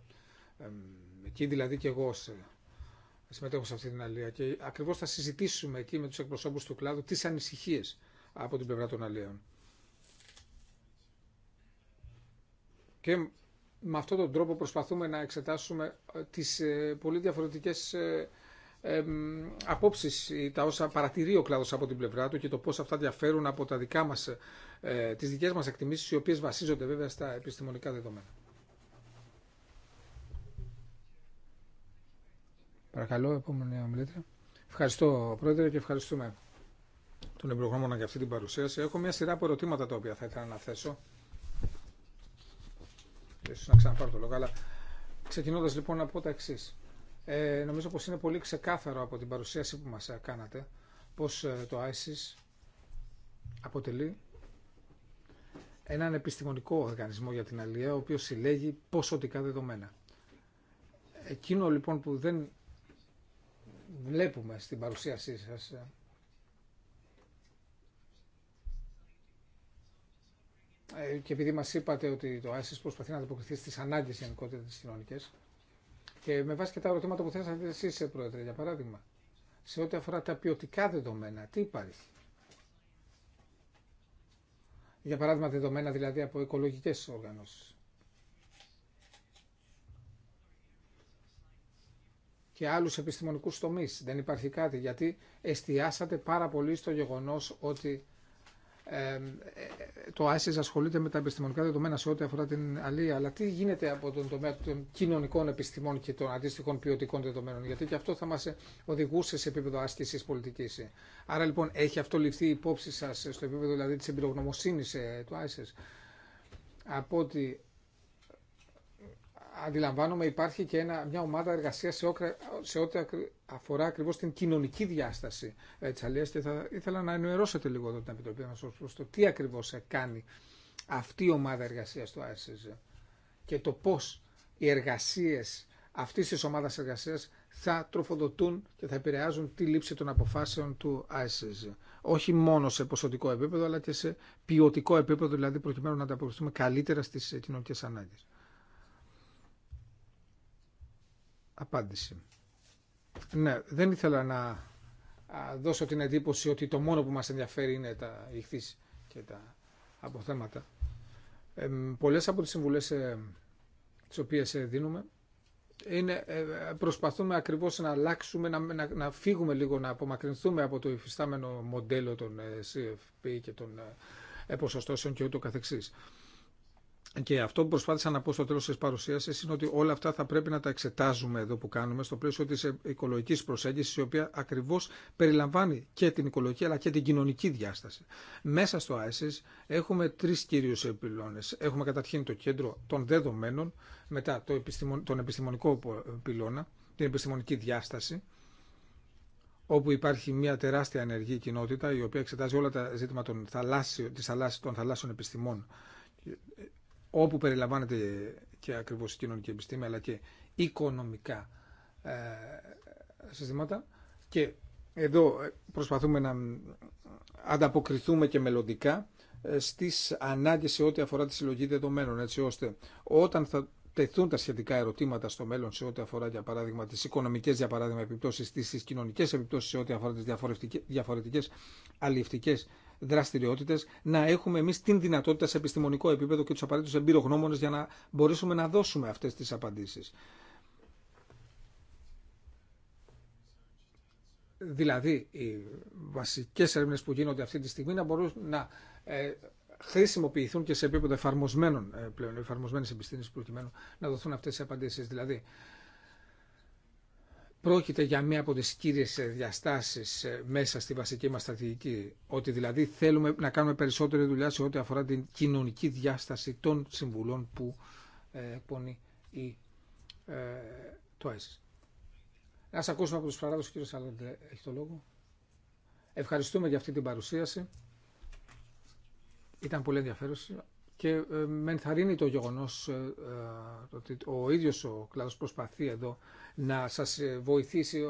εκεί δηλαδή και εγώ συμμετέχω σε αυτή την αλεία και ακριβώς θα συζητήσουμε εκεί με τους εκπροσώπους του κλάδου τι ανησυχίε από την πλευρά των αλλαιών. Και με αυτόν τον τρόπο προσπαθούμε να εξετάσουμε ε, τις ε, πολύ διαφορετικές ε, απόψεις, τα όσα παρατηρεί ο κλάδος από την πλευρά του και το πώς αυτά διαφέρουν από τα δικά μας, τις δικές μας εκτιμήσεις, οι οποίες βασίζονται βέβαια στα επιστημονικά δεδομένα. Παρακαλώ, επόμενη ομιλήτρια. Ευχαριστώ, Πρόεδρε, και ευχαριστούμε τον Ευρωγνώμονα για αυτή την παρουσίαση. Έχω μια σειρά από ερωτήματα τα οποία θα ήθελα να θέσω ίσως να ξαναπάρω το λόγο, αλλά ξεκινώντα λοιπόν από τα εξή. Ε, νομίζω πως είναι πολύ ξεκάθαρο από την παρουσίαση που μας ε, κάνατε πως ε, το ISIS αποτελεί έναν επιστημονικό οργανισμό για την αλληλεία, ο οποίο συλλέγει ποσοτικά δεδομένα. Εκείνο λοιπόν που δεν βλέπουμε στην παρουσίασή σας ε, Ε, και επειδή μας είπατε ότι το ΆΣΙΣ προσπαθεί να ανταποκριθεί στις ανάγκες γενικότερα τη κοινωνική. και με βάση και τα ερωτήματα που θέσατε εσείς, ε, Πρόεδρε, για παράδειγμα, σε ό,τι αφορά τα ποιοτικά δεδομένα, τι υπάρχει. Για παράδειγμα, δεδομένα δηλαδή από οικολογικές οργανώσεις. και άλλους επιστημονικούς τομείς. Δεν υπάρχει κάτι, γιατί εστιάσατε πάρα πολύ στο γεγονός ότι ε, το ISIS ασχολείται με τα επιστημονικά δεδομένα σε ό,τι αφορά την αλή, αλλά τι γίνεται από τον τομέα των κοινωνικών επιστημών και των αντίστοιχων ποιοτικών δεδομένων, γιατί και αυτό θα μας ε, οδηγούσε σε επίπεδο άσκησης πολιτικής. Άρα λοιπόν έχει αυτό ληφθεί υπόψη σας στο επίπεδο δηλαδή της εμπειρογνωμοσύνης ε, του ISIS. Από ότι αντιλαμβάνομαι υπάρχει και μια ομάδα εργασίας σε, σε ό,τι αφορά ακριβώς την κοινωνική διάσταση τη ε, της και θα ήθελα να ενημερώσετε λίγο εδώ την Επιτροπή μας προ το τι ακριβώς κάνει αυτή η ομάδα εργασίας του ΑΕΣΕΖ και το πώς οι εργασίες αυτής της ομάδας εργασίας θα τροφοδοτούν και θα επηρεάζουν τη λήψη των αποφάσεων του ΑΕΣΕΖ. Όχι μόνο σε ποσοτικό επίπεδο, αλλά και σε ποιοτικό επίπεδο, δηλαδή προκειμένου να ανταποκριθούμε καλύτερα στι κοινωνικέ ανάγκε. Απάντηση. Ναι, δεν ήθελα να δώσω την εντύπωση ότι το μόνο που μας ενδιαφέρει είναι τα ηχθείς και τα αποθέματα. Ε, πολλές από τις συμβουλές ε, τις οποίες ε, δίνουμε είναι, ε, προσπαθούμε ακριβώς να αλλάξουμε, να, να, να, φύγουμε λίγο, να απομακρυνθούμε από το υφιστάμενο μοντέλο των ε, CFP και των ποσοστώσεων και ούτω καθεξής. Και αυτό που προσπάθησα να πω στο τέλο τη παρουσίαση είναι ότι όλα αυτά θα πρέπει να τα εξετάζουμε εδώ που κάνουμε στο πλαίσιο τη οικολογική προσέγγισης η οποία ακριβώ περιλαμβάνει και την οικολογική αλλά και την κοινωνική διάσταση. Μέσα στο ISIS έχουμε τρει κύριους επιλώνες. Έχουμε καταρχήν το κέντρο των δεδομένων, μετά τον επιστημονικό πυλώνα, την επιστημονική διάσταση, όπου υπάρχει μια τεράστια ενεργή κοινότητα η οποία εξετάζει όλα τα ζήτημα των θαλάσσιων, των θαλάσσιων επιστημών όπου περιλαμβάνεται και ακριβώς η κοινωνική επιστήμη αλλά και οικονομικά ε, συστήματα και εδώ ε, προσπαθούμε να ανταποκριθούμε και μελλοντικά ε, στις ανάγκες σε ό,τι αφορά τη συλλογή δεδομένων έτσι ώστε όταν θα τεθούν τα σχετικά ερωτήματα στο μέλλον σε ό,τι αφορά για παράδειγμα τις οικονομικές για παράδειγμα επιπτώσεις, τις, τις κοινωνικές επιπτώσεις σε ό,τι αφορά τις διαφορετικές αλληλευτικές δραστηριότητε, να έχουμε εμεί την δυνατότητα σε επιστημονικό επίπεδο και του απαραίτητου εμπειρογνώμονε για να μπορέσουμε να δώσουμε αυτέ τι απαντήσει. Δηλαδή, οι βασικέ έρευνε που γίνονται αυτή τη στιγμή να μπορούν να ε, χρησιμοποιηθούν και σε επίπεδο εφαρμοσμένων ε, πλέον, εφαρμοσμένη επιστήμη προκειμένου να δοθούν αυτέ οι απαντήσει. Δηλαδή, πρόκειται για μία από τις κύριες διαστάσεις ε, μέσα στη βασική μας στρατηγική, ότι δηλαδή θέλουμε να κάνουμε περισσότερη δουλειά σε ό,τι αφορά την κοινωνική διάσταση των συμβουλών που ε, εκπονεί η, ε, το ΆΕΣΙΣ. Να σας ακούσουμε από τους παράδοσους, κύριο Σαλόντε, έχει το λόγο. Ευχαριστούμε για αυτή την παρουσίαση. Ήταν πολύ ενδιαφέρουσα και ε, με ενθαρρύνει το γεγονός ε, ότι ο ίδιος ο κλάδος προσπαθεί εδώ να σα ε, βοηθήσει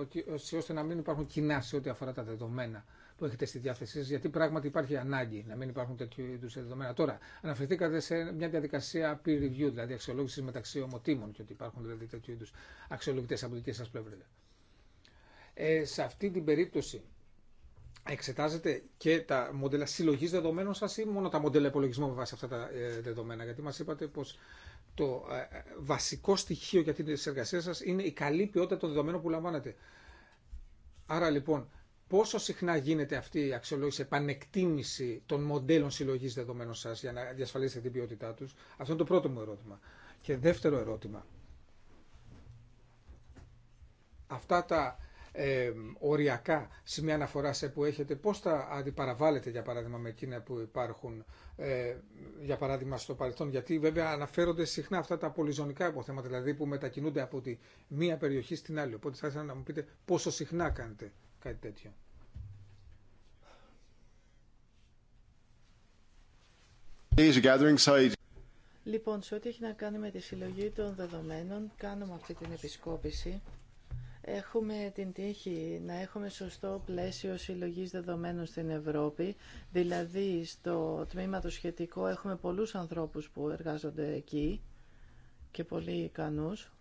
ώστε να μην υπάρχουν κοινά σε ό,τι αφορά τα δεδομένα που έχετε στη διάθεσή σα, γιατί πράγματι υπάρχει ανάγκη να μην υπάρχουν τέτοιου είδου δεδομένα. Τώρα, αναφερθήκατε σε μια διαδικασία peer review, δηλαδή αξιολόγηση μεταξύ ομοτήμων και ότι υπάρχουν δηλαδή τέτοιου είδου αξιολογητέ από δική σα πλευρά. Ε, σε αυτή την περίπτωση, εξετάζετε και τα μοντέλα συλλογή δεδομένων σα ή μόνο τα μοντέλα υπολογισμού με βάση αυτά τα ε, δεδομένα, γιατί μα είπατε πω το ε, ε, βασικό στοιχείο για την εργασία σας είναι η καλή ποιότητα των δεδομένων που λαμβάνετε. Άρα λοιπόν, πόσο συχνά γίνεται αυτή η αξιολόγηση, επανεκτίμηση των μοντέλων συλλογής δεδομένων σας για να διασφαλίσετε την ποιότητά τους. Αυτό είναι το πρώτο μου ερώτημα. Και δεύτερο ερώτημα. Αυτά τα ε, οριακά σημεία αναφορά που έχετε, πώς τα αντιπαραβάλλετε για παράδειγμα με εκείνα που υπάρχουν ε, για παράδειγμα στο παρελθόν, γιατί βέβαια αναφέρονται συχνά αυτά τα πολυζωνικά υποθέματα, δηλαδή που μετακινούνται από τη μία περιοχή στην άλλη. Οπότε θα ήθελα να μου πείτε πόσο συχνά κάνετε κάτι τέτοιο. Λοιπόν, σε ό,τι έχει να κάνει με τη συλλογή των δεδομένων, κάνουμε αυτή την επισκόπηση Έχουμε την τύχη να έχουμε σωστό πλαίσιο συλλογής δεδομένων στην Ευρώπη, δηλαδή στο τμήμα το σχετικό έχουμε πολλούς ανθρώπους που εργάζονται εκεί και πολύ ικανούς.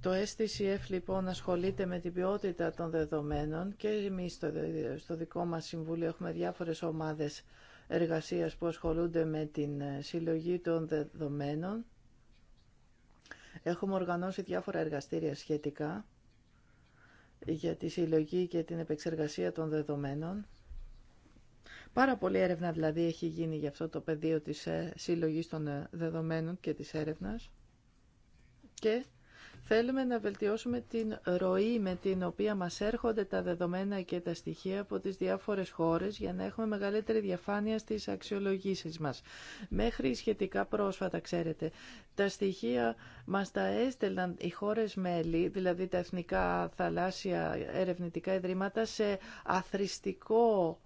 Το STCF λοιπόν ασχολείται με την ποιότητα των δεδομένων και εμείς στο δικό μας Συμβούλιο έχουμε διάφορες ομάδες εργασίας που ασχολούνται με την συλλογή των δεδομένων Έχουμε οργανώσει διάφορα εργαστήρια σχετικά για τη συλλογή και την επεξεργασία των δεδομένων. Πάρα πολλή έρευνα δηλαδή έχει γίνει για αυτό το πεδίο της ε, συλλογής των ε, δεδομένων και της έρευνας Θέλουμε να βελτιώσουμε την ροή με την οποία μας έρχονται τα δεδομένα και τα στοιχεία από τις διάφορες χώρες για να έχουμε μεγαλύτερη διαφάνεια στις αξιολογήσεις μας. Μέχρι σχετικά πρόσφατα, ξέρετε, τα στοιχεία μας τα έστελναν οι χώρες μέλη, δηλαδή τα εθνικά θαλάσσια ερευνητικά ιδρύματα, σε αθρηστικό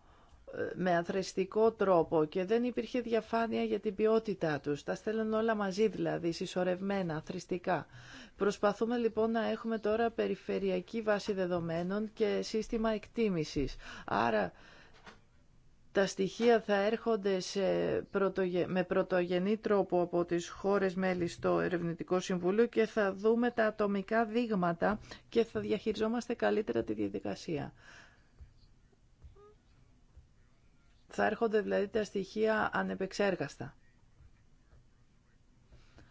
με αθρεστικό τρόπο και δεν υπήρχε διαφάνεια για την ποιότητά τους. Τα στέλνουν όλα μαζί δηλαδή, συσσωρευμένα, αθρηστικά. Προσπαθούμε λοιπόν να έχουμε τώρα περιφερειακή βάση δεδομένων και σύστημα εκτίμησης. Άρα τα στοιχεία θα έρχονται σε με πρωτογενή τρόπο από τις χώρες μέλη στο Ερευνητικό Συμβούλιο και θα δούμε τα ατομικά δείγματα και θα διαχειριζόμαστε καλύτερα τη διαδικασία. Θα έρχονται δηλαδή τα στοιχεία ανεπεξέργαστα.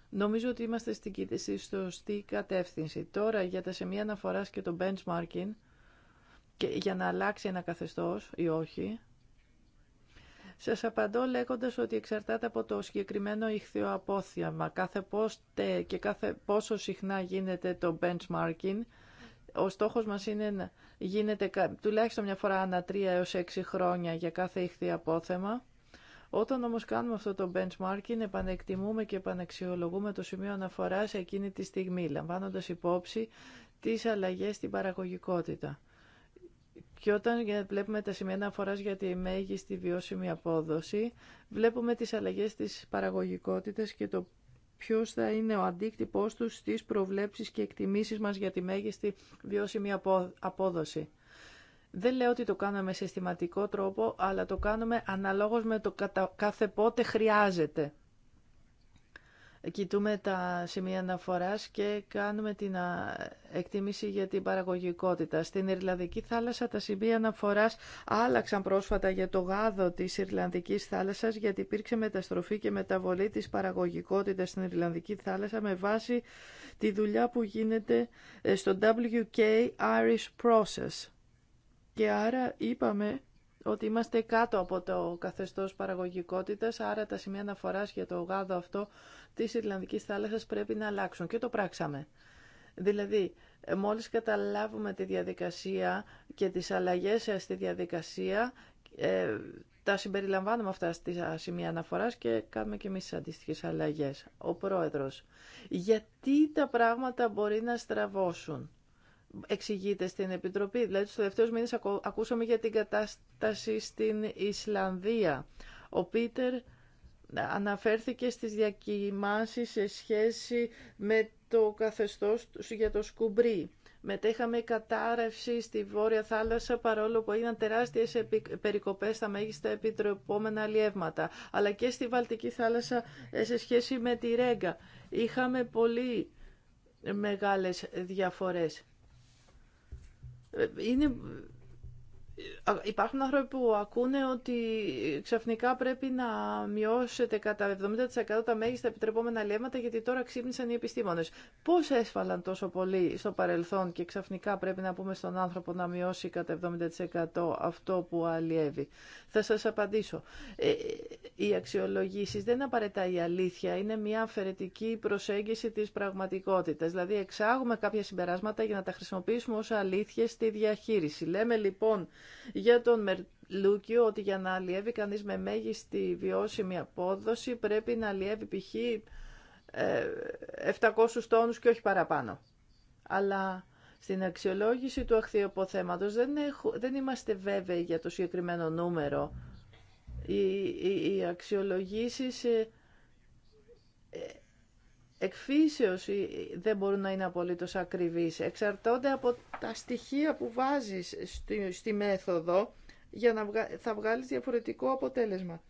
Νομίζω ότι είμαστε στην κίνηση στο στη κατεύθυνση. Τώρα για τα σημεία αναφορά και το benchmarking και για να αλλάξει ένα καθεστώς ή όχι. Σας απαντώ λέγοντας ότι εξαρτάται από το συγκεκριμένο απόθιαμα κάθε πόστε και κάθε πόσο συχνά γίνεται το benchmarking ο στόχος μας είναι να γίνεται τουλάχιστον μια φορά ανά 3 έως 6 χρόνια για κάθε ηχθή απόθεμα. Όταν όμως κάνουμε αυτό το benchmarking, επανεκτιμούμε και επαναξιολογούμε το σημείο αναφοράς εκείνη τη στιγμή, λαμβάνοντας υπόψη τις αλλαγές στην παραγωγικότητα. Και όταν βλέπουμε τα σημεία αναφορά για τη μέγιστη βιώσιμη απόδοση, βλέπουμε τις αλλαγές της παραγωγικότητας και το ποιος θα είναι ο αντίκτυπός τους στις προβλέψεις και εκτιμήσεις μας για τη μέγιστη βιώσιμη απόδοση. Δεν λέω ότι το κάνουμε συστηματικό τρόπο, αλλά το κάνουμε αναλόγως με το κατά κάθε πότε χρειάζεται κοιτούμε τα σημεία αναφοράς και κάνουμε την εκτίμηση για την παραγωγικότητα. Στην Ιρλανδική θάλασσα τα σημεία αναφοράς άλλαξαν πρόσφατα για το γάδο της Ιρλανδικής θάλασσας γιατί υπήρξε μεταστροφή και μεταβολή της παραγωγικότητας στην Ιρλανδική θάλασσα με βάση τη δουλειά που γίνεται ε, στο WK Irish Process. Και άρα είπαμε ότι είμαστε κάτω από το καθεστώς παραγωγικότητας, άρα τα σημεία αναφοράς για το γάδο αυτό της Ιρλανδικής θάλασσας πρέπει να αλλάξουν και το πράξαμε. Δηλαδή, μόλις καταλάβουμε τη διαδικασία και τις αλλαγές ε, στη διαδικασία, ε, τα συμπεριλαμβάνουμε αυτά στη σημεία αναφοράς και κάνουμε και εμείς τι αντίστοιχες αλλαγές. Ο Πρόεδρος, γιατί τα πράγματα μπορεί να στραβώσουν εξηγείται στην Επιτροπή. Δηλαδή, στο τελευταίους μήνες ακούσαμε για την κατάσταση στην Ισλανδία. Ο Πίτερ αναφέρθηκε στις διακοιμάνσεις σε σχέση με το καθεστώς για το σκουμπρί. Μετέχαμε κατάρρευση στη Βόρεια Θάλασσα παρόλο που έγιναν τεράστιες περικοπές στα μέγιστα επιτρεπόμενα αλλιεύματα. Αλλά και στη Βαλτική Θάλασσα ε, σε σχέση με τη Ρέγκα. Είχαμε πολύ μεγάλες διαφορές είναι Υπάρχουν άνθρωποι που ακούνε ότι ξαφνικά πρέπει να μειώσετε κατά 70% τα μέγιστα επιτρεπόμενα λέμματα γιατί τώρα ξύπνησαν οι επιστήμονες. Πώς έσφαλαν τόσο πολύ στο παρελθόν και ξαφνικά πρέπει να πούμε στον άνθρωπο να μειώσει κατά 70% αυτό που αλλιεύει. Θα σας απαντήσω. Ε, οι αξιολογήσεις δεν απαραίτητα η αλήθεια. Είναι μια αφαιρετική προσέγγιση της πραγματικότητας. Δηλαδή εξάγουμε κάποια συμπεράσματα για να τα χρησιμοποιήσουμε ως αλήθειες στη διαχείριση. Λέμε λοιπόν για τον Μερλούκιο ότι για να αλλιεύει κανείς με μέγιστη βιώσιμη απόδοση πρέπει να αλλιεύει π.χ. 700 ε, τόνους και όχι παραπάνω. Αλλά στην αξιολόγηση του αχθιοποθέματος δεν, δεν είμαστε βέβαιοι για το συγκεκριμένο νούμερο. Οι, οι, οι ε, ε, εκφύσεως δεν μπορούν να είναι απολύτως ακριβείς. Εξαρτώνται από τα στοιχεία που βάζεις στη, μέθοδο για να θα βγάλεις διαφορετικό αποτέλεσμα.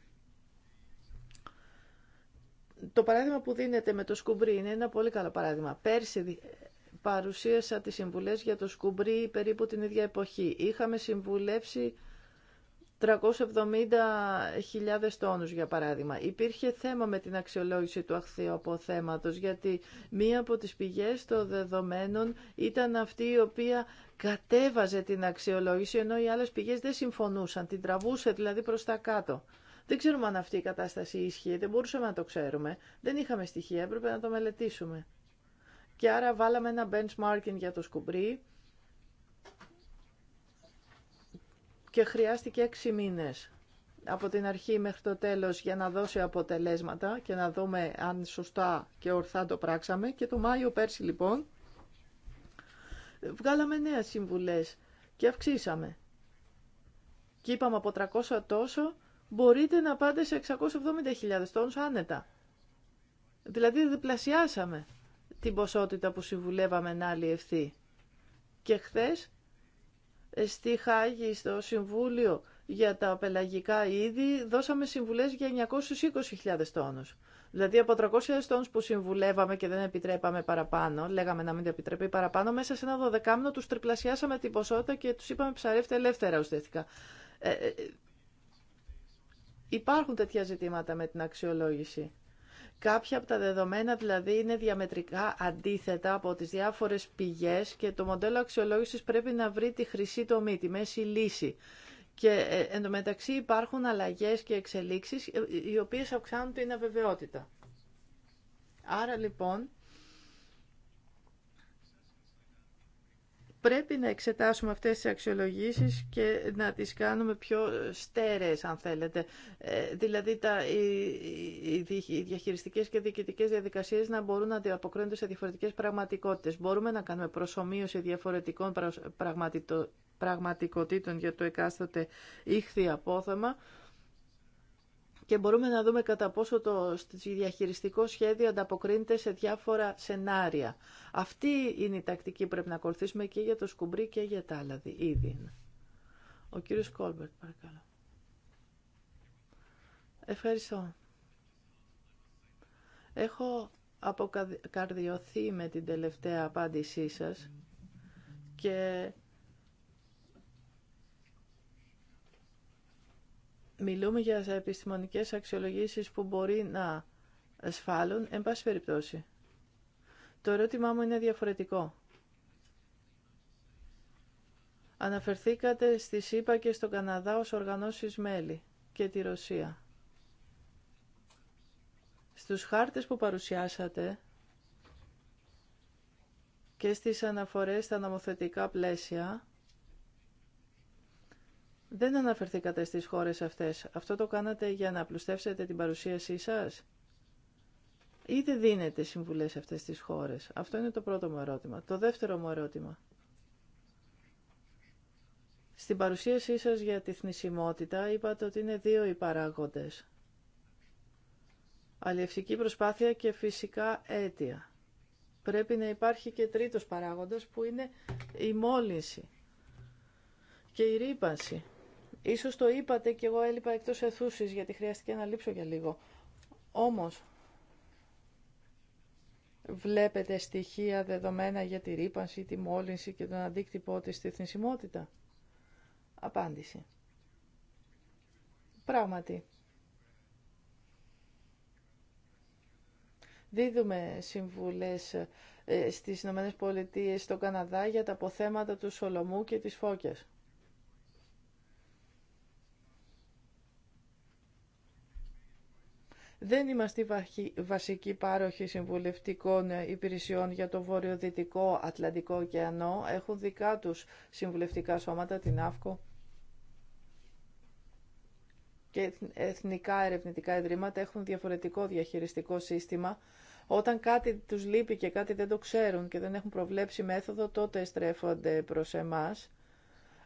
Το παράδειγμα που δίνεται με το σκουμπρί είναι ένα πολύ καλό παράδειγμα. Πέρσι παρουσίασα τις συμβουλές για το σκουμπρί περίπου την ίδια εποχή. Είχαμε συμβουλεύσει 370.000 τόνους για παράδειγμα. Υπήρχε θέμα με την αξιολόγηση του αχθείου αποθέματος γιατί μία από τις πηγές των δεδομένων ήταν αυτή η οποία κατέβαζε την αξιολόγηση ενώ οι άλλες πηγές δεν συμφωνούσαν, την τραβούσε δηλαδή προς τα κάτω. Δεν ξέρουμε αν αυτή η κατάσταση ισχύει, δεν μπορούσαμε να το ξέρουμε, δεν είχαμε στοιχεία, έπρεπε να το μελετήσουμε. Και άρα βάλαμε ένα benchmarking για το σκουμπρί, και χρειάστηκε έξι μήνες από την αρχή μέχρι το τέλος για να δώσει αποτελέσματα και να δούμε αν σωστά και ορθά το πράξαμε. Και το Μάιο πέρσι λοιπόν βγάλαμε νέα συμβουλές και αυξήσαμε. Και είπαμε από 300 τόσο μπορείτε να πάτε σε 670.000 τόνους άνετα. Δηλαδή διπλασιάσαμε την ποσότητα που συμβουλεύαμε να αλλιευθεί. Και χθες στη Χάγη, στο Συμβούλιο για τα πελαγικά είδη, δώσαμε συμβουλές για 920.000 τόνους. Δηλαδή από 300.000 τόνους που συμβουλεύαμε και δεν επιτρέπαμε παραπάνω, λέγαμε να μην επιτρέπει παραπάνω, μέσα σε ένα δωδεκάμινο τους τριπλασιάσαμε την ποσότητα και τους είπαμε ψαρεύτε ελεύθερα ουσιαστικά. Ε, ε, υπάρχουν τέτοια ζητήματα με την αξιολόγηση. Κάποια από τα δεδομένα δηλαδή είναι διαμετρικά αντίθετα από τις διάφορες πηγές και το μοντέλο αξιολόγησης πρέπει να βρει τη χρυσή τομή, τη μέση λύση. Και ε, εν μεταξύ υπάρχουν αλλαγές και εξελίξεις ε, οι οποίες αυξάνουν την αβεβαιότητα. Άρα λοιπόν πρέπει να εξετάσουμε αυτές τις αξιολογήσεις και να τις κάνουμε πιο στέρεες, αν θέλετε. Ε, δηλαδή, τα, οι, οι, διαχειριστικές και διοικητικές διαδικασίες να μπορούν να αποκρίνονται σε διαφορετικές πραγματικότητες. Μπορούμε να κάνουμε προσωμείωση διαφορετικών πραγματικότητων για το εκάστοτε ήχθη απόθεμα, και μπορούμε να δούμε κατά πόσο το διαχειριστικό σχέδιο ανταποκρίνεται σε διάφορα σενάρια. Αυτή είναι η τακτική που πρέπει να ακολουθήσουμε και για το σκουμπρί και για τα άλλα ήδη. Ο κύριος Κόλμπερτ, παρακαλώ. Ευχαριστώ. Έχω αποκαρδιωθεί με την τελευταία απάντησή σας και Μιλούμε για επιστημονικές αξιολογήσεις που μπορεί να ασφάλουν, εν πάση περιπτώσει. Το ερώτημά μου είναι διαφορετικό. Αναφερθήκατε στη ΣΥΠΑ και στον Καναδά ως οργανώσεις μέλη και τη Ρωσία. Στους χάρτες που παρουσιάσατε και στις αναφορές στα νομοθετικά πλαίσια, δεν αναφερθήκατε στις χώρες αυτές. Αυτό το κάνατε για να απλουστεύσετε την παρουσίασή σας. Είτε δίνετε συμβουλές σε αυτές τις χώρες. Αυτό είναι το πρώτο μου ερώτημα. Το δεύτερο μου ερώτημα. Στην παρουσίασή σας για τη θνησιμότητα είπατε ότι είναι δύο οι παράγοντες. Αλλιευτική προσπάθεια και φυσικά αίτια. Πρέπει να υπάρχει και τρίτος παράγοντας που είναι η μόλυνση και η ρήπανση. Ίσως το είπατε και εγώ έλειπα εκτός αιθούσης γιατί χρειάστηκε να λείψω για λίγο. Όμως, βλέπετε στοιχεία δεδομένα για τη ρήπανση, τη μόλυνση και τον αντίκτυπό της στη θνησιμότητα. Απάντηση. Πράγματι. Δίδουμε συμβουλές ε, στις Ηνωμένες Πολιτείες, στον Καναδά για τα αποθέματα του Σολομού και της Φώκιας. Δεν είμαστε η βασική πάροχη συμβουλευτικών υπηρεσιών για το βορειοδυτικό Ατλαντικό ωκεανό. Έχουν δικά τους συμβουλευτικά σώματα, την ΑΦΚΟ και εθνικά ερευνητικά ιδρύματα έχουν διαφορετικό διαχειριστικό σύστημα. Όταν κάτι τους λείπει και κάτι δεν το ξέρουν και δεν έχουν προβλέψει μέθοδο, τότε στρέφονται προς εμάς.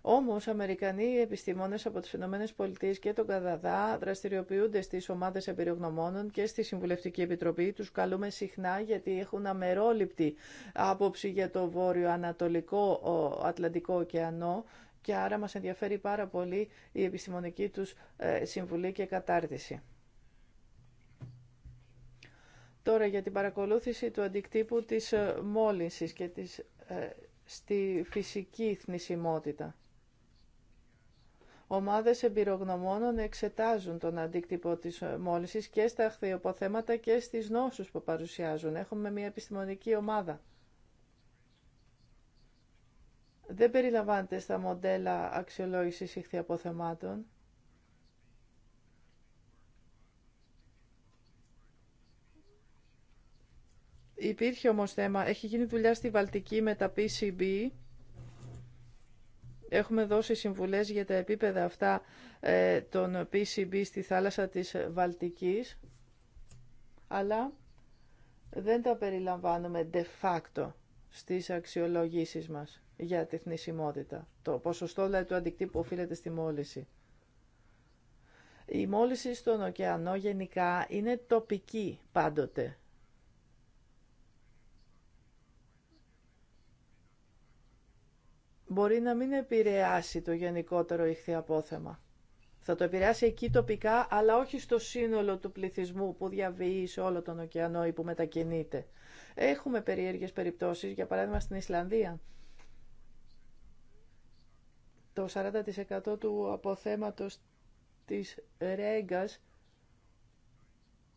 Όμω, Αμερικανοί επιστήμονες από τι ΗΠΑ και τον Καναδά δραστηριοποιούνται στις ομάδες εμπειρογνωμόνων και στη Συμβουλευτική Επιτροπή. Τους καλούμε συχνά γιατί έχουν αμερόληπτη άποψη για το βόρειο ανατολικό Ατλαντικό ωκεανό και άρα μας ενδιαφέρει πάρα πολύ η επιστημονική τους ε, συμβουλή και κατάρτιση. Τώρα για την παρακολούθηση του αντικτύπου της ε, μόλυνσης και της, ε, στη φυσική θνησιμότητα ομάδες εμπειρογνωμόνων εξετάζουν τον αντίκτυπο της μόλυσης και στα χθειοποθέματα και στις νόσους που παρουσιάζουν. Έχουμε μια επιστημονική ομάδα. Δεν περιλαμβάνεται στα μοντέλα αξιολόγησης χθειοποθέματων. Υπήρχε όμως θέμα, έχει γίνει δουλειά στη Βαλτική με τα PCB Έχουμε δώσει συμβουλές για τα επίπεδα αυτά ε, των PCB στη θάλασσα της Βαλτικής, αλλά δεν τα περιλαμβάνουμε de facto στις αξιολογήσεις μας για τη θνησιμότητα. Το ποσοστό δηλαδή του αντικτύπου οφείλεται στη μόλυση. Η μόλυση στον ωκεανό γενικά είναι τοπική πάντοτε. μπορεί να μην επηρεάσει το γενικότερο ηχθιαπόθεμα. Θα το επηρεάσει εκεί τοπικά, αλλά όχι στο σύνολο του πληθυσμού που διαβεί σε όλο τον ωκεανό ή που μετακινείται. Έχουμε περίεργες περιπτώσεις, για παράδειγμα στην Ισλανδία. Το 40% του αποθέματος της Ρέγκας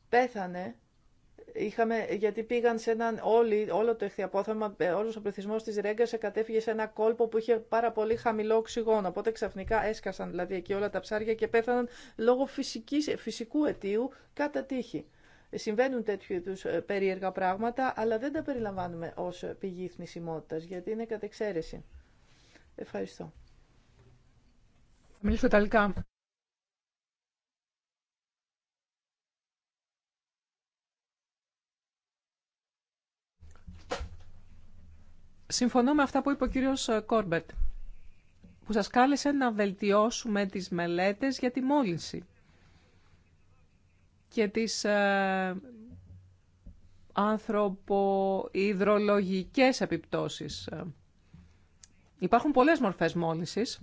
πέθανε Είχαμε, γιατί πήγαν σε έναν, όλοι, όλο το εχθιαπόθεμα, ε, όλος ο πληθυσμός της Ρέγκας κατέφυγε σε ένα κόλπο που είχε πάρα πολύ χαμηλό οξυγόνο. Οπότε ξαφνικά έσκασαν δηλαδή εκεί όλα τα ψάρια και πέθαναν λόγω φυσικής, φυσικού αιτίου κατά τύχη. Ε, συμβαίνουν τέτοιου είδου ε, περίεργα πράγματα, αλλά δεν τα περιλαμβάνουμε ως πηγή θνησιμότητας, γιατί είναι κατεξαίρεση. Ευχαριστώ. Συμφωνώ με αυτά που είπε ο κύριος ε, Κόρμπετ, που σας κάλεσε να βελτιώσουμε τις μελέτες για τη μόλυνση και τις ε, ανθρωποϊδρολογικές επιπτώσεις. Ε, υπάρχουν πολλές μορφές μόλυνσης.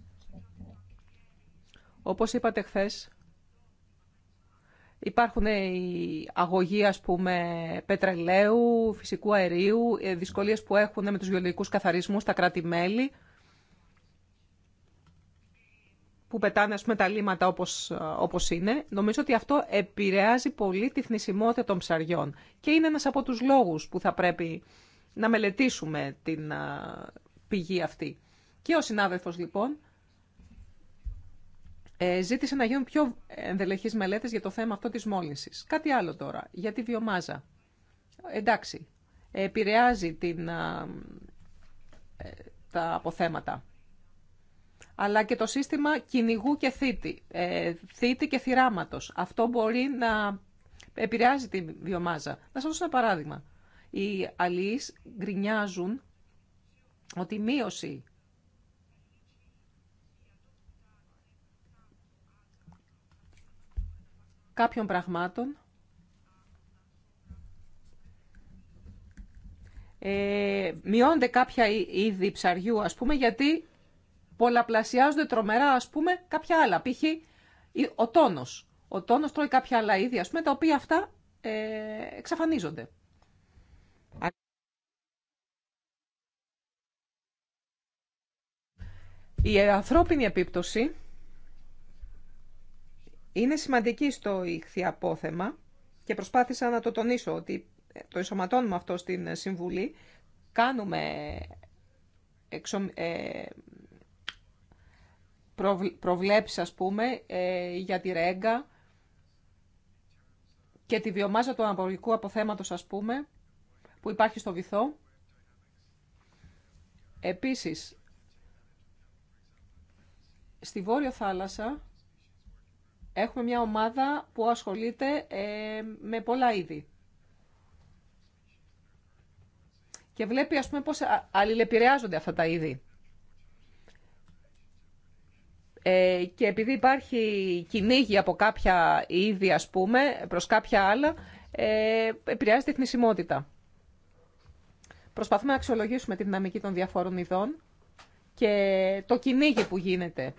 Όπως είπατε χθες, Υπάρχουν οι αγωγοί, πούμε, πετρελαίου, φυσικού αερίου, ε, δυσκολίες που έχουν με τους βιολογικούς καθαρισμούς τα κράτη-μέλη, που πετάνε, τα λίματα όπως, ε, όπως είναι. Νομίζω ότι αυτό επηρεάζει πολύ τη θνησιμότητα των ψαριών. Και είναι ένας από τους λόγους που θα πρέπει να μελετήσουμε την ε, πηγή αυτή. Και ο συνάδελφος, λοιπόν, ε, ζήτησε να γίνουν πιο ενδελεχείς μελέτε για το θέμα αυτό της μόλυνσης. Κάτι άλλο τώρα, για τη βιομάζα. Εντάξει, επηρεάζει την, ε, τα αποθέματα. Αλλά και το σύστημα κυνηγού και θήτη, ε, θήτη και θυράματος. Αυτό μπορεί να επηρεάζει τη βιομάζα. Να σα δώσω ένα παράδειγμα. Οι αλληλείς γκρινιάζουν ότι η μείωση κάποιων πραγμάτων ε, μειώνται κάποια είδη ψαριού, ας πούμε, γιατί πολλαπλασιάζονται τρομερά, ας πούμε, κάποια άλλα. Π.χ. ο τόνος. Ο τόνος τρώει κάποια άλλα είδη, ας πούμε, τα οποία αυτά ε, εξαφανίζονται. Η ανθρώπινη επίπτωση είναι σημαντική στο ηχθιαπόθεμα και προσπάθησα να το τονίσω ότι το ενσωματώνουμε αυτό στην Συμβουλή, κάνουμε εξο... ε... προβλέψεις πούμε ε... για τη ρέγγα και τη βιομάζα του αναπολικού αποθέματος ας πούμε που υπάρχει στο βυθό. Επίσης, στη Βόρεια Θάλασσα Έχουμε μια ομάδα που ασχολείται ε, με πολλά είδη. Και βλέπει, ας πούμε, πώς αλληλεπηρεάζονται αυτά τα είδη. Ε, και επειδή υπάρχει κυνήγι από κάποια είδη, ας πούμε, προς κάποια άλλα, ε, επηρεάζεται η θνησιμότητα. Προσπαθούμε να αξιολογήσουμε τη δυναμική των διαφόρων ειδών και το κυνήγι που γίνεται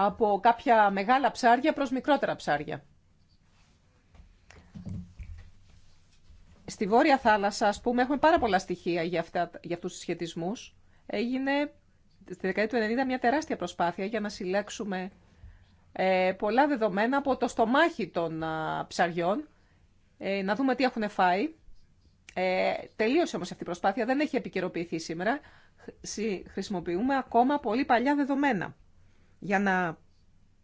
από κάποια μεγάλα ψάρια προς μικρότερα ψάρια. Στη Βόρεια Θάλασσα, ας πούμε, έχουμε πάρα πολλά στοιχεία για, αυτά, για αυτούς τους σχετισμούς. Έγινε στη δεκαετία του 90 μια τεράστια προσπάθεια για να συλλέξουμε ε, πολλά δεδομένα από το στομάχι των ψαριών, ε, να δούμε τι έχουν φάει. Ε, τελείωσε όμως αυτή η προσπάθεια, δεν έχει επικαιροποιηθεί σήμερα. Χρησιμοποιούμε ακόμα πολύ παλιά δεδομένα για να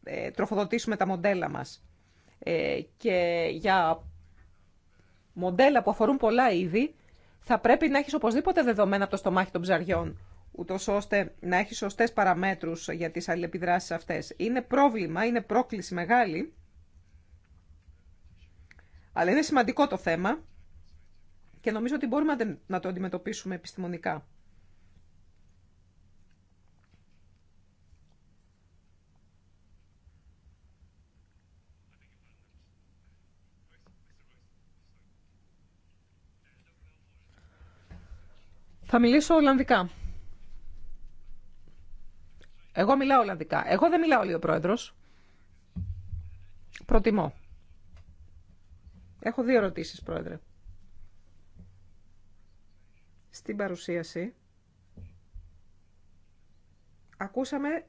ε, τροφοδοτήσουμε τα μοντέλα μας ε, και για μοντέλα που αφορούν πολλά είδη, θα πρέπει να έχεις οπωσδήποτε δεδομένα από το στομάχι των ψαριών, ούτω ώστε να έχεις σωστές παραμέτρους για τις αλληλεπιδράσεις αυτές. Είναι πρόβλημα, είναι πρόκληση μεγάλη, αλλά είναι σημαντικό το θέμα και νομίζω ότι μπορούμε να το αντιμετωπίσουμε επιστημονικά. Θα μιλήσω Ολλανδικά. Εγώ μιλάω Ολλανδικά. Εγώ δεν μιλάω, λέει ο Πρόεδρος. Προτιμώ. Έχω δύο ερωτήσεις, Πρόεδρε. Στην παρουσίαση ακούσαμε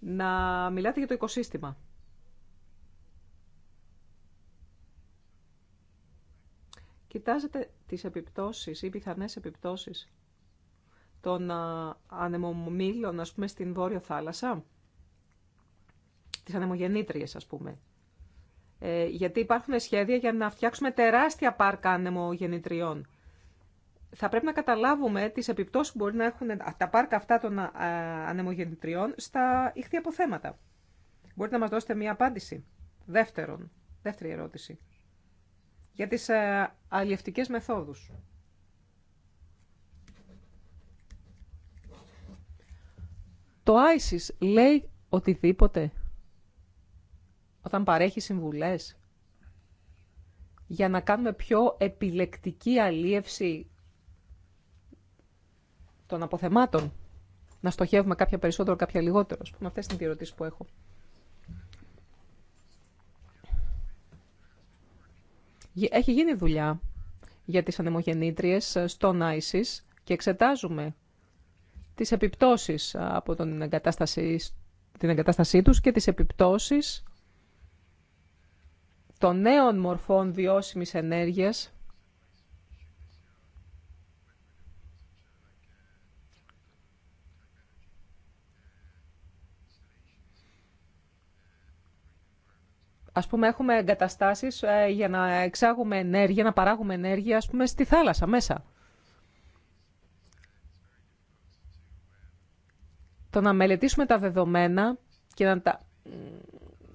να μιλάτε για το οικοσύστημα. Κοιτάζετε τις επιπτώσεις ή πιθανές επιπτώσεις των ανεμομήλων, ας πούμε, στην Βόρειο Θάλασσα, τις ανεμογεννήτριες, ας πούμε. Ε, γιατί υπάρχουν σχέδια για να φτιάξουμε τεράστια πάρκα ανεμογεννητριών. Θα πρέπει να καταλάβουμε τις επιπτώσεις που μπορεί να έχουν τα πάρκα αυτά των ανεμογεννητριών στα ηχθή αποθέματα. Μπορείτε να μας δώσετε μία απάντηση. Δεύτερον, δεύτερη ερώτηση για τις ε, αλλιευτικές μεθόδους. Το ISIS λέει οτιδήποτε όταν παρέχει συμβουλές για να κάνουμε πιο επιλεκτική αλίευση των αποθεμάτων. Να στοχεύουμε κάποια περισσότερο, κάποια λιγότερο. Αυτές είναι οι ερωτήσεις που έχω. Έχει γίνει δουλειά για τις ανεμογεννήτριες ε, στον ΆΙΣΙΣ και εξετάζουμε τις επιπτώσεις ε, από τον εγκατάσταση, την εγκατάστασή τους και τις επιπτώσεις των νέων μορφών βιώσιμης ενέργειας Ας πούμε έχουμε εγκαταστάσεις ε, για να εξάγουμε ενέργεια, να παράγουμε ενέργεια ας πούμε στη θάλασσα μέσα. Το να μελετήσουμε τα δεδομένα και να τα...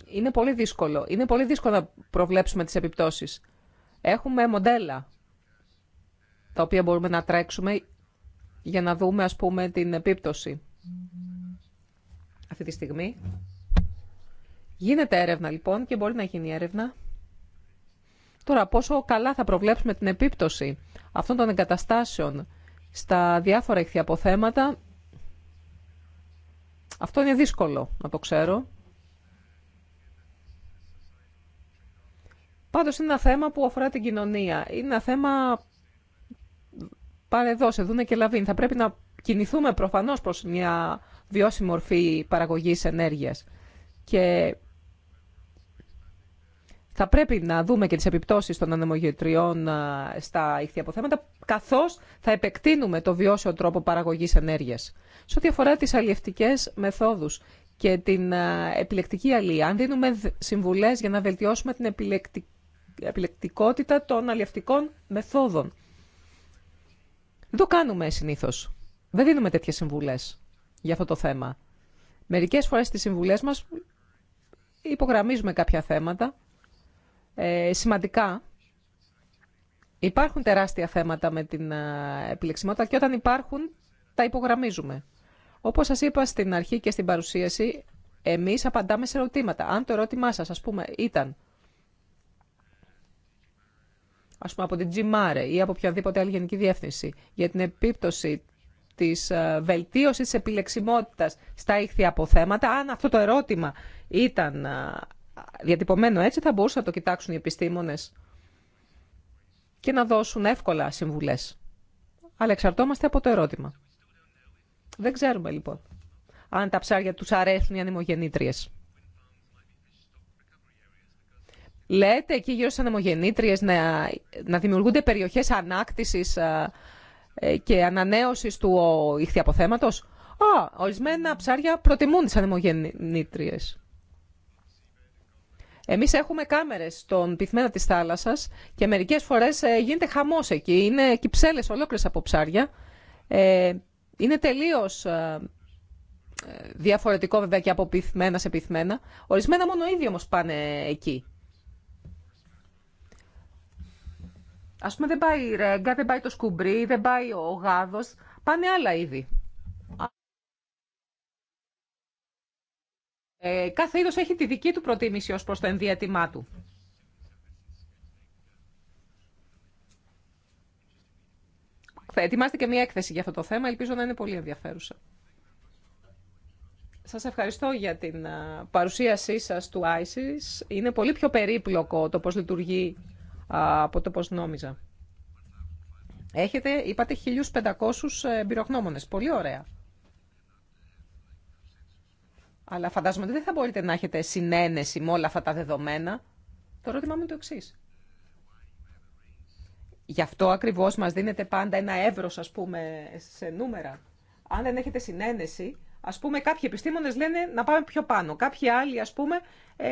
Είναι πολύ δύσκολο. Είναι πολύ δύσκολο να προβλέψουμε τις επιπτώσεις. Έχουμε μοντέλα τα οποία μπορούμε να τρέξουμε για να δούμε ας πούμε την επίπτωση αυτή τη στιγμή. Γίνεται έρευνα λοιπόν και μπορεί να γίνει έρευνα. Τώρα πόσο καλά θα προβλέψουμε την επίπτωση αυτών των εγκαταστάσεων στα διάφορα ηχθιαποθέματα, αυτό είναι δύσκολο να το ξέρω. Πάντως είναι ένα θέμα που αφορά την κοινωνία. Είναι ένα θέμα πάρε εδώ, σε δούνε και λαβήν. Θα πρέπει να κινηθούμε προφανώς προς μια βιώσιμη μορφή παραγωγής ενέργειας. Και θα πρέπει να δούμε και τις επιπτώσεις των ανεμογετριών στα αποθέματα, καθώς θα επεκτείνουμε το βιώσιο τρόπο παραγωγής ενέργειας. Σε ό,τι αφορά τις αλλιευτικές μεθόδους και την επιλεκτική αλληλεία, αν δίνουμε συμβουλές για να βελτιώσουμε την επιλεκτικότητα των αλλιευτικών μεθόδων. Δεν το κάνουμε συνήθως. Δεν δίνουμε τέτοιε συμβουλέ για αυτό το θέμα. Μερικές φορές στι συμβουλέ μα υπογραμμίζουμε κάποια θέματα, ε, σημαντικά. Υπάρχουν τεράστια θέματα με την ε, επιλεξιμότητα και όταν υπάρχουν τα υπογραμμίζουμε. Όπως σας είπα στην αρχή και στην παρουσίαση, εμείς απαντάμε σε ερωτήματα. Αν το ερώτημά σας, ας πούμε, ήταν ας πούμε, από την Μάρε ή από οποιαδήποτε άλλη γενική διεύθυνση για την επίπτωση της ε, βελτίωσης της επιλεξιμότητας στα ήχθη αποθέματα, αν αυτό το ερώτημα ήταν διατυπωμένο έτσι θα μπορούσαν να το κοιτάξουν οι επιστήμονες και να δώσουν εύκολα συμβουλές. Αλλά εξαρτώμαστε από το ερώτημα. Δεν ξέρουμε λοιπόν αν τα ψάρια τους αρέσουν οι ανεμογεννήτριες. Λέτε εκεί γύρω στις ανεμογεννήτριες να, να δημιουργούνται περιοχές ανάκτησης ε, και ανανέωσης του ηχθιαποθέματος. Α, ορισμένα ψάρια προτιμούν τις ανεμογεννήτριες. Εμείς έχουμε κάμερες στον πυθμένα της θάλασσας και μερικές φορές ε, γίνεται χαμός εκεί. Είναι κυψέλες ολόκληρες από ψάρια. Ε, είναι τελείως ε, διαφορετικό βέβαια και από πυθμένα σε πυθμένα. Ορισμένα μόνο ίδιοι όμως πάνε εκεί. Ας πούμε δεν πάει η ρέγκα, δεν πάει το σκουμπρί, δεν πάει ο γάδος. Πάνε άλλα είδη. Ε, κάθε είδος έχει τη δική του προτίμηση ως προς το ενδιατημά του. Θα ετοιμάστε και μία έκθεση για αυτό το θέμα, ελπίζω να είναι πολύ ενδιαφέρουσα. Σας ευχαριστώ για την παρουσίασή σας του ISIS. Είναι πολύ πιο περίπλοκο το πώς λειτουργεί από το πώς νόμιζα. Έχετε, είπατε, 1.500 ε, εμπειρογνώμονες. Πολύ ωραία. Αλλά φαντάζομαι ότι δεν θα μπορείτε να έχετε συνένεση με όλα αυτά τα δεδομένα. Το ερώτημά μου είναι το εξή. Γι' αυτό ακριβώ μα δίνετε πάντα ένα εύρο, α πούμε, σε νούμερα. Αν δεν έχετε συνένεση, α πούμε, κάποιοι επιστήμονε λένε να πάμε πιο πάνω. Κάποιοι άλλοι, α πούμε, ε,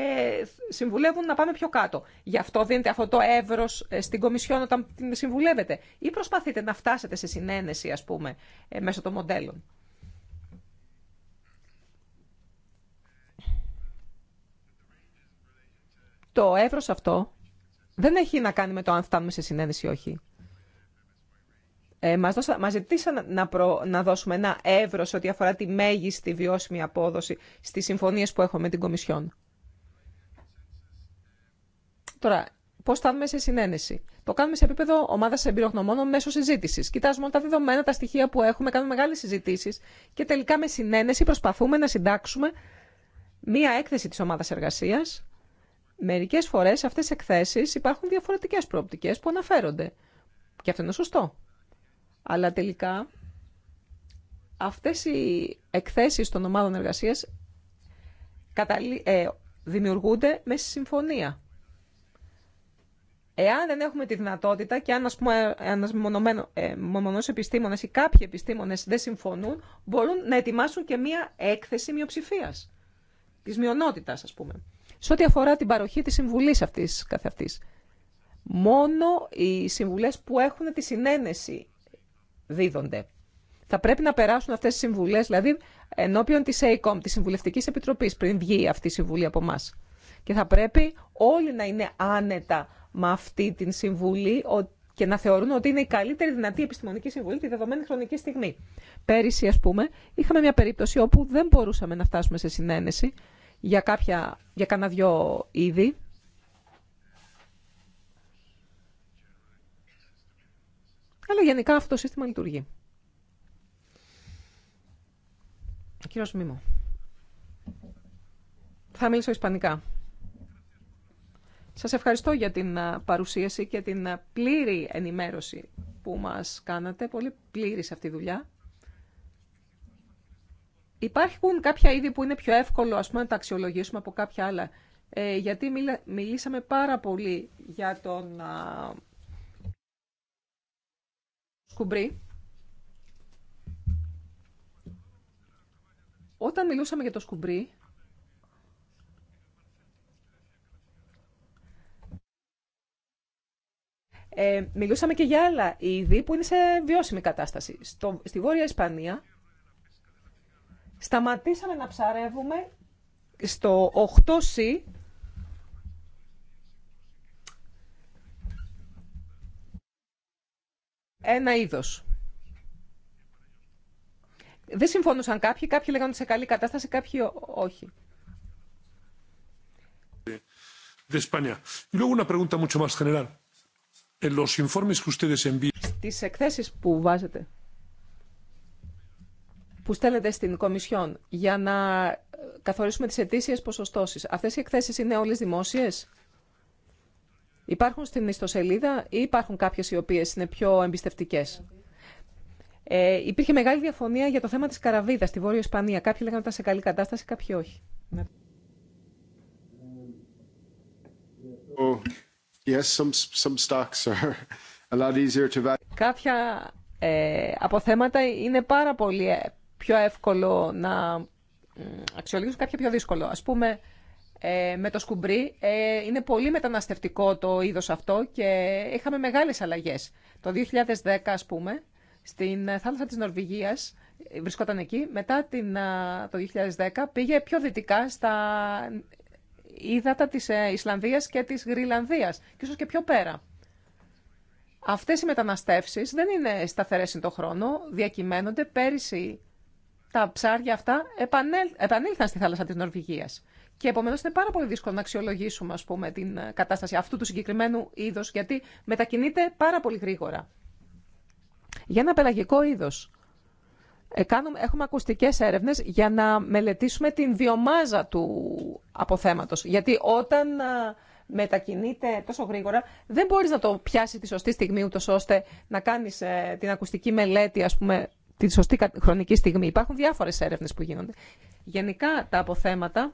συμβουλεύουν να πάμε πιο κάτω. Γι' αυτό δίνετε αυτό το εύρο ε, στην Κομισιόν όταν την συμβουλεύετε. Ή προσπαθείτε να φτάσετε σε συνένεση, α πούμε, ε, μέσω των μοντέλων. Το εύρος αυτό δεν έχει να κάνει με το αν φτάνουμε σε συνένεση ή όχι. Ε, μας, μας ζητήσαν να, να δώσουμε ένα εύρος ό,τι αφορά τη μέγιστη βιώσιμη απόδοση στις συμφωνίες που έχουμε με την Κομισιόν. Τώρα, πώ φτάνουμε σε συνένεση. Το κάνουμε σε επίπεδο ομάδα εμπειρογνωμόνων μέσω συζήτηση. Κοιτάζουμε όλα τα δεδομένα, τα στοιχεία που έχουμε, κάνουμε μεγάλε συζητήσει και τελικά με συνένεση προσπαθούμε να συντάξουμε μία έκθεση τη ομάδα εργασία Μερικές φορές σε αυτές τι εκθέσεις υπάρχουν διαφορετικές προοπτικέ που αναφέρονται. Και αυτό είναι σωστό. Αλλά τελικά αυτές οι εκθέσεις των ομάδων εργασίας ε, δημιουργούνται με συμφωνία. Εάν δεν έχουμε τη δυνατότητα και αν ας πούμε μονομένο, ε, ή κάποιοι επιστήμονες δεν συμφωνούν, μπορούν να ετοιμάσουν και μία έκθεση μειοψηφία. της μειονότητας ας πούμε. Σε ό,τι αφορά την παροχή της συμβουλής αυτής καθ' αυτής. Μόνο οι συμβουλές που έχουν τη συνένεση δίδονται. Θα πρέπει να περάσουν αυτές τις συμβουλές, δηλαδή ενώπιον της ΕΙΚΟΜ, της Συμβουλευτικής Επιτροπής, πριν βγει αυτή η συμβουλή από εμά. Και θα πρέπει όλοι να είναι άνετα με αυτή την συμβουλή και να θεωρούν ότι είναι η καλύτερη δυνατή επιστημονική συμβουλή τη δεδομένη χρονική στιγμή. Πέρυσι, α πούμε, είχαμε μια περίπτωση όπου δεν μπορούσαμε να φτάσουμε σε συνένεση για, κάποια, για κάνα δυο είδη. Αλλά γενικά αυτό το σύστημα λειτουργεί. Κύριος Μήμο. Θα μιλήσω ισπανικά. Σας ευχαριστώ για την παρουσίαση και την πλήρη ενημέρωση που μας κάνατε. Πολύ πλήρη σε αυτή τη δουλειά. Υπάρχουν κάποια είδη που είναι πιο εύκολο ας πούμε, να τα αξιολογήσουμε από κάποια άλλα. Ε, γιατί μιλήσαμε πάρα πολύ για τον σκουμπρί. Όταν μιλούσαμε για το σκουμπρί, ε, μιλούσαμε και για άλλα είδη που είναι σε βιώσιμη κατάσταση. Στο... Στη Βόρεια Ισπανία Σταματήσαμε να ψαρεύουμε στο 8C ένα είδος. Δεν συμφώνουσαν κάποιοι, κάποιοι λέγανε ότι σε καλή κατάσταση, κάποιοι όχι. Στις εκθέσεις που βάζετε που στέλνετε στην Κομισιόν για να ε, καθορίσουμε τις ετήσιες ποσοστώσεις. Αυτές οι εκθέσεις είναι όλες δημόσιες. Υπάρχουν στην ιστοσελίδα ή υπάρχουν κάποιες οι οποίες είναι πιο εμπιστευτικές. Ε, υπήρχε μεγάλη διαφωνία για το θέμα της καραβίδας στη Βόρεια Ισπανία. Κάποιοι λέγανε ότι ήταν σε καλή κατάσταση, κάποιοι όχι. Κάποια ε, αποθέματα είναι πάρα πολύ ε, πιο εύκολο να αξιολογήσουν, κάποια πιο δύσκολο. Ας πούμε, ε, με το σκουμπρί ε, είναι πολύ μεταναστευτικό το είδος αυτό και είχαμε μεγάλες αλλαγές. Το 2010, ας πούμε, στην θάλασσα της Νορβηγίας, ε, βρισκόταν εκεί, μετά την, το 2010 πήγε πιο δυτικά στα ύδατα της Ισλανδίας και της Γρυλανδίας και ίσως και πιο πέρα. Αυτές οι μεταναστεύσεις δεν είναι σταθερές στον χρόνο, διακυμαίνονται. Πέρυσι τα ψάρια αυτά επανήλθαν στη θάλασσα της Νορβηγίας. Και επομένω είναι πάρα πολύ δύσκολο να αξιολογήσουμε ας πούμε, την ε, κατάσταση αυτού του συγκεκριμένου είδους, γιατί μετακινείται πάρα πολύ γρήγορα. Για ένα πελαγικό είδο. Ε, έχουμε ακουστικές έρευνες για να μελετήσουμε την βιομάζα του αποθέματος. Γιατί όταν ε, μετακινείται τόσο γρήγορα, δεν μπορείς να το πιάσει τη σωστή στιγμή, ούτως ώστε να κάνεις την ακουστική μελέτη, ας πούμε, τη σωστή χρονική στιγμή. Υπάρχουν διάφορε έρευνε που γίνονται. Γενικά τα αποθέματα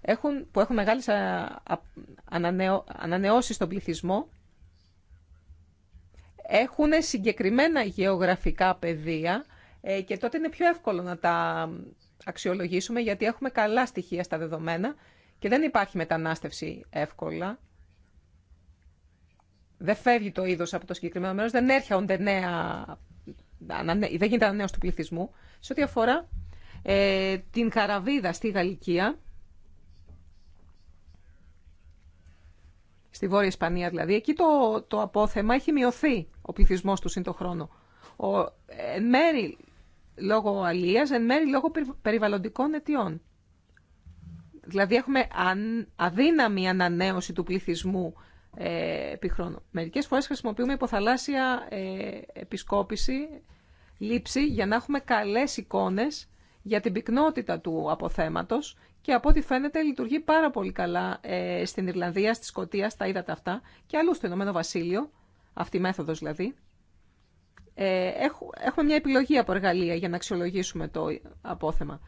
έχουν, που έχουν μεγάλε ανανεώσεις στον πληθυσμό έχουν συγκεκριμένα γεωγραφικά πεδία ε, και τότε είναι πιο εύκολο να τα αξιολογήσουμε γιατί έχουμε καλά στοιχεία στα δεδομένα και δεν υπάρχει μετανάστευση εύκολα. Δεν φεύγει το είδος από το συγκεκριμένο μέρος, δεν έρχονται νέα δεν γίνεται ανανέωση του πληθυσμού, σε ό,τι αφορά ε, την Καραβίδα στη Γαλλικία, στη Βόρεια Ισπανία δηλαδή, εκεί το, το απόθεμα έχει μειωθεί ο πληθυσμό του συντο χρόνο. Ο, εν μέρη λόγω αλίας, εν μέρη λόγω περιβαλλοντικών αιτιών. Δηλαδή έχουμε αδύναμη ανανέωση του πληθυσμού ε, επί χρόνο. Μερικές φορές χρησιμοποιούμε υποθαλάσσια ε, επισκόπηση, λήψη, για να έχουμε καλές εικόνες για την πυκνότητα του αποθέματος και από ό,τι φαίνεται λειτουργεί πάρα πολύ καλά ε, στην Ιρλανδία, στη Σκοτία, στα είδατε αυτά και αλλού στο Ηνωμένο Βασίλειο, αυτή η μέθοδος δηλαδή. έχουμε μια επιλογή από εργαλεία για να αξιολογήσουμε το απόθεμα.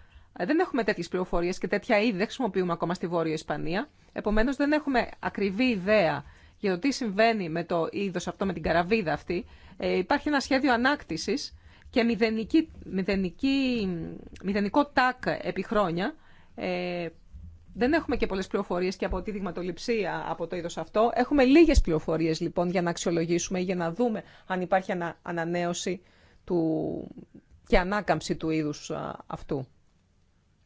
Δεν έχουμε τέτοιε πληροφορίε και τέτοια είδη δεν χρησιμοποιούμε ακόμα στη Βόρεια Ισπανία. Επομένω, δεν έχουμε ακριβή ιδέα για το τι συμβαίνει με το είδος αυτό, με την καραβίδα αυτή, ε, υπάρχει ένα σχέδιο ανάκτησης και μηδενική, μηδενική, μηδενικό τάκ επί χρόνια. Ε, δεν έχουμε και πολλές πληροφορίες και από τη δειγματοληψία από το είδος αυτό. Έχουμε λίγες πληροφορίες λοιπόν για να αξιολογήσουμε, για να δούμε αν υπάρχει ανανέωση του, και ανάκαμψη του είδους αυτού,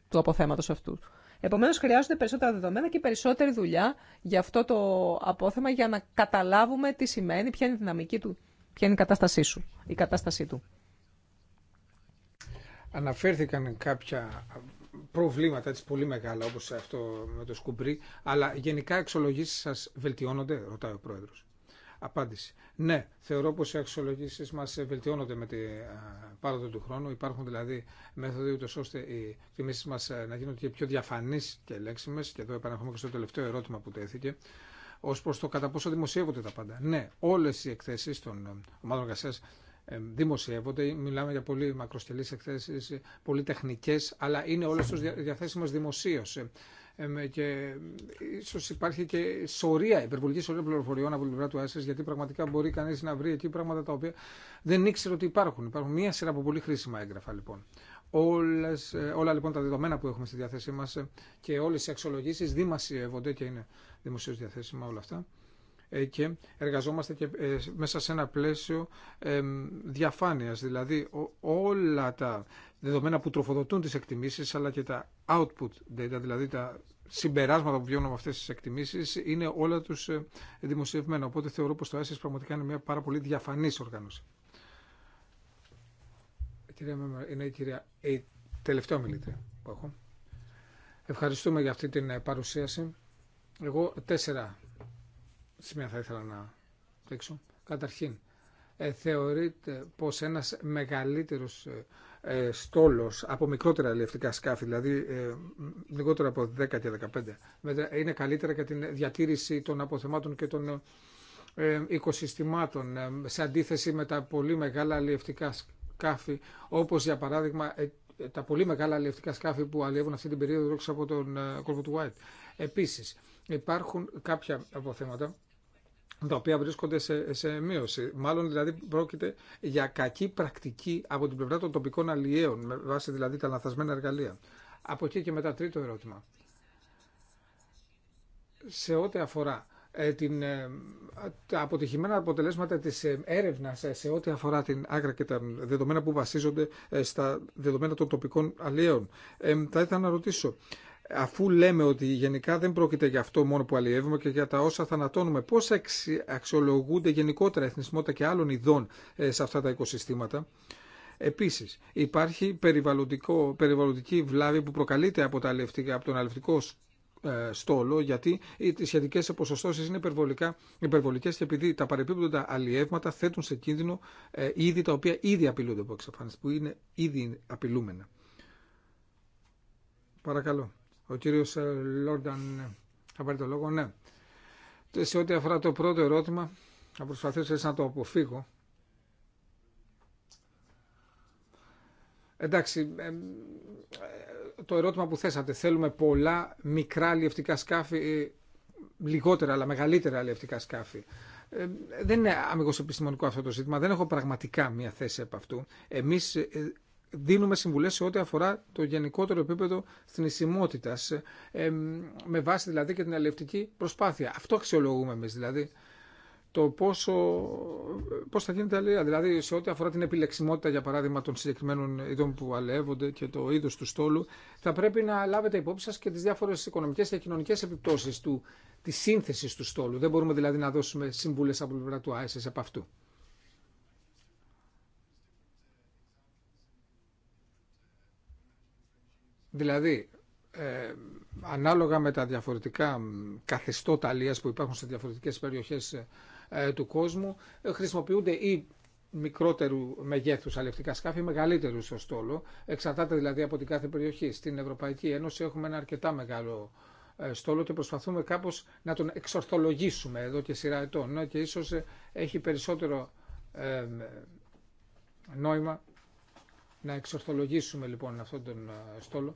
του αποθέματος αυτού. Επομένω, χρειάζονται περισσότερα δεδομένα και περισσότερη δουλειά για αυτό το απόθεμα για να καταλάβουμε τι σημαίνει, ποια είναι η δυναμική του, ποια είναι η κατάστασή, σου, η κατάστασή του. Αναφέρθηκαν κάποια προβλήματα έτσι πολύ μεγάλα όπως αυτό με το σκουμπρί, αλλά γενικά εξολογήσεις σας βελτιώνονται, ρωτάει ο Πρόεδρος. Απάντηση. Ναι, θεωρώ πως οι αξιολογήσεις μας βελτιώνονται με την ε, πάροδο του χρόνου. Υπάρχουν δηλαδή μέθοδοι ούτως ώστε οι εκτιμήσεις μας ε, να γίνονται και πιο διαφανείς και λέξιμες. Και εδώ επαναρχόμαι και στο τελευταίο ερώτημα που τέθηκε. Ω προ το κατά πόσο δημοσιεύονται τα πάντα. Ναι, όλε οι εκθέσει των ε, ομάδων εργασία δημοσιεύονται. Μιλάμε για πολύ μακροσκελείς εκθέσεις, πολύ τεχνικές, αλλά είναι όλες τους διαθέσιμε δημοσίως και ίσω υπάρχει και σωρία, υπερβολική σωρία πληροφοριών από την πλευρά του ΆΣΕΣ, γιατί πραγματικά μπορεί κανεί να βρει εκεί πράγματα τα οποία δεν ήξερε ότι υπάρχουν. Υπάρχουν μία σειρά από πολύ χρήσιμα έγγραφα λοιπόν. Όλες, ε, όλα λοιπόν τα δεδομένα που έχουμε στη διάθεσή μα ε, και όλε οι αξιολογήσει δημοσιεύονται και είναι δημοσίω διαθέσιμα όλα αυτά. Ε, και εργαζόμαστε και ε, μέσα σε ένα πλαίσιο ε, διαφάνειας. Δηλαδή όλα τα δεδομένα που τροφοδοτούν τις εκτιμήσεις αλλά και τα output data, δηλαδή τα συμπεράσματα που βιώνουμε από αυτές τις εκτιμήσεις είναι όλα τους δημοσιευμένα. Οπότε θεωρώ πως το ΆΣΙΣ πραγματικά είναι μια πάρα πολύ διαφανής οργάνωση. Είναι η κυρία η τελευταία μιλήτρια που έχω. Ευχαριστούμε για αυτή την παρουσίαση. Εγώ τέσσερα σημεία θα ήθελα να δείξω. Καταρχήν, ε, θεωρείται πως ένας μεγαλύτερος ε, ε, στόλος από μικρότερα αλληλευτικά σκάφη, δηλαδή λιγότερο από 10 και 15 μέτρα, είναι καλύτερα για την διατήρηση των αποθεμάτων και των οικοσυστημάτων, σε αντίθεση με τα πολύ μεγάλα αλληλευτικά σκάφη, όπως για παράδειγμα τα πολύ μεγάλα αλλιευτικά σκάφη που αλλιεύουν αυτή την περίοδο από τον κόλπο του White. Επίσης, υπάρχουν κάποια αποθέματα τα οποία βρίσκονται σε, σε μείωση. Μάλλον δηλαδή πρόκειται για κακή πρακτική από την πλευρά των τοπικών αλλιέων, με βάση δηλαδή τα λανθασμένα εργαλεία. Από εκεί και μετά τρίτο ερώτημα. Σε ό,τι αφορά ε, την, ε, τα αποτυχημένα αποτελέσματα της ε, έρευνας σε ό,τι αφορά την άκρα και τα δεδομένα που βασίζονται στα δεδομένα των τοπικών αλλιέων. θα ήθελα να ρωτήσω, αφού λέμε ότι γενικά δεν πρόκειται για αυτό μόνο που αλλιεύουμε και για τα όσα θανατώνουμε, πώ πώς αξιολογούνται γενικότερα εθνισμότητα και άλλων ειδών ε, σε αυτά τα οικοσυστήματα. Επίσης, υπάρχει περιβαλλοντικό, περιβαλλοντική βλάβη που προκαλείται από, τα από τον αλευτικό ε, στόλο, γιατί οι σχετικέ ποσοστώσει είναι υπερβολικές και επειδή τα παρεπίπτοντα αλλιεύματα θέτουν σε κίνδυνο ε, είδη τα οποία ήδη απειλούνται από εξαφάνιση, που είναι ήδη απειλούμενα. Παρακαλώ. Ο κύριος ε, Λόρνταν θα πάρει το λόγο, ναι. Σε ό,τι αφορά το πρώτο ερώτημα, θα προσπαθήσω να το αποφύγω. Εντάξει, ε, το ερώτημα που θέσατε, θέλουμε πολλά μικρά αλλιευτικά σκάφη, ε, λιγότερα αλλά μεγαλύτερα αλλιευτικά σκάφη. Δεν είναι αμυγός επιστημονικό αυτό το ζήτημα, δεν έχω πραγματικά μία θέση από αυτού. Εμείς δίνουμε συμβουλές σε ό,τι αφορά το γενικότερο επίπεδο θνησιμότητας, ε, με βάση δηλαδή και την αλληλευτική προσπάθεια. Αυτό αξιολογούμε εμείς δηλαδή. Το πόσο, πώς θα γίνεται αλληλεία, δηλαδή σε ό,τι αφορά την επιλεξιμότητα για παράδειγμα των συγκεκριμένων ειδών που αλεύονται και το είδος του στόλου, θα πρέπει να λάβετε υπόψη σας και τις διάφορες οικονομικές και κοινωνικές επιπτώσεις του, της σύνθεσης του στόλου. Δεν μπορούμε δηλαδή να δώσουμε συμβούλες από πλευρά του ΆΕΣΕΣ από αυτού. Δηλαδή, ε, ανάλογα με τα διαφορετικά καθεστώτα αλίας που υπάρχουν σε διαφορετικές περιοχές ε, ε, του κόσμου, χρησιμοποιούνται ή μικρότερου μεγέθους αλευτικά σκάφη, μεγαλύτερου στο στόλο, εξαρτάται δηλαδή από την κάθε περιοχή. Στην Ευρωπαϊκή Ένωση έχουμε ένα αρκετά μεγάλο στόλο και προσπαθούμε κάπως να τον εξορθολογήσουμε εδώ και σειρά ετών και ίσως έχει περισσότερο νόημα να εξορθολογήσουμε λοιπόν αυτόν τον στόλο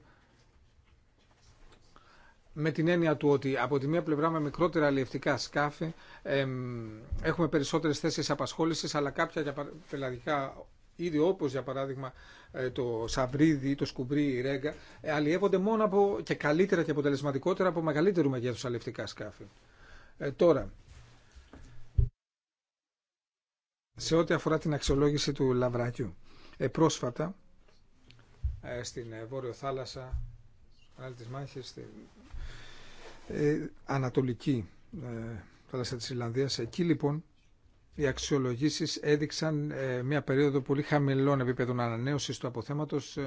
με την έννοια του ότι από τη μία πλευρά με μικρότερα αλλιευτικά σκάφη έχουμε περισσότερες θέσεις απασχόλησης αλλά κάποια για πελαγικά είδη όπως για παράδειγμα ε, το σαβρίδι ή το σκουμπρί ή η ρέγγα η Ρέγκα ε, αλλιευονται από, και καλύτερα και αποτελεσματικότερα από μεγαλύτερου μεγέθους αλλιευτικά σκάφη. Ε, τώρα, σε ό,τι αφορά την αξιολόγηση του λαβράκιου. Ε, πρόσφατα στην Βόρειο Θάλασσα, κανάλι της Μάχης, ε, ανατολική ε, θάλασσα της Ιρλανδίας. Εκεί λοιπόν οι αξιολογήσεις έδειξαν ε, μια περίοδο πολύ χαμηλών επίπεδων ανανέωσης του αποθέματος.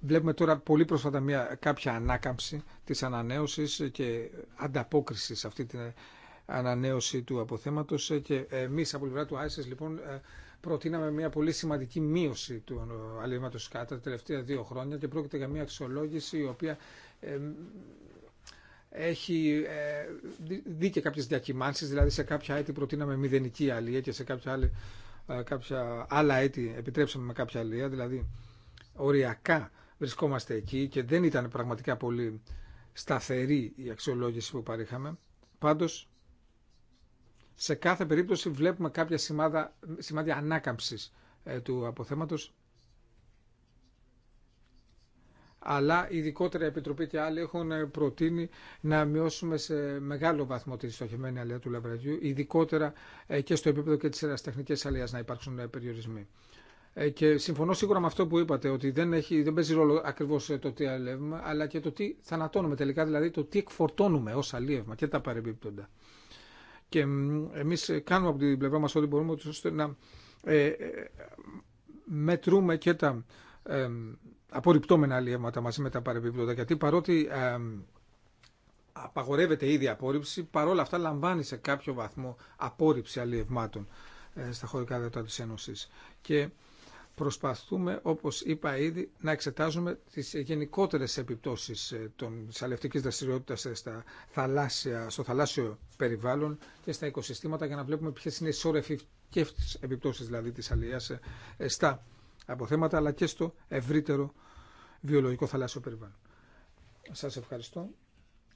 Βλέπουμε τώρα πολύ πρόσφατα μια, κάποια ανάκαμψη της ανανέωσης και ανταπόκριση σε αυτή την ανανέωση του αποθέματος και εμείς από πλευρά του Άισες, λοιπόν προτείναμε μια πολύ σημαντική μείωση του αλληλήματος κατά τα τελευταία δύο χρόνια και πρόκειται για μια αξιολόγηση η οποία έχει ε, δει και κάποιες διακυμάνσει, δηλαδή σε κάποια έτη προτείναμε μηδενική αλία και σε κάποια, άλλη, ε, κάποια άλλα έτη επιτρέψαμε με κάποια αλία, δηλαδή οριακά βρισκόμαστε εκεί και δεν ήταν πραγματικά πολύ σταθερή η αξιολόγηση που παρήχαμε. Πάντως, σε κάθε περίπτωση βλέπουμε κάποια σημάδα, σημάδια ανάκαμψης ε, του αποθέματος αλλά ειδικότερα η Επιτροπή και άλλοι έχουν ε, προτείνει να μειώσουμε σε μεγάλο βαθμό τη στοχευμένη αλεία του λαβραδιού, ειδικότερα ε, και στο επίπεδο και τη ερασιτεχνική αλεία να υπάρξουν ε, περιορισμοί. Και συμφωνώ σίγουρα με αυτό που είπατε, ότι δεν, έχει, δεν παίζει ρόλο ακριβώ το τι αλεύουμε, αλλά και το τι θανατώνουμε τελικά, δηλαδή το τι εκφορτώνουμε ω αλεύμα και τα παρεμπίπτοντα. Και εμεί κάνουμε από την πλευρά μα ό,τι μπορούμε ώστε να ε, μετρούμε και τα απορριπτόμενα αλλιεύματα μαζί με τα παρεμπιπτόντα. Γιατί παρότι απαγορεύεται ήδη η απόρριψη, παρόλα αυτά λαμβάνει σε κάποιο βαθμό απόρριψη αλλιευμάτων ε, στα χωρικά δεδομένα της Ένωσης. Και προσπαθούμε, όπως είπα ήδη, να εξετάζουμε τις γενικότερες επιπτώσεις ε, των αλλιευτικής δραστηριότητας ε, στα θαλάσσια, στο θαλάσσιο περιβάλλον και στα οικοσυστήματα για να βλέπουμε ποιες είναι οι σωρευτικές επιπτώσεις δηλαδή της αλληλείας στα αποθέματα αλλά και στο ευρύτερο βιολογικό θαλάσσιο περιβάλλον. Σας ευχαριστώ.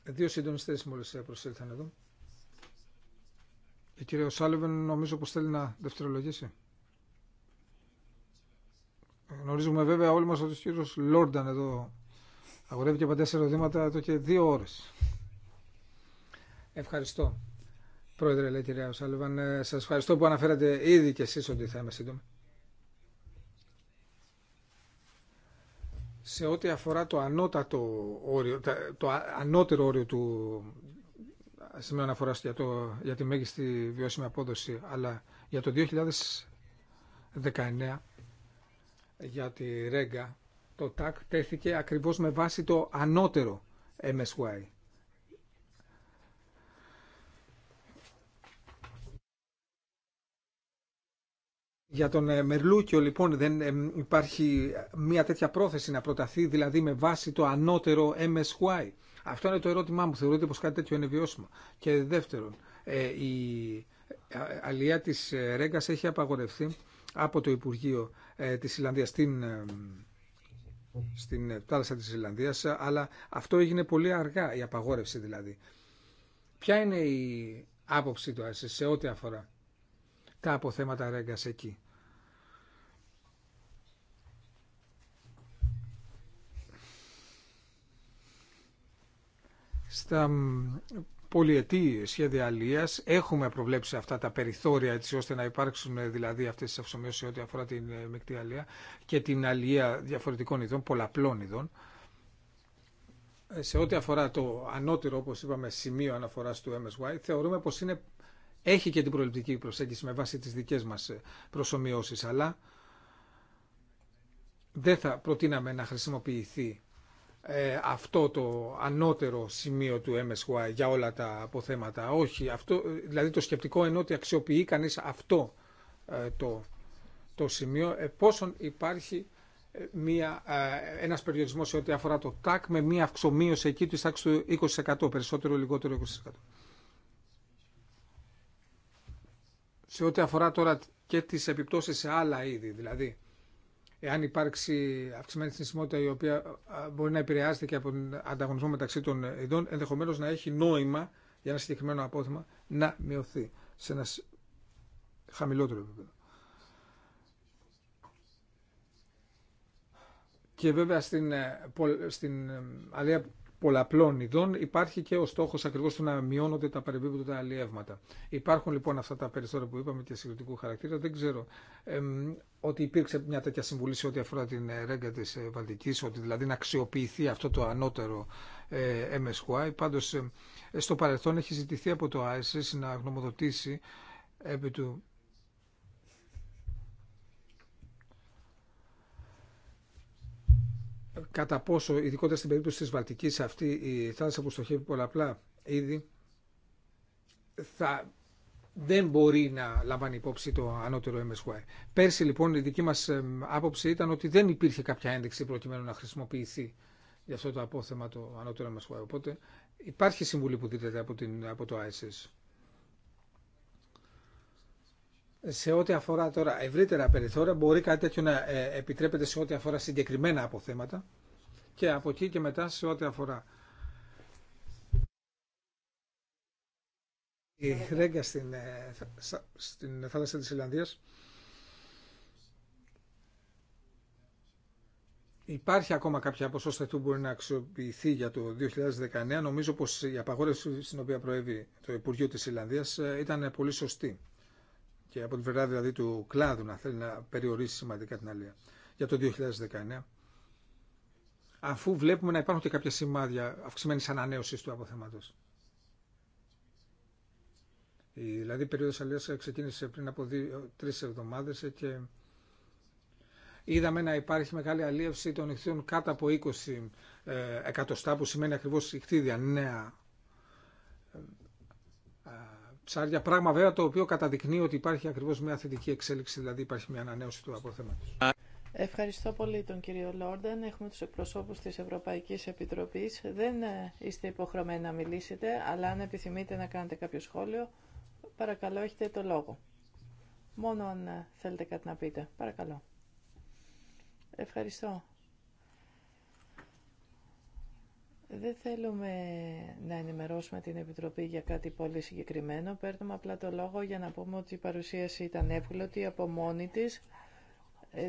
Δύο συντονιστές μόλις προσήλθαν εδώ. Η κυρία Σάλεβεν νομίζω πως θέλει να δευτερολογήσει. Γνωρίζουμε βέβαια όλοι μας ότι ο κύριος Λόρνταν εδώ αγορεύει και παντές ερωτήματα εδώ και δύο ώρες. Ευχαριστώ. Πρόεδρε, λέει κυρία Σάλεβαν, ε, σας ευχαριστώ που αναφέρατε ήδη και εσείς ότι θα είμαι σύντομη. σε ό,τι αφορά το ανώτατο όριο, το ανώτερο όριο του σημαίνει αναφορά για, το, για τη μέγιστη βιώσιμη απόδοση, αλλά για το 2019 για τη Ρέγκα, το ΤΑΚ τέθηκε ακριβώς με βάση το ανώτερο MSY. Για τον ε, Μερλούκιο λοιπόν δεν ε, υπάρχει μια τέτοια πρόθεση να προταθεί δηλαδή με βάση το ανώτερο MSY. Αυτό είναι το ερώτημά μου. Θεωρείτε πως κάτι τέτοιο είναι βιώσιμο. Και δεύτερον, ε, η αλία της Ρέγκας έχει απαγορευτεί από το Υπουργείο της Ιλλανδίας στην, στην τη της Ιλλανδίας, αλλά αυτό έγινε πολύ αργά, η απαγόρευση δηλαδή. Ποια είναι η άποψη του σε ό,τι αφορά τα αποθέματα ρέγκα εκεί. Στα πολιετή σχέδια αλίας έχουμε προβλέψει αυτά τα περιθώρια έτσι ώστε να υπάρξουν ε, δηλαδή αυτές τις αυσομοιώσεις ό,τι αφορά την ε, μεικτή αλία και την αλία διαφορετικών ειδών, πολλαπλών ειδών. Ε, σε ό,τι αφορά το ανώτερο, όπως είπαμε, σημείο αναφοράς του MSY, θεωρούμε πως είναι έχει και την προληπτική προσέγγιση με βάση τις δικές μας ε, προσωμιώσεις, αλλά δεν θα προτείναμε να χρησιμοποιηθεί ε, αυτό το ανώτερο σημείο του MSY για όλα τα αποθέματα. Όχι, αυτό, ε, δηλαδή το σκεπτικό είναι ότι αξιοποιεί κανείς αυτό το, το σημείο εφόσον υπάρχει μία, ένας περιορισμός σε ό,τι αφορά το ΤΑΚ με μία αυξομοίωση εκεί της τάξης του 20%, περισσότερο ή λιγότερο 20%. σε ό,τι αφορά τώρα και τις επιπτώσεις σε άλλα είδη, δηλαδή εάν υπάρξει αυξημένη θνησιμότητα η οποία μπορεί να επηρεάζεται και από τον ανταγωνισμό μεταξύ των ειδών, ενδεχομένως να έχει νόημα για ένα συγκεκριμένο απόθεμα να μειωθεί σε ένα χαμηλότερο επίπεδο. Και βέβαια στην, ε, στην ε, πολλαπλών ειδών υπάρχει και ο στόχο ακριβώ του να μειώνονται τα παρεμπίπτωτα αλλιεύματα. Υπάρχουν λοιπόν αυτά τα περισσότερα που είπαμε και συγκριτικού χαρακτήρα. Δεν ξέρω ότι υπήρξε μια τέτοια συμβουλή σε ό,τι αφορά την ε, ρέγγα τη ε, Βαλτική, ότι δηλαδή να αξιοποιηθεί αυτό το ανώτερο ε, MSY. Πάντω ε, στο παρελθόν έχει ζητηθεί από το ISIS να γνωμοδοτήσει επί του κατά πόσο, ειδικότερα στην περίπτωση της Βαλτικής αυτή η θάλασσα που στοχεύει πολλαπλά ήδη θα δεν μπορεί να λαμβάνει υπόψη το ανώτερο MSY. Πέρσι λοιπόν η δική μας άποψη ήταν ότι δεν υπήρχε κάποια ένδειξη προκειμένου να χρησιμοποιηθεί για αυτό το απόθεμα το ανώτερο MSY. Οπότε υπάρχει συμβουλή που δίδεται από, την, από το ISS. Σε ό,τι αφορά τώρα ευρύτερα περιθώρια, μπορεί κάτι τέτοιο να ε, επιτρέπεται σε ό,τι αφορά συγκεκριμένα αποθέματα και από εκεί και μετά σε ό,τι αφορά η Ρέγκα στην, ε, στην θάλασσα της Ιλλανδίας Υπάρχει ακόμα κάποια ποσότητα που μπορεί να αξιοποιηθεί για το 2019. Νομίζω πως η απαγόρευση στην οποία προέβη το Υπουργείο της Ιλλανδίας ε, ήταν πολύ σωστή. Και από την πλευρά δηλαδή του κλάδου να θέλει να περιορίσει σημαντικά την αλία για το 2019 αφού βλέπουμε να υπάρχουν και κάποια σημάδια αυξημένη ανανέωση του αποθέματο. δηλαδή η περίοδος αλλιώς ξεκίνησε πριν από δύο, τρεις εβδομάδες και είδαμε να υπάρχει μεγάλη αλίευση των ηχθείων κάτω από 20 ε, εκατοστά που σημαίνει ακριβώς ηχθίδια νέα ε, ε, ψάρια. Πράγμα βέβαια το οποίο καταδεικνύει ότι υπάρχει ακριβώ μια θετική εξέλιξη, δηλαδή υπάρχει μια ανανέωση του αποθέματος. Ευχαριστώ πολύ τον κύριο Λόρντεν. Έχουμε τους εκπροσώπους της Ευρωπαϊκής Επιτροπής. Δεν ε, είστε υποχρεωμένοι να μιλήσετε, αλλά αν επιθυμείτε να κάνετε κάποιο σχόλιο, παρακαλώ έχετε το λόγο. Μόνο αν ε, θέλετε κάτι να πείτε. Παρακαλώ. Ευχαριστώ. Δεν θέλουμε να ενημερώσουμε την Επιτροπή για κάτι πολύ συγκεκριμένο. Παίρνουμε απλά το λόγο για να πούμε ότι η παρουσίαση ήταν εύγλωτη από μόνη της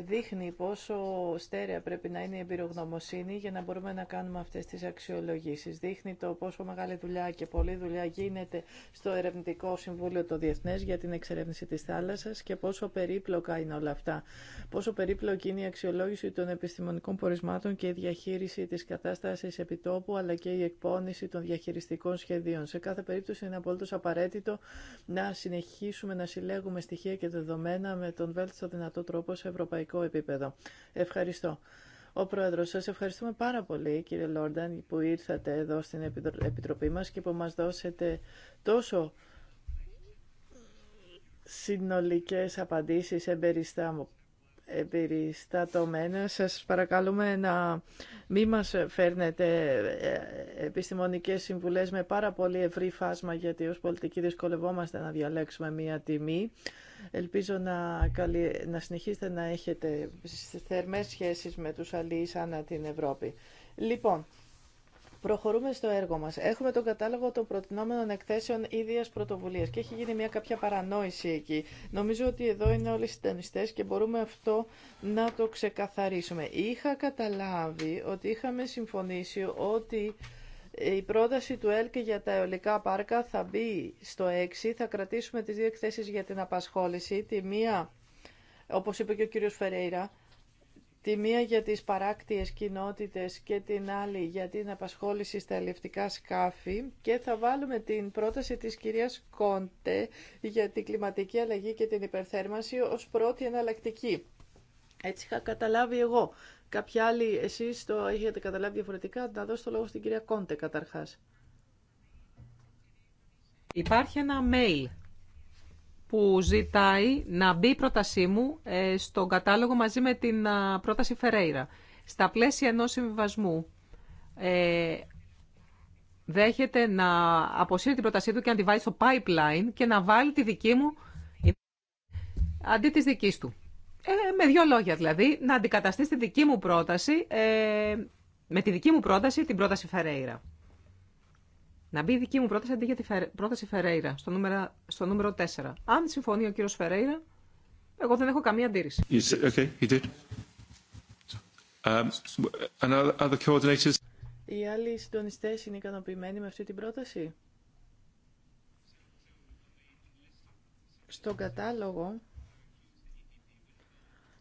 δείχνει πόσο στέρεα πρέπει να είναι η εμπειρογνωμοσύνη για να μπορούμε να κάνουμε αυτές τις αξιολογήσεις. Δείχνει το πόσο μεγάλη δουλειά και πολλή δουλειά γίνεται στο Ερευνητικό Συμβούλιο το Διεθνές για την εξερεύνηση της θάλασσας και πόσο περίπλοκα είναι όλα αυτά. Πόσο περίπλοκη είναι η αξιολόγηση των επιστημονικών πορισμάτων και η διαχείριση της κατάστασης επιτόπου αλλά και η εκπόνηση των διαχειριστικών σχεδίων. Σε κάθε περίπτωση είναι απολύτω απαραίτητο να συνεχίσουμε να συλλέγουμε στοιχεία και δεδομένα με τον βέλτιστο δυνατό τρόπο σε Ευρωπαϊκή ευρωπαϊκό επίπεδο. Ευχαριστώ. Ο Πρόεδρος, σας ευχαριστούμε πάρα πολύ κύριε Λόρνταν που ήρθατε εδώ στην Επιτροπή μας και που μας δώσετε τόσο συνολικές απαντήσεις μου εμπεριστατωμένα. Σας παρακαλούμε να μην μας φέρνετε ε, επιστημονικές συμβουλές με πάρα πολύ ευρύ φάσμα, γιατί ως πολιτικοί δυσκολευόμαστε να διαλέξουμε μία τιμή. Ελπίζω να, να συνεχίσετε να έχετε θερμές σχέσεις με τους αλλοίς ανά την Ευρώπη. Λοιπόν, Προχωρούμε στο έργο μας. Έχουμε τον κατάλογο των προτινόμενων εκθέσεων ίδια πρωτοβουλίας και έχει γίνει μια κάποια παρανόηση εκεί. Νομίζω ότι εδώ είναι όλοι συντονιστές και μπορούμε αυτό να το ξεκαθαρίσουμε. Είχα καταλάβει ότι είχαμε συμφωνήσει ότι η πρόταση του ΕΛΚ για τα αιωλικά πάρκα θα μπει στο 6. Θα κρατήσουμε τις δύο εκθέσεις για την απασχόληση. Τη μία, όπως είπε και ο κύριος Φερέιρα, τη μία για τις παράκτιες κοινότητες και την άλλη για την απασχόληση στα ελευτικά σκάφη και θα βάλουμε την πρόταση της κυρίας Κόντε για την κλιματική αλλαγή και την υπερθέρμανση ως πρώτη εναλλακτική. Έτσι είχα καταλάβει εγώ. Κάποιοι άλλοι εσείς το έχετε καταλάβει διαφορετικά. Να δώσω το λόγο στην κυρία Κόντε καταρχάς. Υπάρχει ένα mail που ζητάει να μπει η πρότασή μου ε, στον κατάλογο μαζί με την πρόταση Φερέιρα. Στα πλαίσια ενός συμβιβασμού ε, δέχεται να αποσύρει την πρότασή του και να τη βάλει στο pipeline και να βάλει τη δική μου αντί της δικής του. Ε, με δύο λόγια δηλαδή, να αντικαταστήσει τη δική μου πρόταση, ε, με τη δική μου πρόταση την πρόταση Φερέιρα. Να μπει η δική μου πρόταση αντί για την πρόταση Φερέιρα, στο νούμερο, στο νούμερο 4. Αν συμφωνεί ο κύριο Φερέιρα, εγώ δεν έχω καμία αντίρρηση. Um, Οι άλλοι συντονιστέ είναι ικανοποιημένοι με αυτή την πρόταση. Στον κατάλογο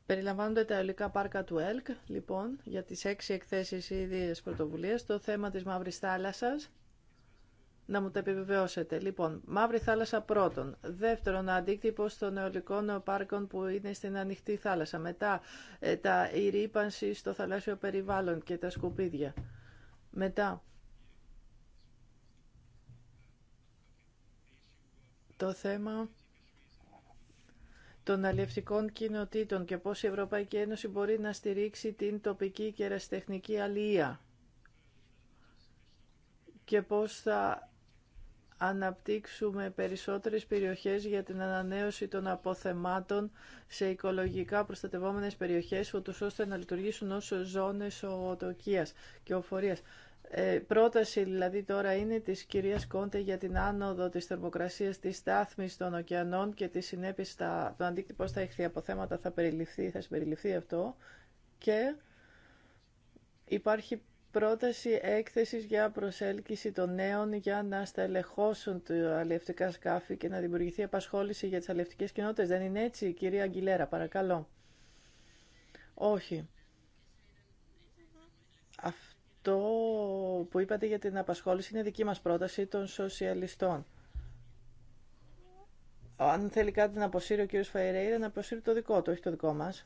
Περιλαμβάνονται τα ολικά πάρκα του ΕΛΚ, λοιπόν, για τις έξι εκθέσεις ίδιες πρωτοβουλίας, το θέμα της Μαύρης Θάλασσας, να μου το επιβεβαιώσετε. Λοιπόν, Μαύρη Θάλασσα πρώτον. Δεύτερον, αντίκτυπο των νεολικών πάρκων που είναι στην ανοιχτή θάλασσα. Μετά, ε, τα, η ρήπανση στο θαλάσσιο περιβάλλον και τα σκουπίδια. Μετά, το θέμα των αλλιευτικών κοινοτήτων και πώς η Ευρωπαϊκή Ένωση μπορεί να στηρίξει την τοπική και αλληλεία και πώς θα αναπτύξουμε περισσότερες περιοχές για την ανανέωση των αποθεμάτων σε οικολογικά προστατευόμενες περιοχές, ούτως ώστε να λειτουργήσουν ως ζώνες οτοκίας και οφορίας. Ε, πρόταση δηλαδή τώρα είναι της κυρίας Κόντε για την άνοδο της θερμοκρασίας της στάθμης των ωκεανών και τη συνέπειες, στα, το αντίκτυπο στα αποθέματα θα περιληφθεί, θα συμπεριληφθεί αυτό και υπάρχει πρόταση έκθεσης για προσέλκυση των νέων για να στελεχώσουν τα αλληλευτικά σκάφη και να δημιουργηθεί απασχόληση για τις αλληλευτικές κοινότητες. Δεν είναι έτσι, κυρία Αγγιλέρα, παρακαλώ. Όχι. Αυτό που είπατε για την απασχόληση είναι δική μας πρόταση των σοσιαλιστών. Αν θέλει κάτι να αποσύρει ο κύριος Φαϊρέιρα, να αποσύρει το δικό του, όχι το δικό μας.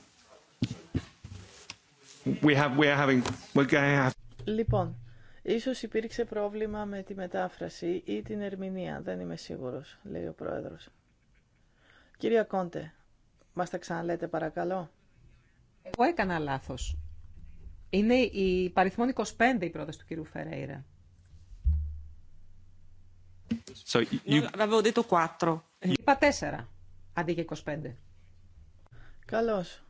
We have, we are having, have... Λοιπόν, ίσως υπήρξε πρόβλημα με τη μετάφραση ή την ερμηνεία, δεν είμαι σίγουρος, λέει ο πρόεδρος. Κυρία Κόντε, μας τα ξαναλέτε παρακαλώ. Εγώ έκανα λάθος. Είναι η παριθμόν 25 η πρόταση του κυρίου Φερέιρα. So, you... 4. Είπα 4, αντί για 25. Καλώς.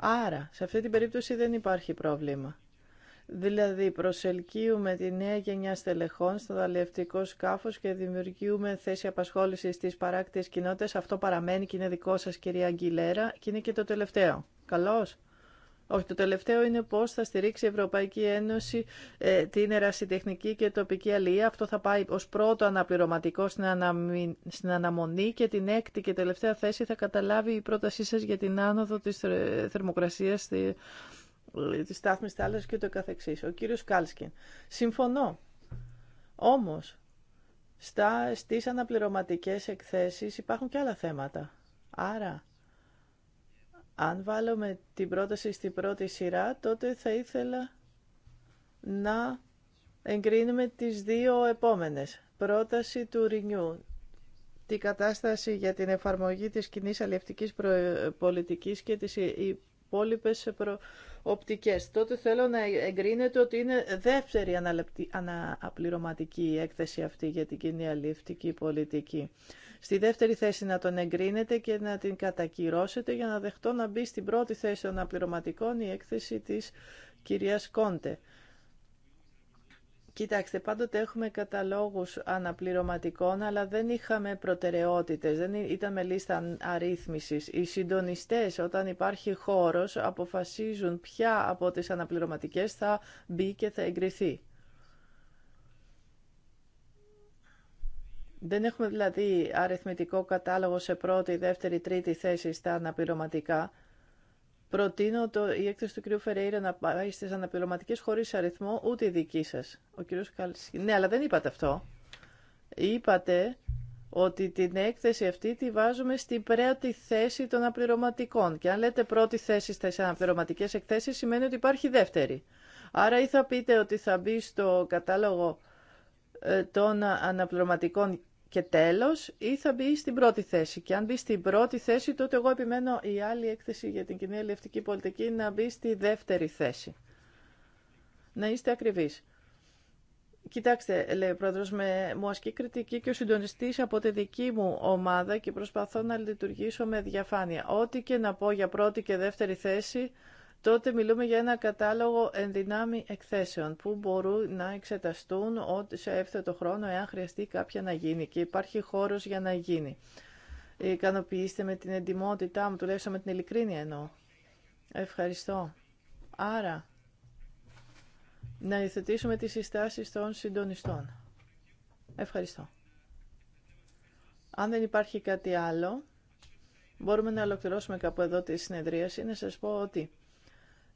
Άρα, σε αυτή την περίπτωση δεν υπάρχει πρόβλημα. Δηλαδή, προσελκύουμε τη νέα γενιά στελεχών στο δαλευτικό σκάφος και δημιουργούμε θέση απασχόλησης στις παράκτιες κοινότητες. Αυτό παραμένει και είναι δικό σας, κυρία Αγγιλέρα, και είναι και το τελευταίο. Καλώς. Όχι, το τελευταίο είναι πώς θα στηρίξει η Ευρωπαϊκή Ένωση ε, την ερασιτεχνική και τοπική αλληλεία. Αυτό θα πάει ως πρώτο αναπληρωματικό στην, στην αναμονή και την έκτη και τελευταία θέση θα καταλάβει η πρότασή σα για την άνοδο της θερμοκρασίας στη... της στάθμης και το καθεξής. Ο κύριος Κάλσκιν. Συμφωνώ. Όμως, στα... στις αναπληρωματικές εκθέσεις υπάρχουν και άλλα θέματα. Άρα, αν βάλουμε την πρόταση στην πρώτη σειρά, τότε θα ήθελα να εγκρίνουμε τις δύο επόμενες. Πρόταση του Ρινιού. Τη κατάσταση για την εφαρμογή της κοινή αλληλευτικής πολιτικής και τις υπόλοιπε οπτικές. Τότε θέλω να εγκρίνεται ότι είναι δεύτερη αναπληρωματική έκθεση αυτή για την κοινή αλληλευτική πολιτική στη δεύτερη θέση να τον εγκρίνετε και να την κατακυρώσετε για να δεχτώ να μπει στην πρώτη θέση των απληρωματικών η έκθεση της κυρίας Κόντε. Κοιτάξτε, πάντοτε έχουμε καταλόγους αναπληρωματικών, αλλά δεν είχαμε προτεραιότητες, δεν ήταν με λίστα αρρύθμισης. Οι συντονιστές, όταν υπάρχει χώρος, αποφασίζουν ποια από τις αναπληρωματικές θα μπει και θα εγκριθεί. Δεν έχουμε δηλαδή αριθμητικό κατάλογο σε πρώτη, δεύτερη, τρίτη θέση στα αναπληρωματικά. Προτείνω το, η έκθεση του κ. Φεραίρα να πάει στι αναπληρωματικέ χωρί αριθμό, ούτε η δική σα. Ο κ. Ναι, αλλά δεν είπατε αυτό. Είπατε ότι την έκθεση αυτή τη βάζουμε στην πρώτη θέση των αναπληρωματικών. Και αν λέτε πρώτη θέση στι αναπληρωματικέ εκθέσει, σημαίνει ότι υπάρχει δεύτερη. Άρα ή θα πείτε ότι θα μπει στο κατάλογο ε, των αναπληρωματικών και τέλος ή θα μπει στην πρώτη θέση. Και αν μπει στην πρώτη θέση, τότε εγώ επιμένω η άλλη έκθεση για την κοινή ελευτική πολιτική να μπει στη δεύτερη θέση. Να είστε ακριβείς. Κοιτάξτε, λέει ο πρόεδρο, μου ασκεί κριτική και ο συντονιστή από τη δική μου ομάδα και προσπαθώ να λειτουργήσω με διαφάνεια. Ό,τι και να πω για πρώτη και δεύτερη θέση, τότε μιλούμε για ένα κατάλογο ενδυνάμει εκθέσεων που μπορούν να εξεταστούν ότι σε έφθετο χρόνο εάν χρειαστεί κάποια να γίνει και υπάρχει χώρος για να γίνει. Ικανοποιήστε με την εντυμότητά μου, τουλάχιστον με την ειλικρίνεια εννοώ. Ευχαριστώ. Άρα, να υιοθετήσουμε τις συστάσεις των συντονιστών. Ευχαριστώ. Αν δεν υπάρχει κάτι άλλο, μπορούμε να ολοκληρώσουμε κάπου εδώ τη συνεδρίαση. Να σας πω ότι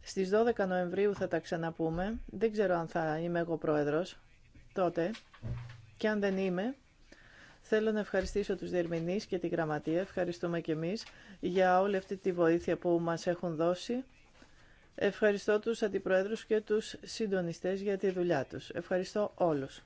στις 12 Νοεμβρίου θα τα ξαναπούμε. Δεν ξέρω αν θα είμαι εγώ πρόεδρος τότε. Και αν δεν είμαι, θέλω να ευχαριστήσω τους διερμηνείς και τη γραμματεία. Ευχαριστούμε και εμείς για όλη αυτή τη βοήθεια που μας έχουν δώσει. Ευχαριστώ τους αντιπρόεδρους και τους συντονιστές για τη δουλειά τους. Ευχαριστώ όλους.